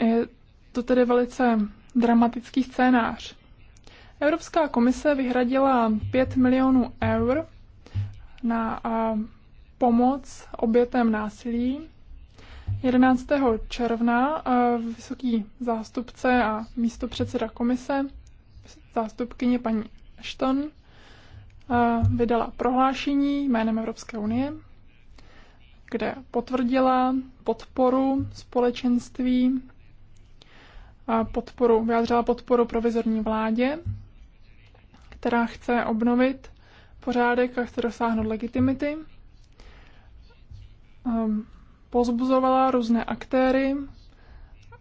Je to tedy velice dramatický scénář. Evropská komise vyhradila 5 milionů eur na pomoc obětem násilí. 11. června eh, vysoký zástupce a místopředseda komise, zástupkyně paní Ashton, eh, vydala prohlášení jménem Evropské unie, kde potvrdila podporu společenství, podporu, vyjádřila podporu provizorní vládě, která chce obnovit pořádek a chce dosáhnout legitimity Ehm, pozbuzovala různé aktéry,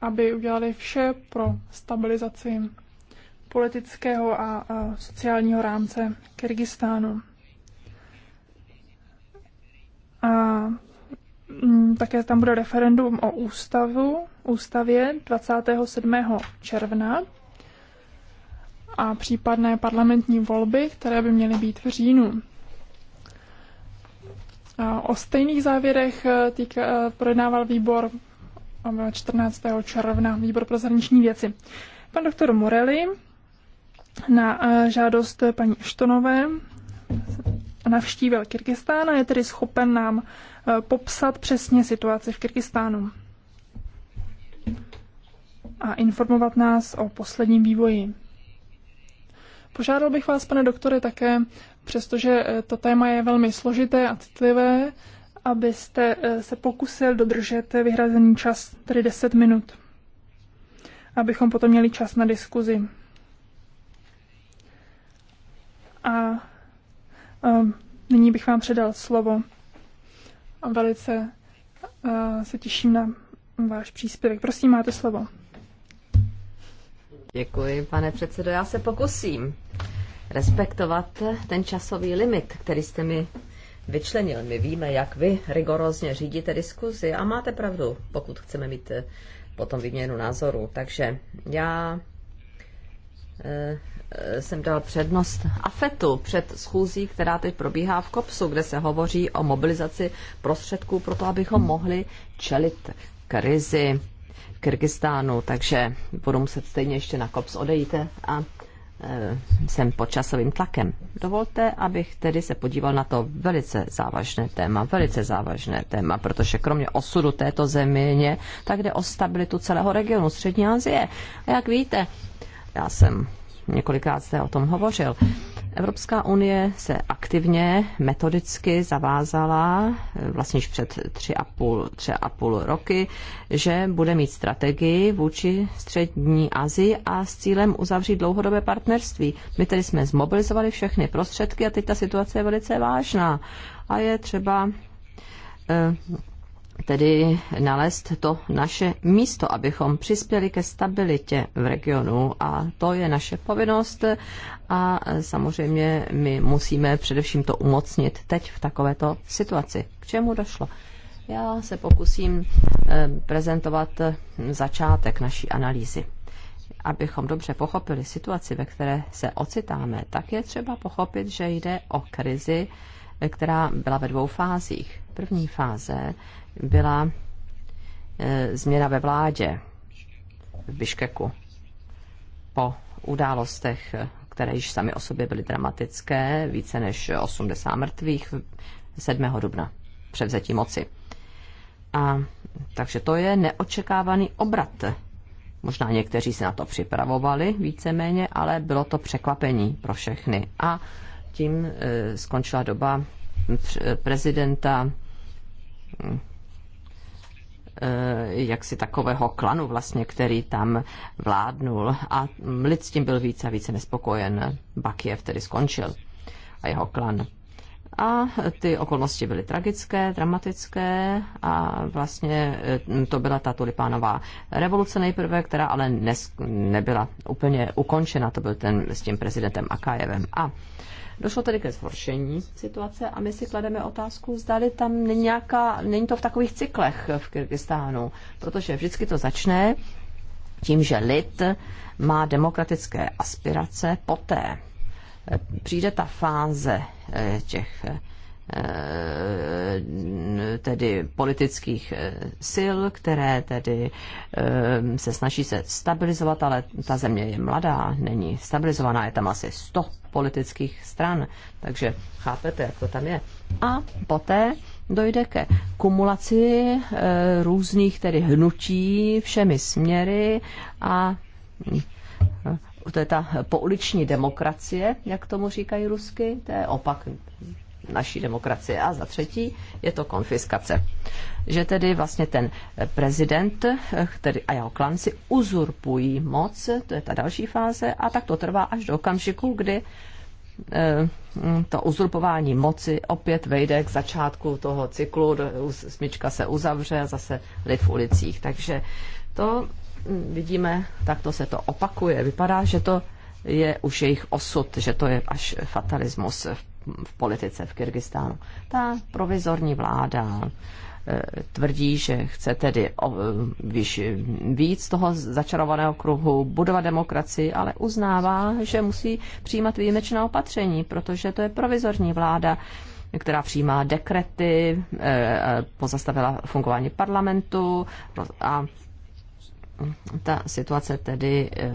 aby udělali vše pro stabilizaci politického a sociálního rámce Kyrgyzstánu. A mm, také tam bude referendum o ústavu, ústavě 27. června a případné parlamentní volby, které by měly být v říjnu. O stejných závěrech eh, týka, eh, projednával výbor eh, 14. června, výbor pro zahraniční věci. Pan doktor Morelli na žádost paní Štonové navštívil Kyrgyzstán a je tedy schopen nám popsat přesně situaci v Kyrgyzstánu a informovat nás o posledním vývoji. Požádal bych vás, pane doktore, také, přestože eh, to téma je velmi složité a citlivé, abyste eh, se pokusil dodržet vyhrazený čas, tedy 10 minut, abychom potom měli čas na diskuzi. A a ehm, nyní bych vám předal slovo. A velice a, eh, se těším na váš příspěvek. Prosím, máte slovo. Děkuji, pane předsedo. Já se pokusím respektovat ten časový limit, který jste mi vyčlenil. My víme, jak vy rigorózně řídíte diskuzi a máte pravdu, pokud chceme mít eh, potom výměnu názoru. Takže já eh, jsem dal přednost AFETu před schůzí, která teď probíhá v KOPSu, kde se hovoří o mobilizaci prostředků pro to, abychom mohli čelit krizi Kyrgyzstánu, takže budu muset stejně ještě na kops odejít a e, jsem pod časovým tlakem. Dovolte, abych tedy se podíval na to velice závažné téma, velice závažné téma, protože kromě osudu této země, tak jde o stabilitu celého regionu Střední Asie. A jak víte, já jsem několikrát jste o tom hovořil, Evropská unie se aktivně, metodicky zavázala eh, vlastně již před tři a, půl, tři a půl roky, že bude mít strategii vůči střední Asii a s cílem uzavřít dlouhodobé partnerství. My tedy jsme zmobilizovali všechny prostředky a teď ta situace je velice vážná a je třeba eh, tedy nalézt to naše místo, abychom přispěli ke stabilitě v regionu a to je naše povinnost a samozřejmě my musíme především to umocnit teď v takovéto situaci. K čemu došlo? Já se pokusím eh, prezentovat eh, začátek naší analýzy. Abychom dobře pochopili situaci, ve které se ocitáme, tak je třeba pochopit, že jde o krizi, eh, která byla ve dvou fázích. První fáze byla eh, změna ve vládě v Biškeku po událostech, které již sami o sobě byly dramatické, více než 80 mrtvých 7. dubna převzetí moci. A takže to je neočekávaný obrat. Možná někteří se na to připravovali víceméně, ale bylo to překvapení pro všechny. A tím e, skončila doba prezidenta hm, Eh, jaksi takového klanu vlastně, který tam vládnul a lid s tím byl více a více nespokojen. Bakiev tedy skončil a jeho klan. A ty okolnosti byly tragické, dramatické a vlastně eh, to byla ta tulipánová revoluce nejprve, která ale nes, nebyla úplně ukončena, to byl ten s tím prezidentem Akajevem. A Došlo tedy ke zhoršení situace a my si klademe otázku, zdali tam není, nějaká, není to v takových cyklech v Kyrgyzstánu, protože vždycky to začne tím, že lid má demokratické aspirace, poté eh, přijde ta fáze eh, těch eh, Eh, tedy politických eh, sil, které tedy eh, se snaží se stabilizovat, ale ta země je mladá, není stabilizovaná, je tam asi 100 politických stran, takže chápete, jak to tam je. A poté dojde ke kumulaci různých tedy hnutí všemi směry a to je ta pouliční demokracie, jak tomu říkají rusky, to je opak naší demokracie. A za třetí je to konfiskace. Že tedy vlastně ten prezident který a jeho klan si uzurpují moc, to je ta další fáze, a tak to trvá až do okamžiku, kdy eh, to uzurpování moci opět vejde k začátku toho cyklu, smyčka se uzavře a zase lid v ulicích. Takže to hm, vidíme, takto se to opakuje. Vypadá, že to je už jejich osud, že to je až fatalismus v v politice v Kyrgyzstánu. Ta provizorní vláda eh, tvrdí, že chce tedy eh, víc toho začarovaného kruhu, budovat demokracii, ale uznává, že musí přijímat výjimečná opatření, protože to je provizorní vláda, která přijímá dekrety, eh, pozastavila fungování parlamentu a ta situace tedy eh,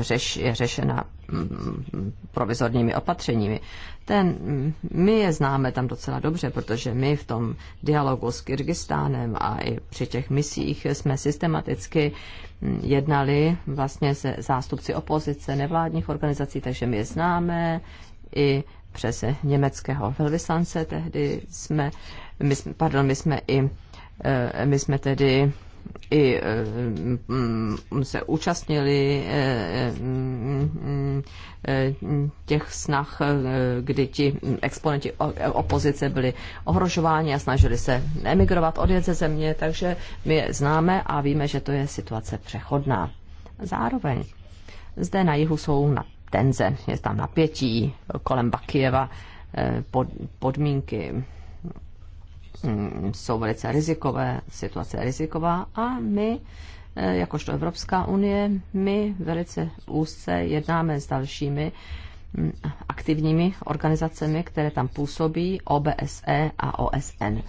řeš, je řešena mm, provizorními opatřeními. Ten, mm, my je známe tam docela dobře, protože my v tom dialogu s Kyrgyzstánem a i při těch misích jsme systematicky mm, jednali vlastně se zástupci opozice, nevládních organizací, takže my je známe i přes německého velvyslance tehdy jsme, my, pardon, my jsme i eh, my jsme tedy i eh, se účastnili eh, eh, těch snah, kdy ti exponenti opozice byli ohrožováni a snažili se emigrovat, odjet ze země, takže my je známe a víme, že to je situace přechodná. Zároveň zde na jihu jsou na tenze, je tam napětí kolem Bakijeva, podmínky Mm, jsou velice rizikové, situace je riziková a my, eh, jakožto Evropská unie, my velice úzce jednáme s dalšími mm, aktivními organizacemi, které tam působí, OBSE a OSN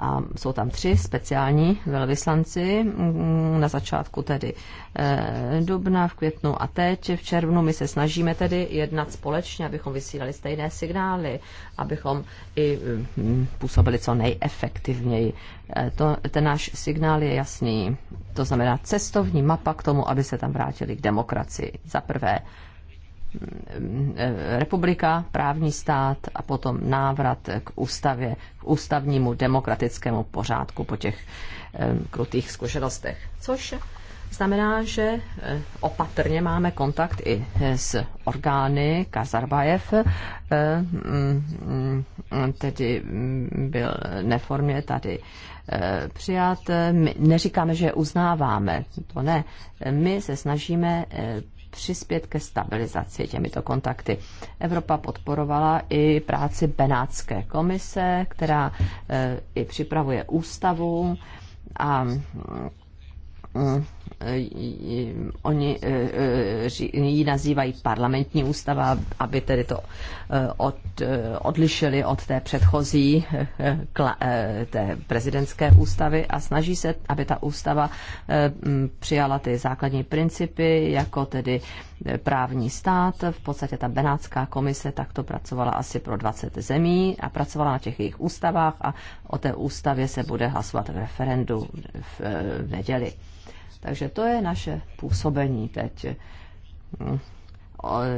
a jsou tam tři speciální velvyslanci mm, na začátku tedy eh, dubna, v květnu a teď v červnu. My se snažíme tedy jednat společně, abychom vysílali stejné signály, abychom i mm, působili co nejefektivněji. Eh, to, ten náš signál je jasný. To znamená cestovní mapa k tomu, aby se tam vrátili k demokracii. Za prvé republika, právní stát a potom návrat k ústavě, k ústavnímu demokratickému pořádku po těch eh, krutých zkušenostech. Což znamená, že eh, opatrně máme kontakt i eh, s orgány Kazarbajev, mm, mm, tedy mm, byl neformě tady přijat. My neříkáme, že uznáváme, to ne. My se snažíme přispět ke stabilizaci těmito kontakty. Evropa podporovala i práci Benátské komise, která eh, i připravuje ústavu a Eh, oni eh, eh, ji nazývají parlamentní ústava, aby tedy to od, odlišili od té předchozí té prezidentské ústavy a snaží se, aby ta ústava přijala ty základní principy, jako tedy právní stát. V podstatě ta Benátská komise takto pracovala asi pro 20 zemí a pracovala na těch jejich ústavách a o té ústavě se bude hlasovat v referendu v, eh, v neděli. Takže to je naše působení teď.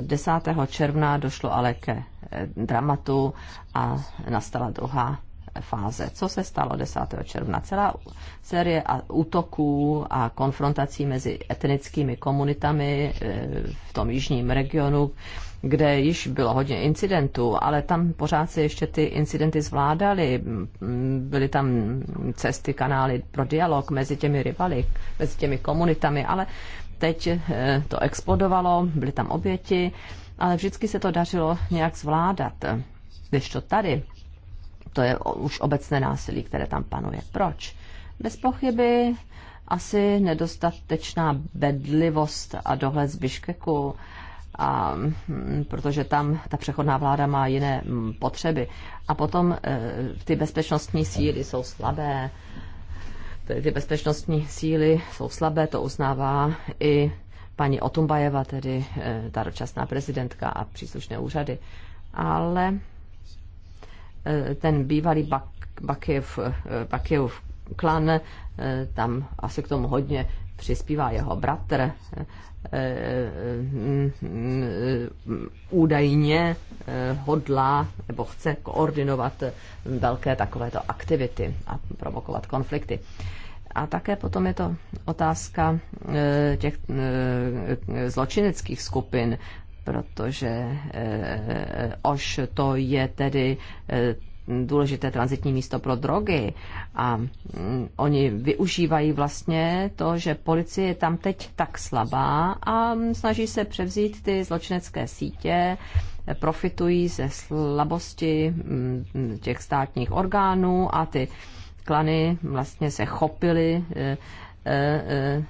10. Mm. června došlo ale ke eh, dramatu a nastala druhá fáze. Co se stalo 10. června? Celá série útoků a konfrontací mezi etnickými komunitami eh, v tom jižním regionu, kde již bylo hodně incidentů, ale tam pořád se ještě ty incidenty zvládaly. Byly tam cesty, kanály pro dialog mezi těmi rivaly, mezi těmi komunitami, ale teď eh, to explodovalo, byly tam oběti, ale vždycky se to dařilo nějak zvládat. Když to tady, to je už obecné násilí, které tam panuje. Proč? Bez pochyby asi nedostatečná bedlivost a dohled z Biškeku, a, hm, protože tam ta přechodná vláda má jiné hm, potřeby. A potom eh, ty bezpečnostní síly jsou slabé. Ty bezpečnostní síly jsou slabé, to uznává i paní Otumbajeva, tedy eh, ta dočasná prezidentka a příslušné úřady. Ale Eh, ten bývalý Bak, Bakiev, eh, klan, eh, tam asi k tomu hodně přispívá jeho bratr, údajně hodlá nebo chce koordinovat velké takovéto aktivity a provokovat konflikty. A také potom je to otázka těch zločineckých skupin, protože eh, eh, Oš to je tedy eh, důležité transitní místo pro drogy a mm, oni využívají vlastně to, že policie je tam teď tak slabá a mm, snaží se převzít ty zločinecké sítě, profitují ze slabosti mm, těch státních orgánů a ty klany vlastně se chopily E, e,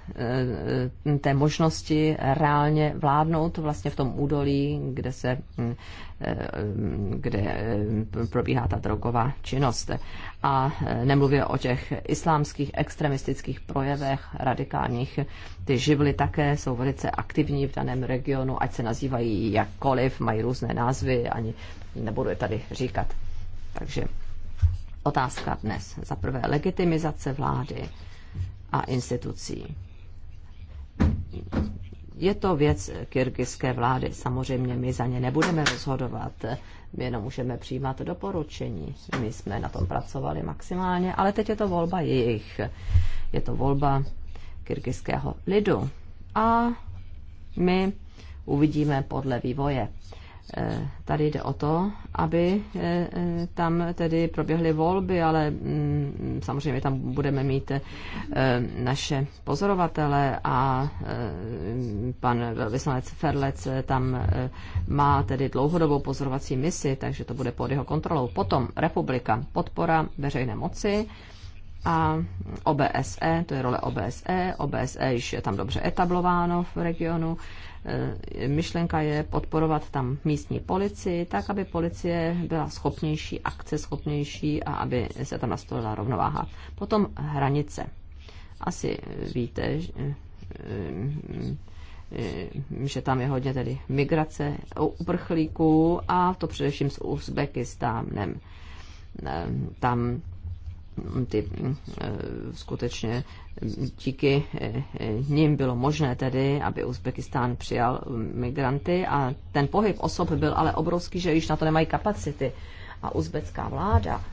e, té možnosti reálně vládnout vlastně v tom údolí, kde se mm, mm, kde probíhá ta drogová činnost. A nemluvě o těch islámských extremistických projevech radikálních. Ty živly také jsou velice aktivní v daném regionu, ať se nazývají jakkoliv, mají různé názvy, ani nebudu je tady říkat. Takže otázka dnes. Za prvé legitimizace vlády a institucí. Je to věc kyrgyzské vlády. Samozřejmě my za ně nebudeme rozhodovat, my jenom můžeme přijímat doporučení. My jsme na tom pracovali maximálně, ale teď je to volba jejich. Je to volba kyrgyzského lidu. A my uvidíme podle vývoje. Eh, tady jde o to, aby eh, tam tedy proběhly volby, ale mm, samozřejmě tam budeme mít eh, naše pozorovatele a pan vyslanec Ferlec tam má tedy dlouhodobou pozorovací misi, takže to bude pod jeho kontrolou. Potom republika, podpora veřejné moci, a OBSE, to je role OBSE, OBSE již je tam dobře etablováno v regionu. E, myšlenka je podporovat tam místní policii, tak aby policie byla schopnější, akce schopnější a aby se tam nastolila rovnováha. Potom hranice. Asi víte, že e, e, tam je hodně tedy migrace uprchlíků a to především s Uzbekistánem. Tam ty eh, skutečně díky eh, ním bylo možné tedy, aby Uzbekistán přijal mm, migranty a ten pohyb osob byl ale obrovský, že již na to nemají kapacity. A uzbecká vláda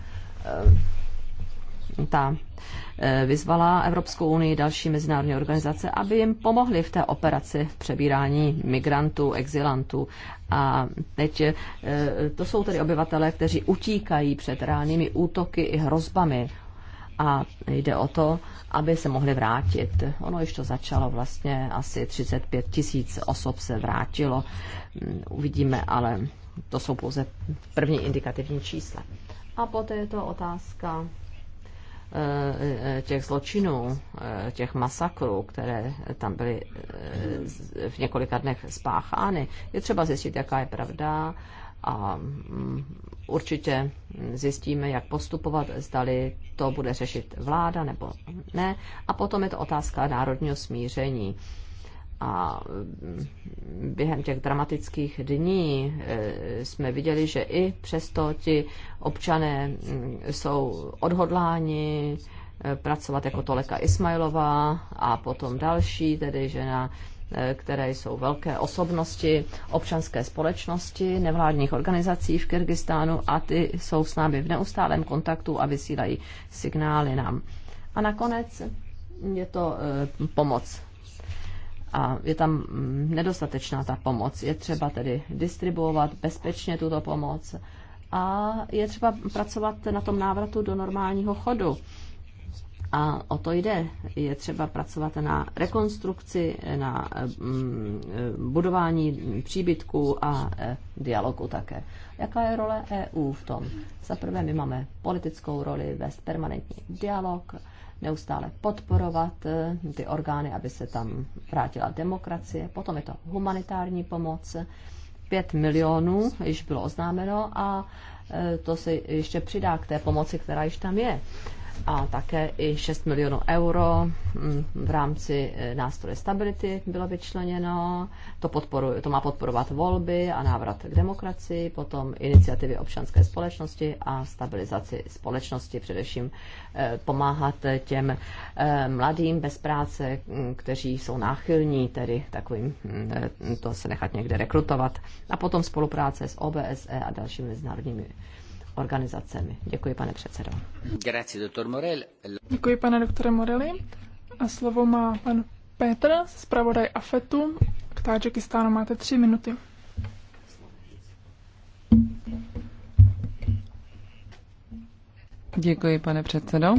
eh, ta eh, vyzvala Evropskou unii další mezinárodní organizace, aby jim pomohly v té operaci v přebírání migrantů, exilantů. A teď eh, to jsou tedy obyvatele, kteří utíkají před reálnými útoky i hrozbami. A jde o to, aby se mohli vrátit. Ono již to začalo vlastně, asi 35 tisíc osob se vrátilo. Mm, uvidíme, ale to jsou pouze první indikativní čísla. A poté je to otázka Eh, těch zločinů, eh, těch masakrů, které tam byly eh, v několika dnech spáchány. Je třeba zjistit, jaká je pravda a mm, určitě zjistíme, jak postupovat, zdali to bude řešit vláda nebo ne. A potom je to otázka národního smíření. A mm, během těch dramatických dní e, jsme viděli, že i přesto ti občané mm, jsou odhodláni e, pracovat jako Toleka Ismailová a potom další, tedy žena, e, které jsou velké osobnosti občanské společnosti, nevládních organizací v Kyrgyzstánu a ty jsou s námi v neustálém kontaktu a vysílají signály nám. A nakonec je to pomoc a je tam mm, nedostatečná ta pomoc. Je třeba tedy distribuovat bezpečně tuto pomoc a je třeba pracovat na tom návratu do normálního chodu. A o to jde. Je třeba pracovat na rekonstrukci, na mm, budování příbytků a e, dialogu také. Jaká je role EU v tom? Za prvé, my máme politickou roli vést permanentní dialog neustále podporovat eh, ty orgány, aby se tam vrátila demokracie. Potom je to humanitární pomoc. 5 milionů již bylo oznámeno a eh, to se ještě přidá k té pomoci, která již tam je a také i 6 milionů euro mm, v rámci e, nástroje stability bylo vyčleněno. To, podporu, to má podporovat volby a návrat k demokracii, potom iniciativy občanské společnosti a stabilizaci společnosti, především e, pomáhat těm e, mladým bez práce, mm, kteří jsou náchylní, tedy takovým mm, to se nechat někde rekrutovat. A potom spolupráce s OBSE a dalšími mezinárodními organizacemi. Děkuji, pane předsedo. Děkuji, pane doktore Morelli. A slovo má pan Petr, zpravodaj AFETu. K Tádžikistánu máte tři minuty. Děkuji, pane předsedo.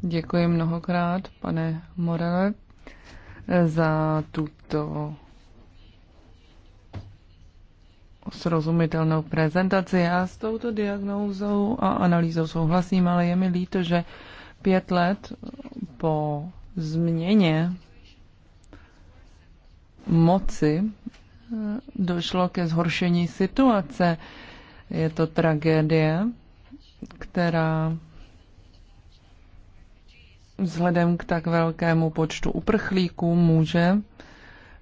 Děkuji mnohokrát, pane Morele, za tuto srozumitelnou prezentaci. Já s touto diagnózou a analýzou souhlasím, ale je mi líto, že pět let po změně moci eh, došlo ke zhoršení situace. Je to tragédie, která vzhledem k tak velkému počtu uprchlíků může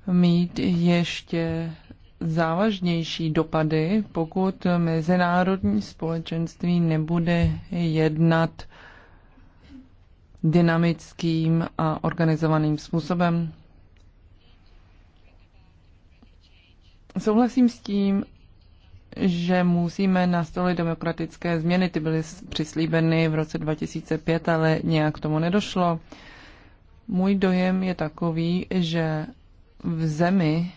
mít ještě závažnější dopady, pokud mezinárodní společenství nebude jednat dynamickým a organizovaným způsobem. Souhlasím s tím, že musíme nastolit demokratické změny. Ty byly přislíbeny v roce 2005, ale nějak k tomu nedošlo. Můj dojem je takový, že v zemi,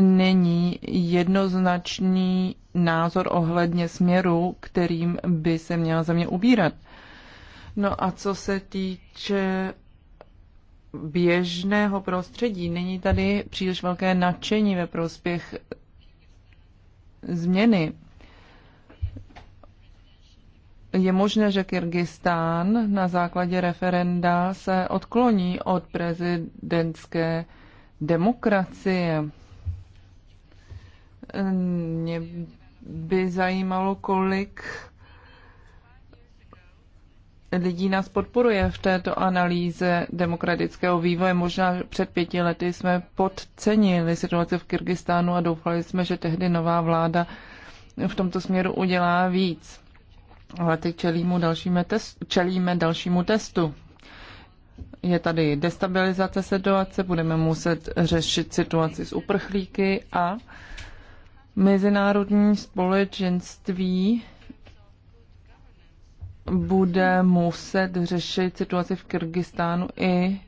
není jednoznačný názor ohledně směru, kterým by se měla země ubírat. No a co se týče běžného prostředí, není tady příliš velké nadšení ve prospěch změny. Je možné, že Kyrgyzstán na základě referenda se odkloní od prezidentské demokracie. Mě by zajímalo, kolik lidí nás podporuje v této analýze demokratického vývoje. Možná před pěti lety jsme podcenili situaci v Kyrgyzstánu a doufali jsme, že tehdy nová vláda v tomto směru udělá víc. Ale teď čelíme dalšímu, testu, čelíme dalšímu testu. Je tady destabilizace situace, budeme muset řešit situaci s uprchlíky a Mezinárodní společenství bude muset řešit situaci v Kyrgyzstánu i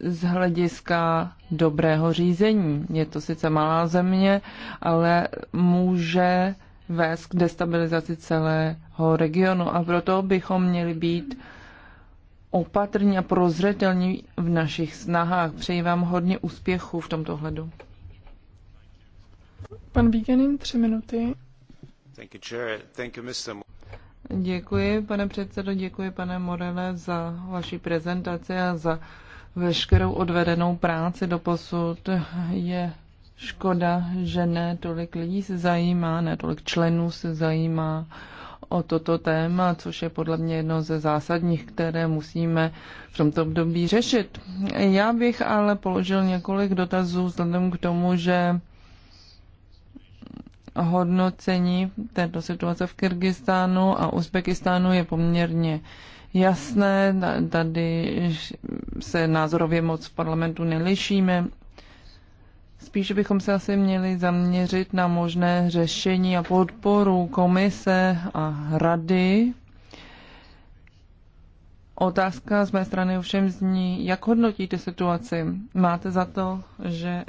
z hlediska dobrého řízení. Je to sice malá země, ale může vést k destabilizaci celého regionu a proto bychom měli být opatrní a prozřetelní v našich snahách. Přeji vám hodně úspěchů v tomto hledu. Pan Vígenin, tři minuty. Děkuji, pane předsedo, děkuji, pane Morele, za vaši prezentaci a za veškerou odvedenou práci do posud. Je škoda, že ne tolik lidí se zajímá, ne tolik členů se zajímá o toto téma, což je podle mě jedno ze zásadních, které musíme v tomto období řešit. Já bych ale položil několik dotazů vzhledem k tomu, že hodnocení této situace v Kyrgyzstánu a Uzbekistánu je poměrně jasné. Tady se názorově moc v parlamentu nelišíme. Spíše bychom se asi měli zaměřit na možné řešení a podporu komise a rady Otázka z mé strany ovšem zní, jak hodnotíte situaci? Máte za to, že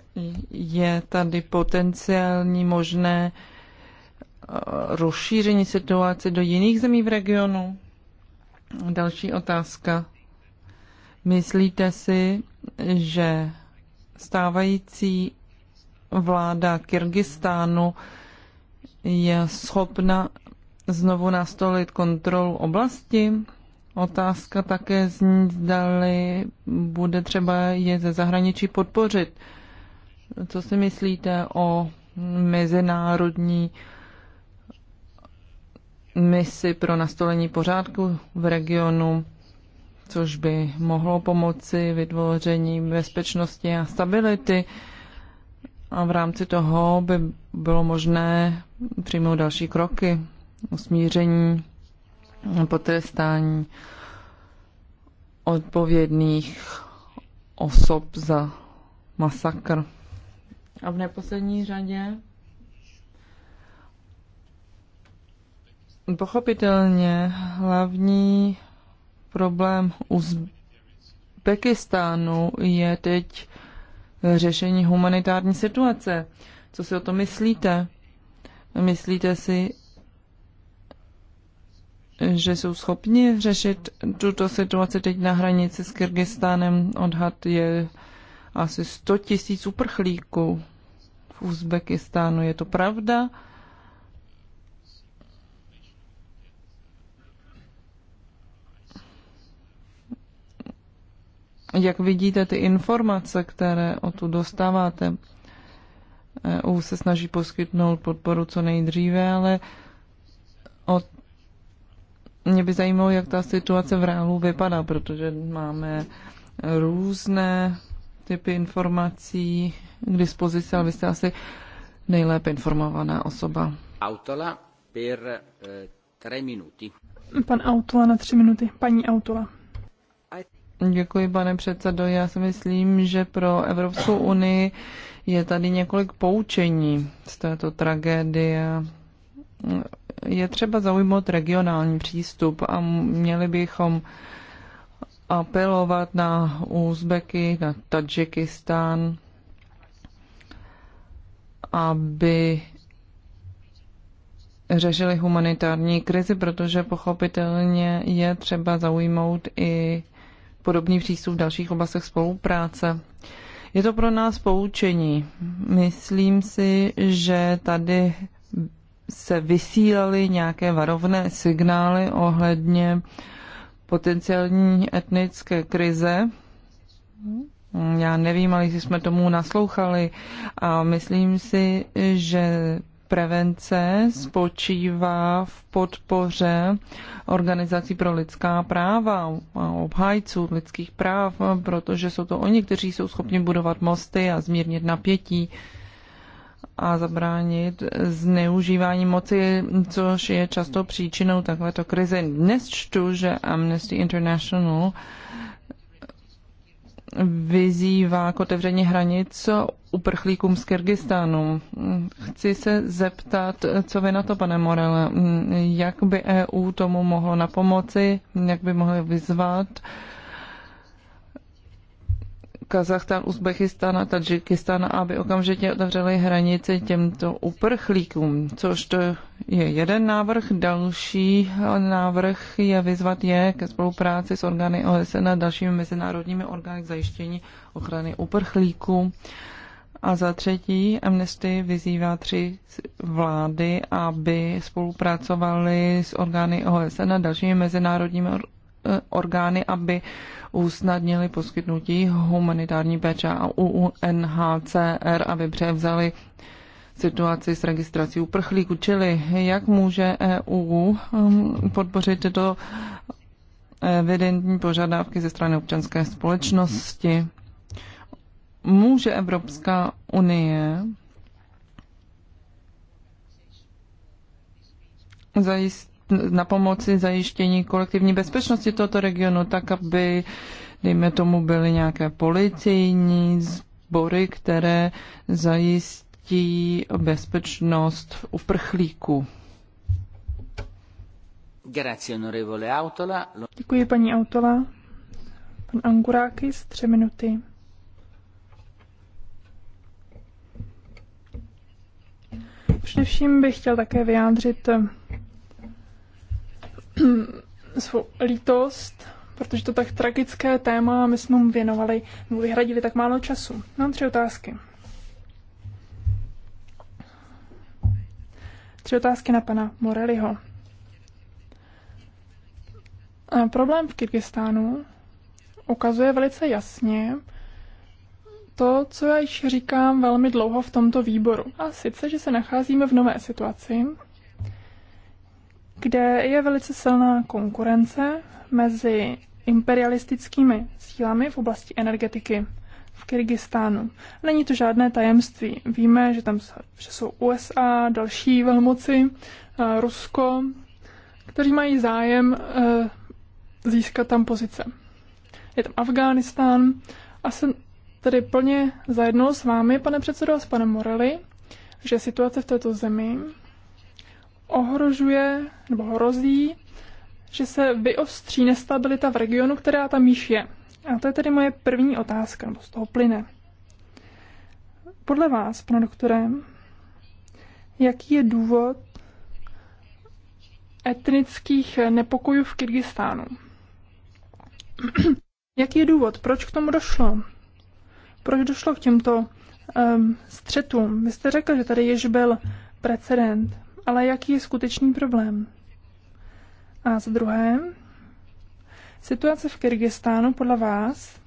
je tady potenciální možné eh, rozšíření situace do jiných zemí v regionu? Další otázka. Myslíte si, že stávající vláda Kyrgyzstánu je schopna znovu nastolit kontrolu oblasti? Otázka také zní, zdali bude třeba je ze zahraničí podpořit. Co si myslíte o mezinárodní misi pro nastolení pořádku v regionu, což by mohlo pomoci vytvoření bezpečnosti a stability. A v rámci toho by bylo možné přijmout další kroky, usmíření potrestání odpovědných osob za masakr. A v neposlední řadě pochopitelně hlavní problém Uzbekistánu je teď řešení humanitární situace. Co si o to myslíte? Myslíte si, že jsou schopni řešit tuto situaci teď na hranici s Kyrgyzstánem. Odhad je asi 100 tisíc uprchlíků v Uzbekistánu. Je to pravda? Jak vidíte ty informace, které o tu dostáváte? E, EU se snaží poskytnout podporu co nejdříve, ale od mě by zajímalo, jak ta situace v reálu vypadá, protože máme různé typy informací k dispozici, ale vy jste asi nejlépe informovaná osoba. Autola per eh, tre minuty. Pan Autola na tři minuty. Paní Autola. Děkuji, pane předsedo. Já si myslím, že pro Evropskou unii je tady několik poučení z této tragédie je třeba zaujmout regionální přístup a měli bychom apelovat na Uzbeky, na Tadžikistán, aby řešili humanitární krizi, protože pochopitelně je třeba zaujmout i podobný přístup v dalších oblastech spolupráce. Je to pro nás poučení. Myslím si, že tady se vysílaly nějaké varovné signály ohledně potenciální etnické krize. Já nevím, ale jsme tomu naslouchali a myslím si, že prevence spočívá v podpoře organizací pro lidská práva a obhájců lidských práv, protože jsou to oni, kteří jsou schopni budovat mosty a zmírnit napětí a zabránit zneužívání moci, což je často příčinou takovéto krize. Dnes čtu, že Amnesty International vyzývá k otevření hranic uprchlíkům z Kyrgyzstánu. Chci se zeptat, co vy na to, pane Morele, jak by EU tomu mohlo napomoci, jak by mohli vyzvat uh, Kazachstán, Uzbekistán a Tadžikistán, aby okamžitě otevřeli hranice těmto uprchlíkům, což to je jeden návrh. Další návrh je vyzvat je ke spolupráci s orgány OSN a dalšími mezinárodními orgány k zajištění ochrany uprchlíků. A za třetí, Amnesty vyzývá tři vlády, aby spolupracovali s orgány OSN a dalšími mezinárodními e, orgány, aby usnadnili poskytnutí humanitární péče a UNHCR, aby převzali situaci s registrací uprchlíků, čili jak může EU um, podpořit do evidentní požadavky ze strany občanské společnosti. Může Evropská unie zajistit na pomoci zajištění kolektivní bezpečnosti tohoto regionu, tak aby, dejme tomu, byly nějaké policejní sbory, které zajistí bezpečnost uprchlíku. Děkuji paní Autola. Pan Angurákis, tři minuty. Především bych chtěl také vyjádřit [CLEARS THROAT] svou lítost, protože to tak tragické téma a my jsme mu věnovali, mu vyhradili tak málo času. Mám tři otázky. Tři otázky na pana Moreliho. A problém v Kyrgyzstánu ukazuje velice jasně to, co já již říkám velmi dlouho v tomto výboru. A sice, že se nacházíme v nové situaci, kde je velice silná konkurence mezi imperialistickými sílami v oblasti energetiky v Kyrgyzstánu. Není to žádné tajemství. Víme, že tam jsou USA, další velmoci, eh, Rusko, kteří mají zájem eh, získat tam pozice. Je tam Afghánistán a jsem tedy plně zajedno s vámi, pane předsedo, a s panem Morelli, že situace v této zemi ohrožuje nebo hrozí, že se vyostří nestabilita v regionu, která tam již je. A to je tedy moje první otázka, nebo z toho plyne. Podle vás, pane doktore, jaký je důvod etnických nepokojů v Kyrgyzstánu? [CLEARS THROAT] jaký je důvod? Proč k tomu došlo? Proč došlo k těmto um, střetům? Vy jste řekl, že tady již byl precedent ale jaký je skutečný problém. A za druhé, situace v Kyrgyzstánu podle vás,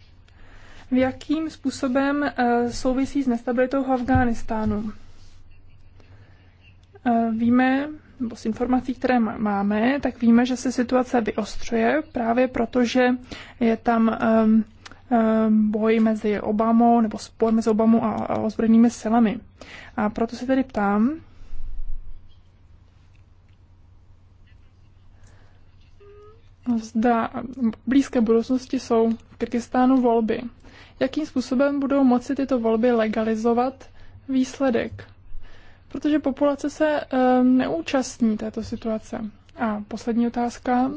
v jakým způsobem eh, souvisí s nestabilitou v Afghánistánu? Eh, víme, nebo s informací, které máme, tak víme, že se situace vyostřuje právě proto, že je tam um, um, boj mezi Obamou nebo spor mezi Obamou a, a ozbrojenými silami. A proto se tedy ptám, zda v blízké budoucnosti jsou v Kyrgyzstánu volby. Jakým způsobem budou moci tyto volby legalizovat výsledek? Protože populace se e, neúčastní této situace. A poslední otázka.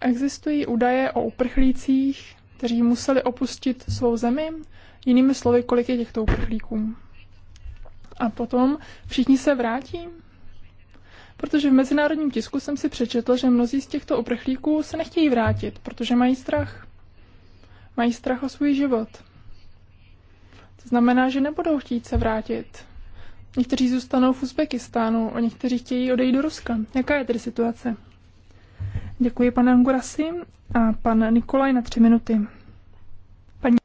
Existují údaje o uprchlících, kteří museli opustit svou zemi? Jinými slovy, kolik je těchto uprchlíků? A potom všichni se vrátí? Protože v mezinárodním tisku jsem si přečetl, že mnozí z těchto uprchlíků se nechtějí vrátit, protože mají strach. Mají strach o svůj život. To znamená, že nebudou chtít se vrátit. Někteří zůstanou v Uzbekistánu, a někteří chtějí odejít do Ruska. Jaká je tedy situace? Děkuji, pane Angurasi. A pan Nikolaj na tři minuty. Paní...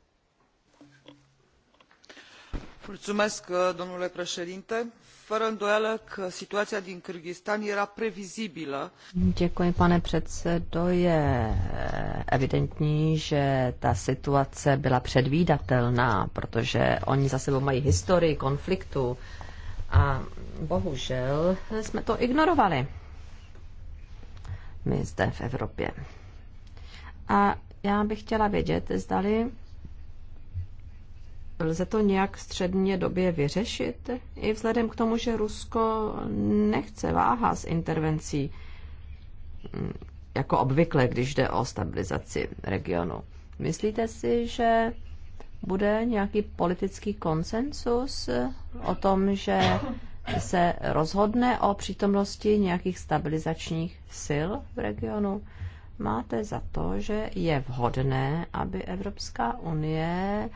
Mulțumesc, domnule președinte fără îndoială că situația din Kyrgyzstan era previzibilă. Děkuji, pane předsedo. Je eh, evidentní, že ta situace byla předvídatelná, protože oni za sebou mají historii konfliktu a bohužel jsme to ignorovali. My zde v Evropě. A já bych chtěla vědět, zdali Lze to nějak středně době vyřešit? I vzhledem k tomu, že Rusko nechce váha s intervencí, mm, jako obvykle, když jde o stabilizaci regionu. Myslíte si, že bude nějaký politický konsensus o tom, že se rozhodne o přítomnosti nějakých stabilizačních sil v regionu? Máte za to, že je vhodné, aby Evropská unie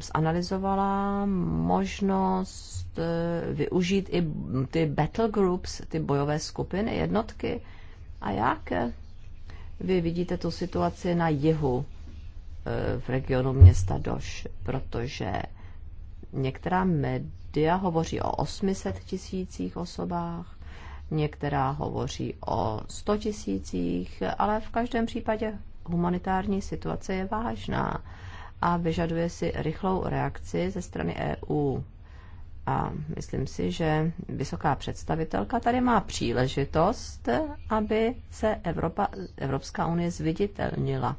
zanalizovala možnost eh, využít i ty battle groups, ty bojové skupiny, jednotky. A jak vy vidíte tu situaci na jihu eh, v regionu města Doš, protože některá média hovoří o 800 tisících osobách, některá hovoří o 100 tisících, ale v každém případě humanitární situace je vážná a vyžaduje si rychlou reakci ze strany EU. A myslím si, že vysoká představitelka tady má příležitost, aby se Evropa, Evropská unie zviditelnila.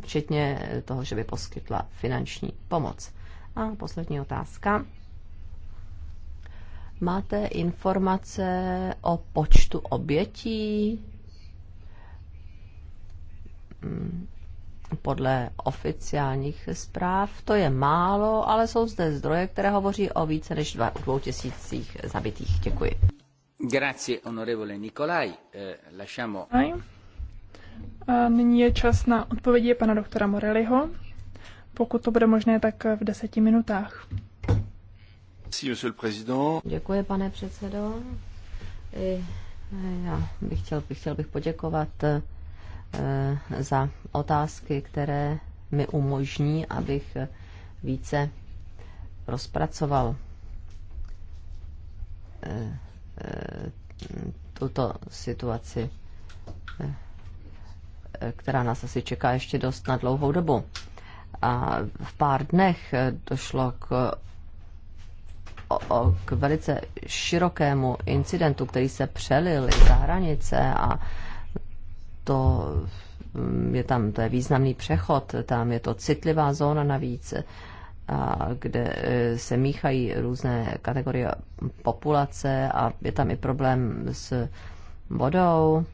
Včetně toho, že by poskytla finanční pomoc. A poslední otázka. Máte informace o počtu obětí? podle oficiálních zpráv. To je málo, ale jsou zde zdroje, které hovoří o více než dvou tisících zabitých. Děkuji. Grazie, onorevole Nikolaj. Eh, lasciamo... A nyní je čas na odpovědi pana doktora Morelliho. Pokud to bude možné, tak v deseti minutách. Děkuji, pane předsedo. Eh, já bych chtěl, bych chtěl bych poděkovat eh, Eh, za otázky, které mi umožní, abych více rozpracoval eh, eh, tuto situaci, která nás asi čeká ještě dost na dlouhou dobu. A v pár dnech došlo k, o, k velice širokému incidentu, který se přelil za hranice a to mm, je tam, to je významný přechod, tam je to citlivá zóna navíc, a kde e, se míchají různé kategorie populace a je tam i problém s vodou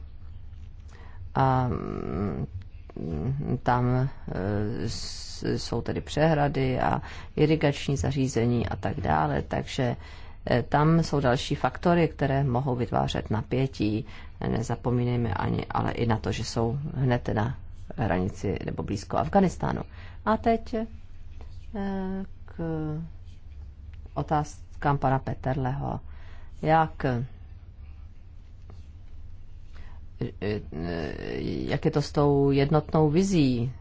a mm, tam e, jsou tedy přehrady a irigační zařízení a tak dále, takže Eh, tam jsou další faktory, které mohou vytvářet napětí. Nezapomínejme ani ale i na to, že jsou hned na hranici nebo blízko Afganistánu. A teď eh, k otázkám pana Peterleho. Jak eh, jak je to s tou jednotnou vizí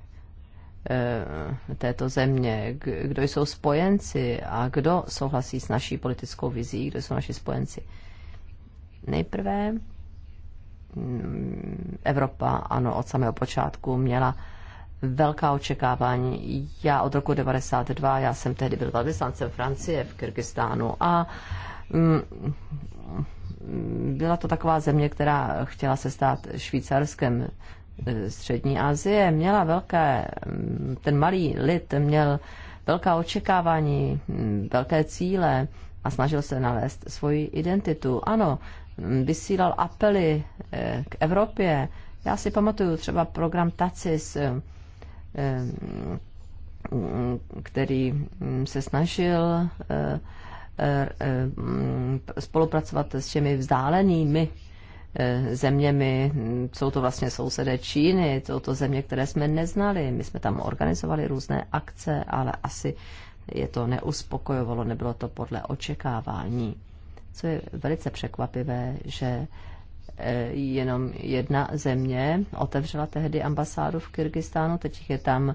Eh, této země, kdo jsou spojenci a kdo souhlasí s naší politickou vizí, kdo jsou naši spojenci. Nejprve mm, Evropa, ano, od samého počátku měla velká očekávání. Já od roku 92, já jsem tehdy byl velvyslancem Francie v Kyrgyzstánu a mm, mm, byla to taková země, která chtěla se stát švýcarskem Eh, Střední Asie měla velké, mm, ten malý lid měl velká očekávání, mm, velké cíle a snažil se nalézt svoji identitu. Ano, mm, vysílal apely eh, k Evropě. Já si pamatuju třeba program TACIS, eh, který se snažil spolupracovat s těmi vzdálenými E, zeměmi, jsou to vlastně sousedé Číny, jsou to země, které jsme neznali. My jsme tam organizovali různé akce, ale asi je to neuspokojovalo, nebylo to podle očekávání. Co je velice překvapivé, že e, jenom jedna země otevřela tehdy ambasádu v Kyrgyzstánu, teď je tam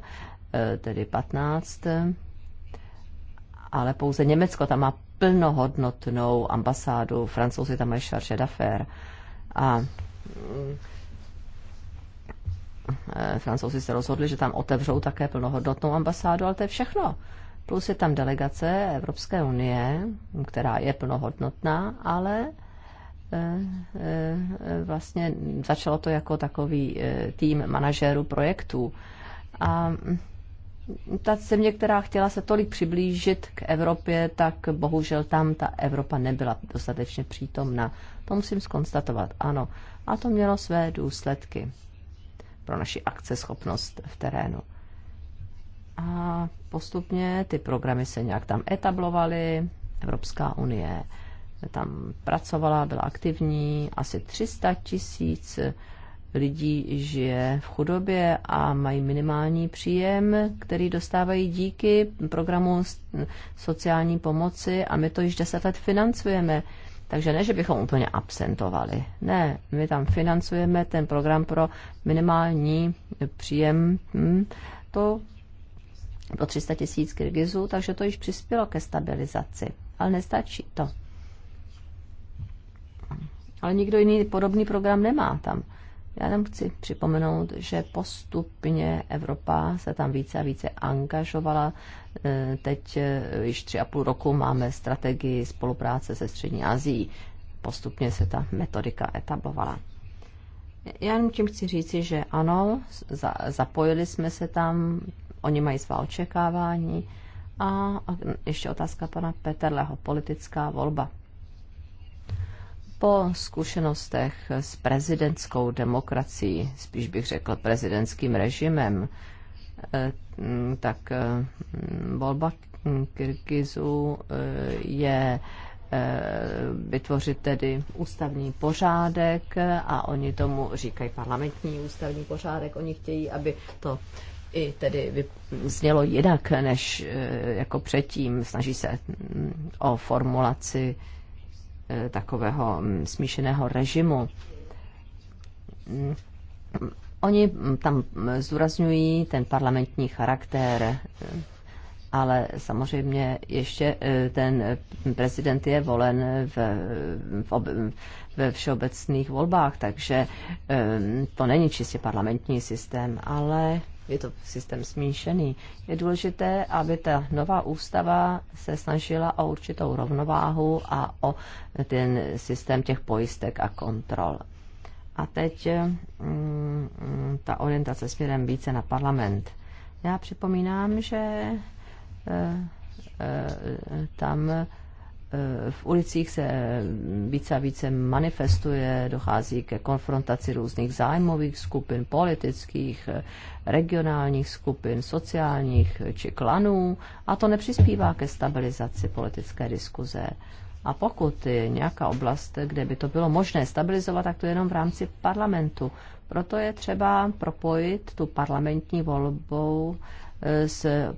e, tedy 15, ale pouze Německo tam má plnohodnotnou ambasádu, francouzi tam mají charge d'affaires a mm, e, francouzi se rozhodli, že tam otevřou také plnohodnotnou ambasádu, ale to je všechno. Plus je tam delegace Evropské unie, která je plnohodnotná, ale e, e, vlastně začalo to jako takový tým manažérů projektů. A mm, ta země, která chtěla se tolik přiblížit k Evropě, tak bohužel tam ta Evropa nebyla dostatečně přítomna. To musím skonstatovat, ano. A to mělo své důsledky pro naši akceschopnost v terénu. A postupně ty programy se nějak tam etablovaly. Evropská unie tam pracovala, byla aktivní. Asi 300 tisíc 000 lidí žije v chudobě a mají minimální příjem, který dostávají díky programu sociální pomoci a my to již deset let financujeme. Takže ne, že bychom úplně absentovali. Ne, my tam financujeme ten program pro minimální příjem. Hm, to pro 300 tisíc Kyrgyzů, takže to již přispělo ke stabilizaci. Ale nestačí to. Ale nikdo jiný podobný program nemá tam. Já jenom chci připomenout, že postupně Evropa se tam více a více angažovala. E, teď e, již tři a půl roku máme strategii spolupráce se Střední Asií. Postupně se ta metodika etablovala. Já jenom tím chci říci, že ano, za, zapojili jsme se tam, oni mají svá očekávání. A, a ještě otázka pana Peterleho, politická volba po zkušenostech s prezidentskou demokracií, spíš bych řekl prezidentským režimem, eh, tak eh, volba Kyrgyzů eh, je vytvořit tedy ústavní pořádek a oni tomu říkají parlamentní ústavní pořádek. Oni chtějí, aby to i tedy znělo jinak než jako předtím. Snaží se mm, o formulaci Eh, takového mm, smíšeného režimu. Mm, oni tam zúrazňují ten parlamentní charakter, eh, ale samozřejmě ještě eh, ten prezident je volen v, v, ob, ve všeobecných volbách, takže to není čistě parlamentní systém, ale je to systém smíšený, je důležité, aby ta nová ústava se snažila o určitou rovnováhu a o ten systém těch pojistek a kontrol. A teď mm, ta orientace směrem více na parlament. Já připomínám, že eh, eh, tam eh, v ulicích se více a více manifestuje, dochází ke konfrontaci různých zájmových skupin, politických, regionálních skupin, sociálních či klanů a to nepřispívá ke stabilizaci politické diskuze. A pokud je nějaká oblast, kde by to bylo možné stabilizovat, tak to je jenom v rámci parlamentu. Proto je třeba propojit tu parlamentní volbou eh, se,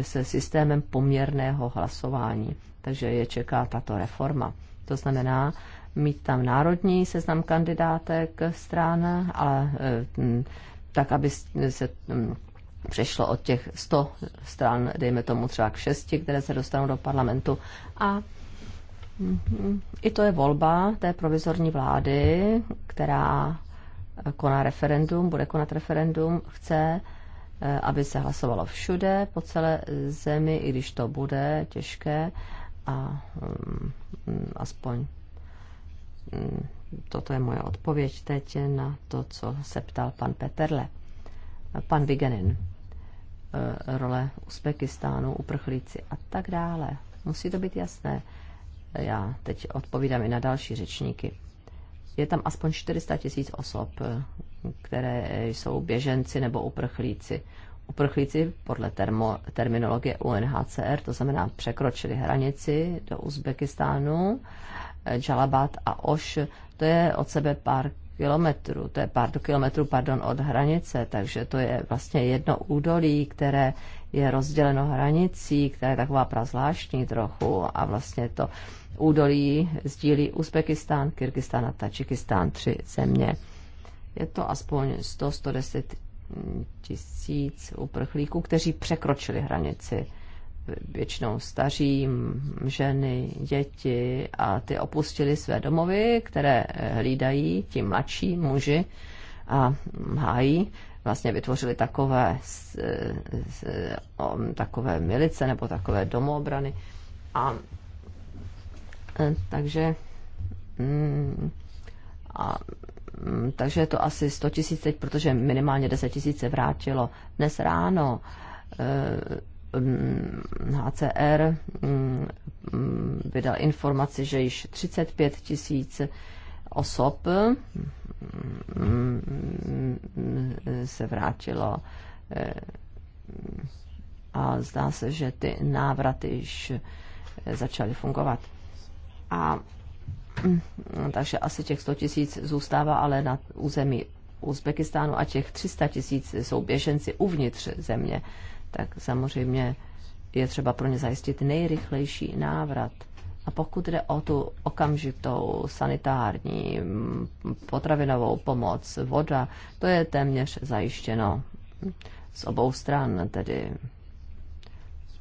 se systémem poměrného hlasování. Takže je čeká tato reforma. To znamená mít tam národní seznam kandidátek stran, ale eh, tak aby se mm, přešlo od těch 100 stran, dejme tomu třeba k 6, které se dostanou do parlamentu. A mm, i to je volba té provizorní vlády, která koná referendum, bude konat referendum, chce, eh, aby se hlasovalo všude, po celé zemi, i když to bude těžké a um, aspoň um, Toto je moje odpověď teď na to, co se ptal pan Peterle. Pan Vigenin, eh, role Uzbekistánu, uprchlíci a tak dále. Musí to být jasné. Já teď odpovídám i na další řečníky. Je tam aspoň 400 tisíc osob, eh, které jsou běženci nebo uprchlíci uprchlíci podle termo, terminologie UNHCR, to znamená překročili hranici do Uzbekistánu, eh, Džalabat a Oš to je od sebe pár kilometrů, to je pár kilometrů pardon, od hranice, takže to je vlastně jedno údolí, které je rozděleno hranicí, která je taková prazvláštní trochu a vlastně to údolí sdílí Uzbekistán, Kyrgyzstán a Tačikistán, tři země. Je to aspoň 100-110 tisíc uprchlíků, kteří překročili hranici většinou staří, ženy, děti a ty opustili své domovy, které eh, hlídají ti mladší muži a hájí. Vlastně vytvořili takové, takové milice nebo takové domobrany. A eh, takže mm, a mm, takže je to asi 100 tisíc teď, protože minimálně 10 tisíc se vrátilo. Dnes ráno eh, Mm, HCR mm, vydal informaci, že již 35 tisíc osob mm, se vrátilo eh, a zdá se, že ty návraty již začaly fungovat. A takže asi těch 100 tisíc zůstává ale na území Uzbekistánu a těch 300 tisíc jsou běženci uvnitř země tak samozřejmě je třeba pro ně zajistit nejrychlejší návrat. A pokud jde o tu okamžitou sanitární mm, potravinovou pomoc, voda, to je téměř zajištěno z obou stran, tedy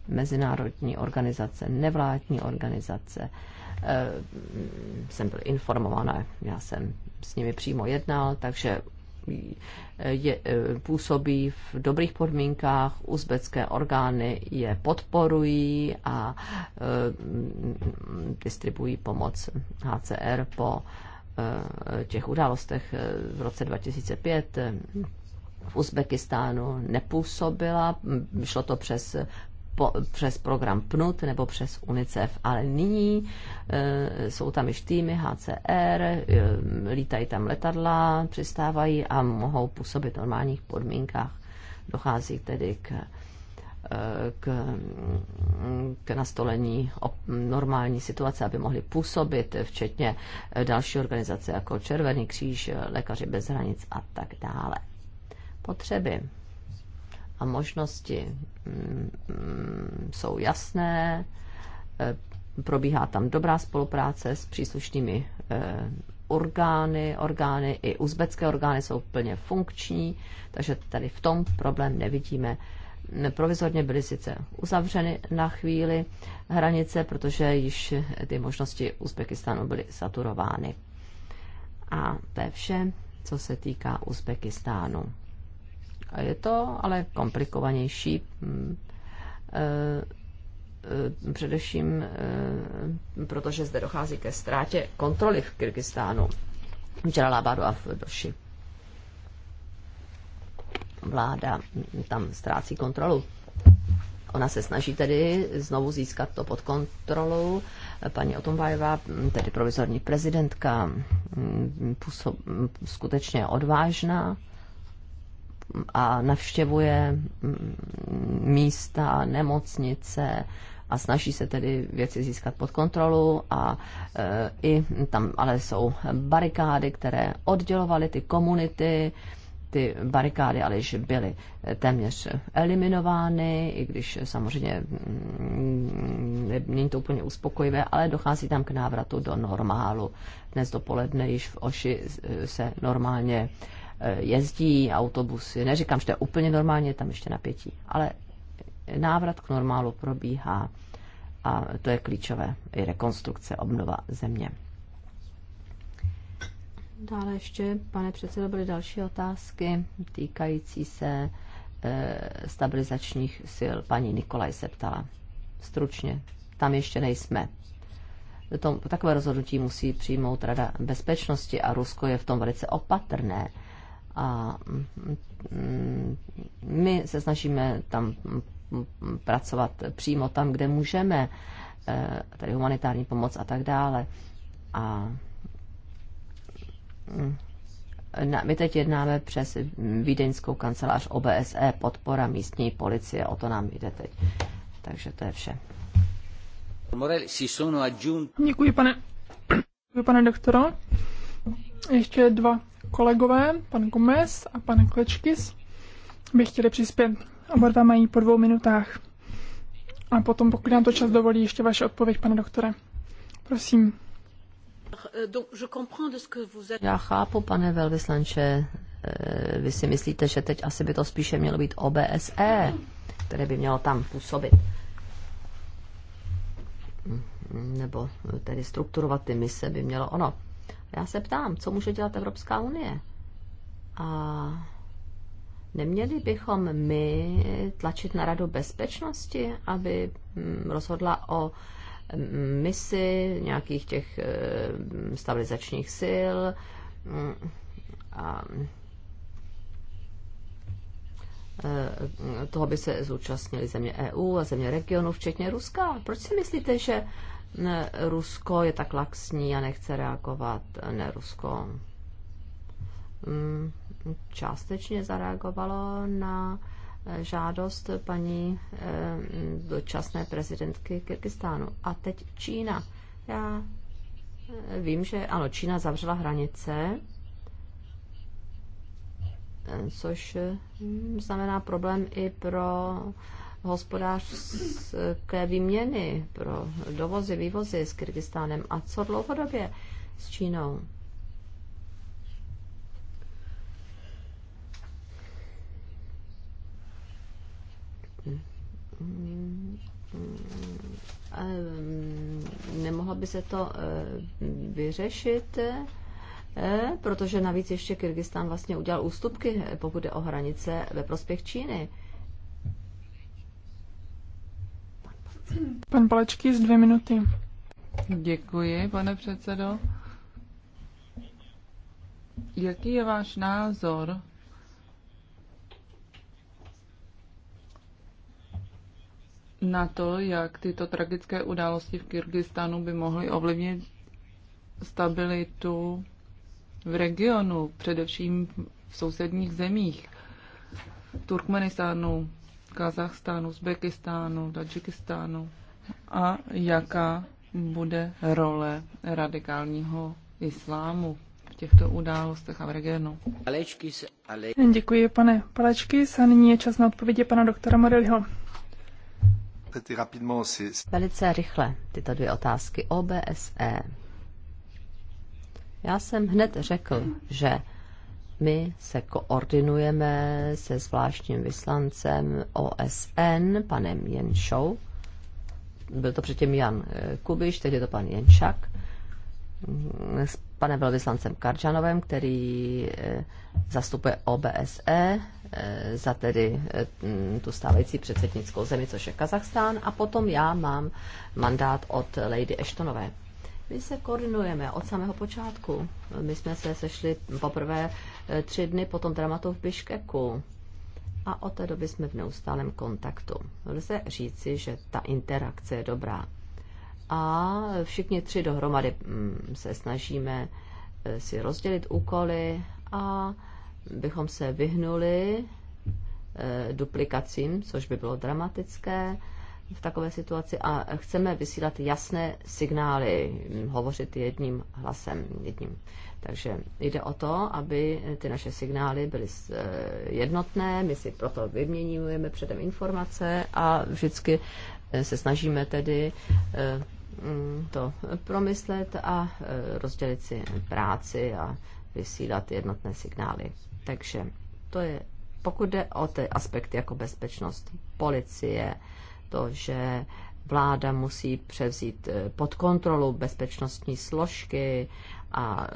mezinárodní organizace, nevládní organizace. E, mm, jsem byl informována, já jsem s nimi přímo jednal, takže je, e, působí v dobrých podmínkách, uzbecké orgány je podporují a e, distribuují pomoc HCR po e, těch událostech e, v roce 2005 e, v Uzbekistánu nepůsobila, šlo to přes po, přes program PNUT nebo přes UNICEF. Ale nyní e, jsou tam již týmy HCR, e, lítají tam letadla, přistávají a mohou působit v normálních podmínkách. Dochází tedy k e, k, k nastolení normální situace, aby mohli působit, včetně e, další organizace jako Červený kříž, Lékaři bez hranic a tak dále. Potřeby a možnosti mm, mm, jsou jasné, e, probíhá tam dobrá spolupráce s příslušnými e, orgány, orgány i uzbecké orgány jsou plně funkční, takže tady v tom problém nevidíme. E, provizorně byly sice uzavřeny na chvíli hranice, protože již ty možnosti Uzbekistánu byly saturovány. A to je vše, co se týká Uzbekistánu. A je to ale komplikovanější, mm, eh, eh, především eh, protože zde dochází ke ztrátě kontroly v Kyrgyzstánu, v Džalalabadu a v Doši. Vláda tam ztrácí kontrolu. Ona se snaží tedy znovu získat to pod kontrolou. Paní Otombajová, tedy provizorní prezidentka, mm, působ, mm, skutečně odvážná a navštěvuje mm, místa, nemocnice a snaží se tedy věci získat pod kontrolu a e, i tam ale jsou barikády, které oddělovaly ty komunity, ty barikády ale již byly eh, téměř eliminovány, i když samozřejmě mm, není to úplně uspokojivé, ale dochází tam k návratu do normálu. Dnes dopoledne již v Oši eh, se normálně e, Eh, jezdí autobusy. Neříkám, že to je úplně normálně, je tam ještě napětí, ale návrat k normálu probíhá a to je klíčové, i rekonstrukce, obnova země. Dále ještě, pane předsedo, byly další otázky týkající se e, stabilizačních sil. Paní Nikolaj se ptala. Stručně, tam ještě nejsme. To, takové rozhodnutí musí přijmout Rada bezpečnosti a Rusko je v tom velice opatrné. E, a mm, my se snažíme tam mm, pracovat přímo tam, kde můžeme, e, tady humanitární pomoc a tak dále. A mm, my teď jednáme přes vídeňskou kancelář OBSE, podpora místní policie, o to nám jde teď. Takže to je vše. Děkuji, pane, Děkuji, pane doktoro. Ještě dva kolegové, pan Gomez a pan Klečkis, by chtěli přispět. Oba dva mají po dvou minutách. A potom, pokud nám to čas dovolí, ještě vaše odpověď, pane doktore. Prosím. Já chápu, pane velvyslanče, eh, vy si myslíte, že teď asi by to spíše mělo být OBSE, které by mělo tam působit. Nebo tedy strukturovat ty mise by mělo ono. Já se ptám, co může dělat Evropská unie? A neměli bychom my tlačit na Radu bezpečnosti, aby mm, rozhodla o mm, misi nějakých těch eh, stabilizačních sil mm, a eh, toho by se zúčastnili země EU a země regionu, včetně Ruska. Proč si myslíte, že ne, Rusko je tak laxní a nechce reagovat. Ne, Rusko mm, částečně zareagovalo na eh, žádost paní eh, dočasné prezidentky Kyrgyzstánu. A teď Čína. Já eh, vím, že ano, Čína zavřela hranice, což znamená problém i pro hospodářské výměny pro dovozy, vývozy s Kyrgyzstánem a co dlouhodobě s Čínou? Eh, nemohlo by se to eh, vyřešit, eh, protože navíc ještě Kyrgyzstán vlastně udělal ústupky, pokud je o hranice ve prospěch Číny. Pan Palečky z dvě minuty. Děkuji, pane předsedo. Jaký je váš názor na to, jak tyto tragické události v Kyrgyzstánu by mohly ovlivnit stabilitu v regionu, především v sousedních zemích Turkmenistánu, Kazachstánu, Uzbekistánu, Tadžikistánu a jaká bude role radikálního islámu v těchto událostech a v regionu. Děkuji, pane Palečky. A nyní je čas na odpovědi pana doktora Morelho. Velice rychle tyto dvě otázky. OBSE. Já jsem hned řekl, že my se koordinujeme se zvláštním vyslancem OSN, panem Jenšou. Byl to předtím Jan eh, Kubiš, teď je to pan Jenšak. Mm, s panem velvyslancem Karčanovem, který eh, zastupuje OBSE eh, za tedy mm, tu stávající předsednickou zemi, což je Kazachstán. A potom já mám mandát od Lady Eštonové. My se koordinujeme od samého počátku. My jsme se sešli poprvé Eh, tři dny po tom dramatu v Biškeku. A od té doby jsme v neustálém kontaktu. Lze říci, že ta interakce je dobrá. A všichni tři dohromady mm, se snažíme eh, si rozdělit úkoly a bychom se vyhnuli eh, duplikacím, což by bylo dramatické v takové situaci a chceme vysílat jasné signály, hm, hovořit jedním hlasem, jedním takže jde o to, aby ty naše signály byly eh, jednotné, my si proto vyměňujeme předem informace a vždycky eh, se snažíme tedy eh, mm, to promyslet a rozdělit si práci a vysílat jednotné signály. Takže to je, pokud jde o ty aspekty jako bezpečnost, policie, to, že vláda musí převzít pod kontrolu bezpečnostní složky a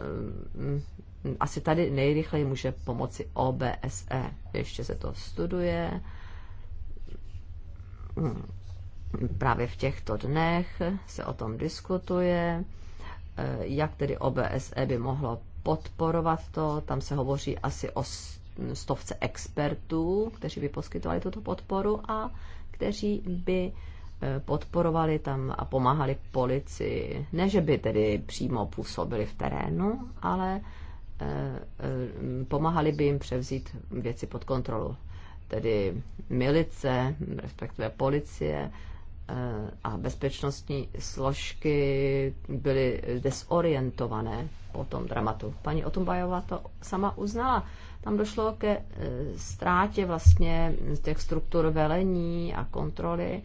mm, asi tady nejrychleji může pomoci OBSE. Ještě se to studuje mm, právě v těchto dnech se o tom diskutuje, eh, jak tedy OBSE by mohlo podporovat to. Tam se hovoří asi o stovce expertů, kteří by poskytovali tuto podporu a kteří by Eh, podporovali tam a pomáhali policii. Ne, že by tedy přímo působili v terénu, ale eh, eh, pomáhali by jim převzít věci pod kontrolu. Tedy milice, respektive policie a bezpečnostní složky byly desorientované po tom dramatu. Paní Otumbajová to sama uznala. Tam došlo ke ztrátě vlastně těch struktur velení a kontroly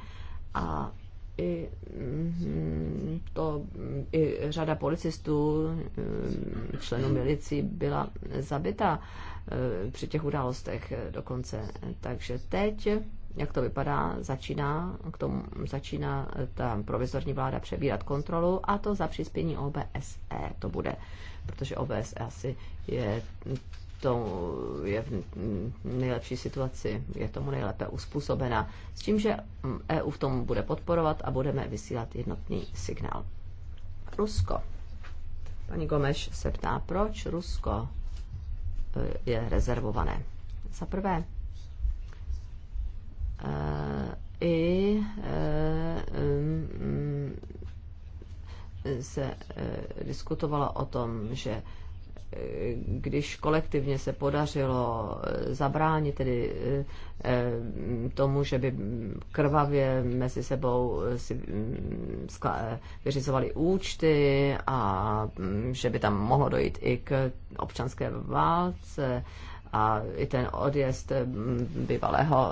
a i mm, to i řada policistů, mm, členů milicí byla zabita eh, při těch událostech dokonce. Takže teď, jak to vypadá, začíná, k tomu, začíná ta provizorní vláda přebírat kontrolu a to za přispění OBSE to bude, protože OBSE asi je to je v nejlepší situaci, je tomu nejlépe uspůsobena, s tím, že EU v tom bude podporovat a budeme vysílat jednotný signál. Rusko. Paní Gomeš se ptá, proč Rusko eh, je rezervované. Za prvé, eh, i eh, mm, se diskutovalo o tom, že když kolektivně se podařilo eh, zabránit tedy eh, eh, tomu, že by krvavě mezi sebou si mm, vyřizovali účty a mm, že by tam mohlo dojít i k občanské válce a i ten odjezd mm, bývalého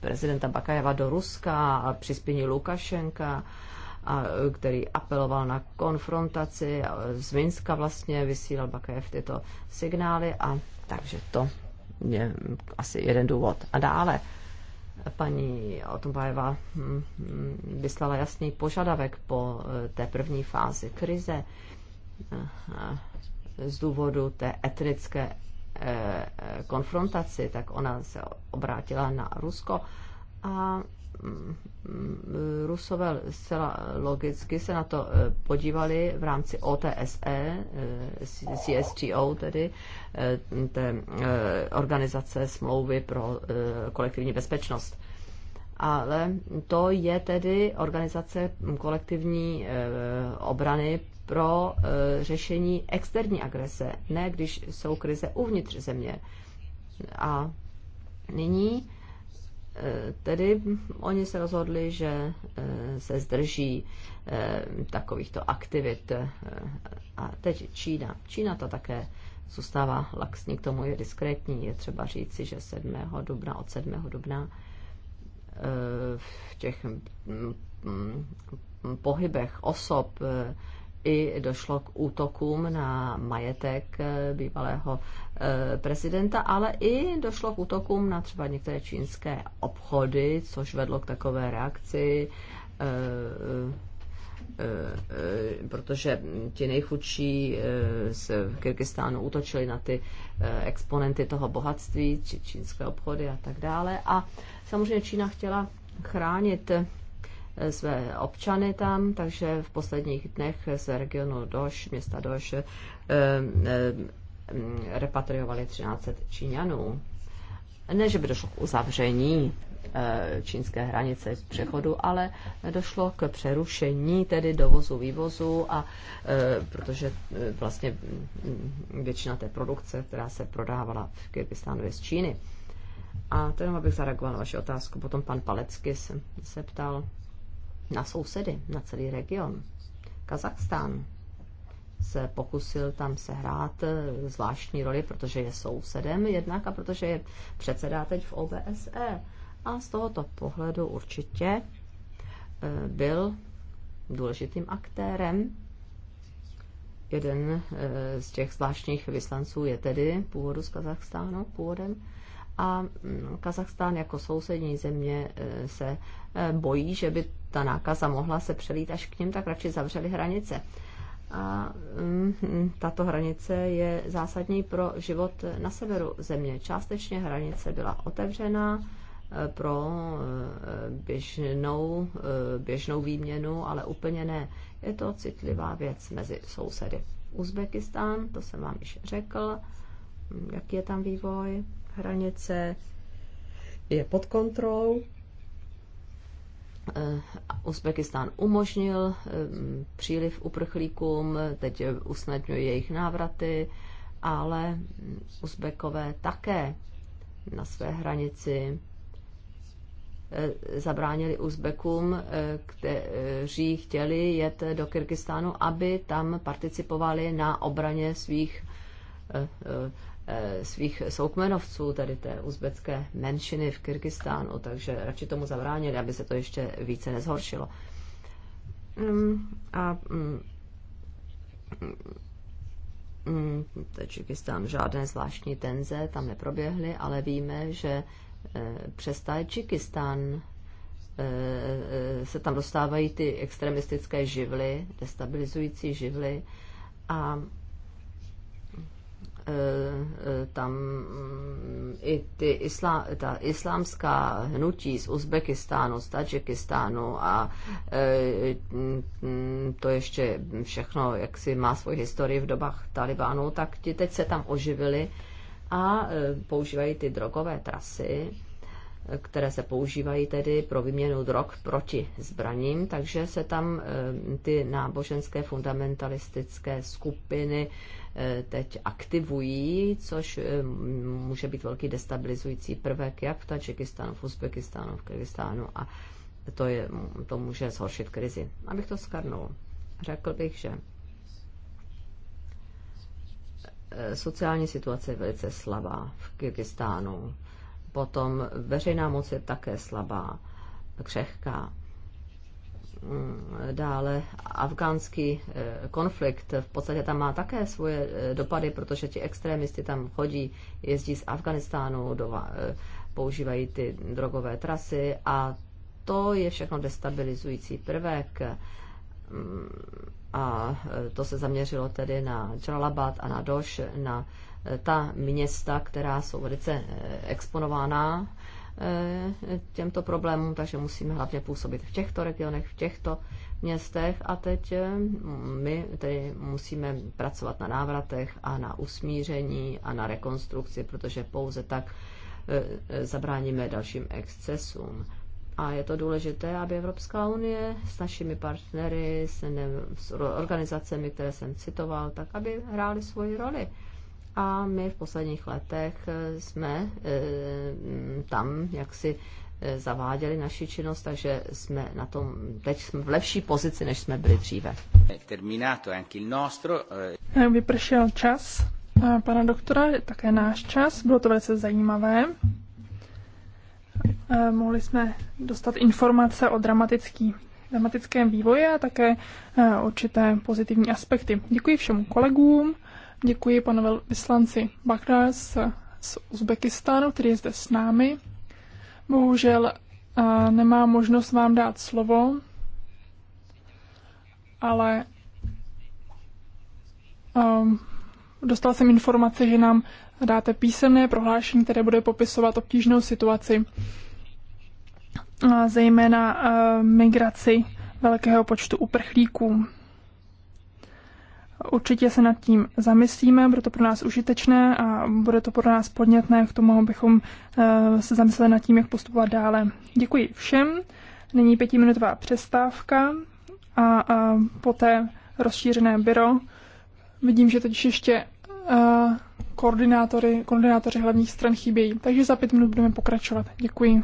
prezidenta Bakajeva do Ruska a přispění Lukašenka a, který apeloval na konfrontaci. Z Minska vlastně vysílal Bakajev tyto signály a takže to je asi jeden důvod. A dále paní Otombajeva hm, hm, vyslala jasný požadavek po eh, té první fázi krize eh, z důvodu té etnické eh, konfrontaci, tak ona se obrátila na Rusko a Rusové zcela logicky se na to eh, podívali v rámci OTSE, eh, CSTO tedy, eh, té organizace smlouvy pro kolektivní bezpečnost. Ale to je tedy organizace kolektivní obrany pro řešení externí agrese, ne když jsou krize uvnitř země. A nyní tedy oni se rozhodli, že eh, se zdrží eh, takovýchto aktivit. Eh, a teď Čína. Čína to také zůstává laxní, k tomu je diskrétní. Je třeba říci, že 7. dubna, od 7. dubna v těch mm, mm, pohybech osob i došlo k útokům na majetek bývalého Eh, prezidenta, ale i došlo k útokům na třeba některé čínské obchody, což vedlo k takové reakci eh, eh, protože ti nejchudší z Kyrgyzstánu útočili na ty exponenty toho bohatství, či čínské obchody a tak dále. A samozřejmě Čína chtěla chránit své občany tam, takže v posledních dnech z regionu Doš, města Doš, Mm, repatriovali 13 Číňanů. Ne, že by došlo k uzavření eh, čínské hranice z přechodu, ale došlo k přerušení tedy dovozu, vývozu a eh, protože eh, vlastně mm, většina té produkce, která se prodávala v Kyrgyzstánu, je z Číny. A to jenom abych zareagoval na vaši otázku. Potom pan Palecky se, se ptal na sousedy, na celý region. Kazachstán, se pokusil tam sehrát eh, zvláštní roli, protože je sousedem jednak a protože je předsedá teď v OBSE. A z tohoto pohledu určitě eh, byl důležitým aktérem. Jeden eh, z těch zvláštních vyslanců je tedy původu z Kazachstánu, původem. A mm, Kazachstán jako sousední země se bojí, že by ta nákaza mohla se přelít až k ním, tak radši zavřeli hranice. A mm, tato hranice je zásadní pro život na severu země. Částečně hranice byla otevřena e, pro e, běžnou, e, běžnou výměnu, ale úplně ne. Je to citlivá věc mezi sousedy. Uzbekistán, to jsem vám již řekl, jaký je tam vývoj hranice, je pod kontrolou Eh, Uzbekistán umožnil eh, příliv uprchlíkům, teď usnadňuje jejich návraty, ale Uzbekové také na své hranici eh, zabránili Uzbekům, kteří chtěli jet do Kyrgyzstánu, aby tam participovali na obraně svých Eh, svých soukmenovců, tady té uzbecké menšiny v Kyrgyzstánu, takže radši tomu zabránili, aby se to ještě více nezhoršilo. Mm, a mm, mm, Tadžikistán žádné zvláštní tenze tam neproběhly, ale víme, že eh, přes Tadžikistán eh, se tam dostávají ty extremistické živly, destabilizující živly a Eh, eh, tam mm, i ty islá, ta islámská hnutí z Uzbekistánu, z Tadžikistánu a eh, mm, to ještě všechno, jak si má svoji historii v dobách Talibánu, tak ti teď se tam oživili a používají ty drogové trasy které se používají tedy pro vyměnu drog proti zbraním, takže se tam eh, ty náboženské fundamentalistické skupiny eh, teď aktivují, což eh, může být velký destabilizující prvek jak v Tadžikistánu, v Uzbekistánu, v Kyrgyzstánu a to, je, to může zhoršit krizi. Abych to skarnul, řekl bych, že sociální situace je velice slabá v Kyrgyzstánu potom veřejná moc je také slabá, křehká. Mm, dále afgánský eh, konflikt v podstatě tam má také svoje eh, dopady, protože ti extrémisti tam chodí, jezdí z Afganistánu, do, eh, používají ty drogové trasy a to je všechno destabilizující prvek. Mm, a to se zaměřilo tedy na Jalalabad a na Doš, na ta města, která jsou velice eh, exponována eh, těmto problémům, takže musíme hlavně působit v těchto regionech, v těchto městech a teď eh, my tedy musíme pracovat na návratech a na usmíření a na rekonstrukci, protože pouze tak zabráníme dalším excesům. A je to důležité, aby Evropská unie s našimi partnery, s, organizacemi, které jsem citoval, tak aby hrály svoji roli a my v posledních letech eh, jsme eh, tam jaksi eh, zaváděli naši činnost, takže jsme na tom, teď jsme v lepší pozici, než jsme byli dříve. Terminato anche il nostro. Vypršel čas pana doktora, také náš čas, bylo to velice zajímavé. Mohli jsme dostat informace o dramatický, dramatickém vývoji a také určité pozitivní aspekty. Děkuji všem kolegům. Děkuji panu vyslanci Bakrar z, z Uzbekistánu, který je zde s námi. Bohužel a, nemá možnost vám dát slovo, ale um, dostal jsem informaci, že nám dáte písemné prohlášení, které bude popisovat obtížnou situaci, a zejména a, migraci velkého počtu uprchlíků. Určitě se nad tím zamyslíme, bude to pro nás užitečné a bude to pro nás podnětné k tomu, abychom eh, se zamysleli nad tím, jak postupovat dále. Děkuji všem. Nyní pětiminutová přestávka a, a poté rozšířené byro. Vidím, že teď ještě a, eh, koordinátory, koordinátoři hlavních stran chybějí, takže za pět minut budeme pokračovat. Děkuji.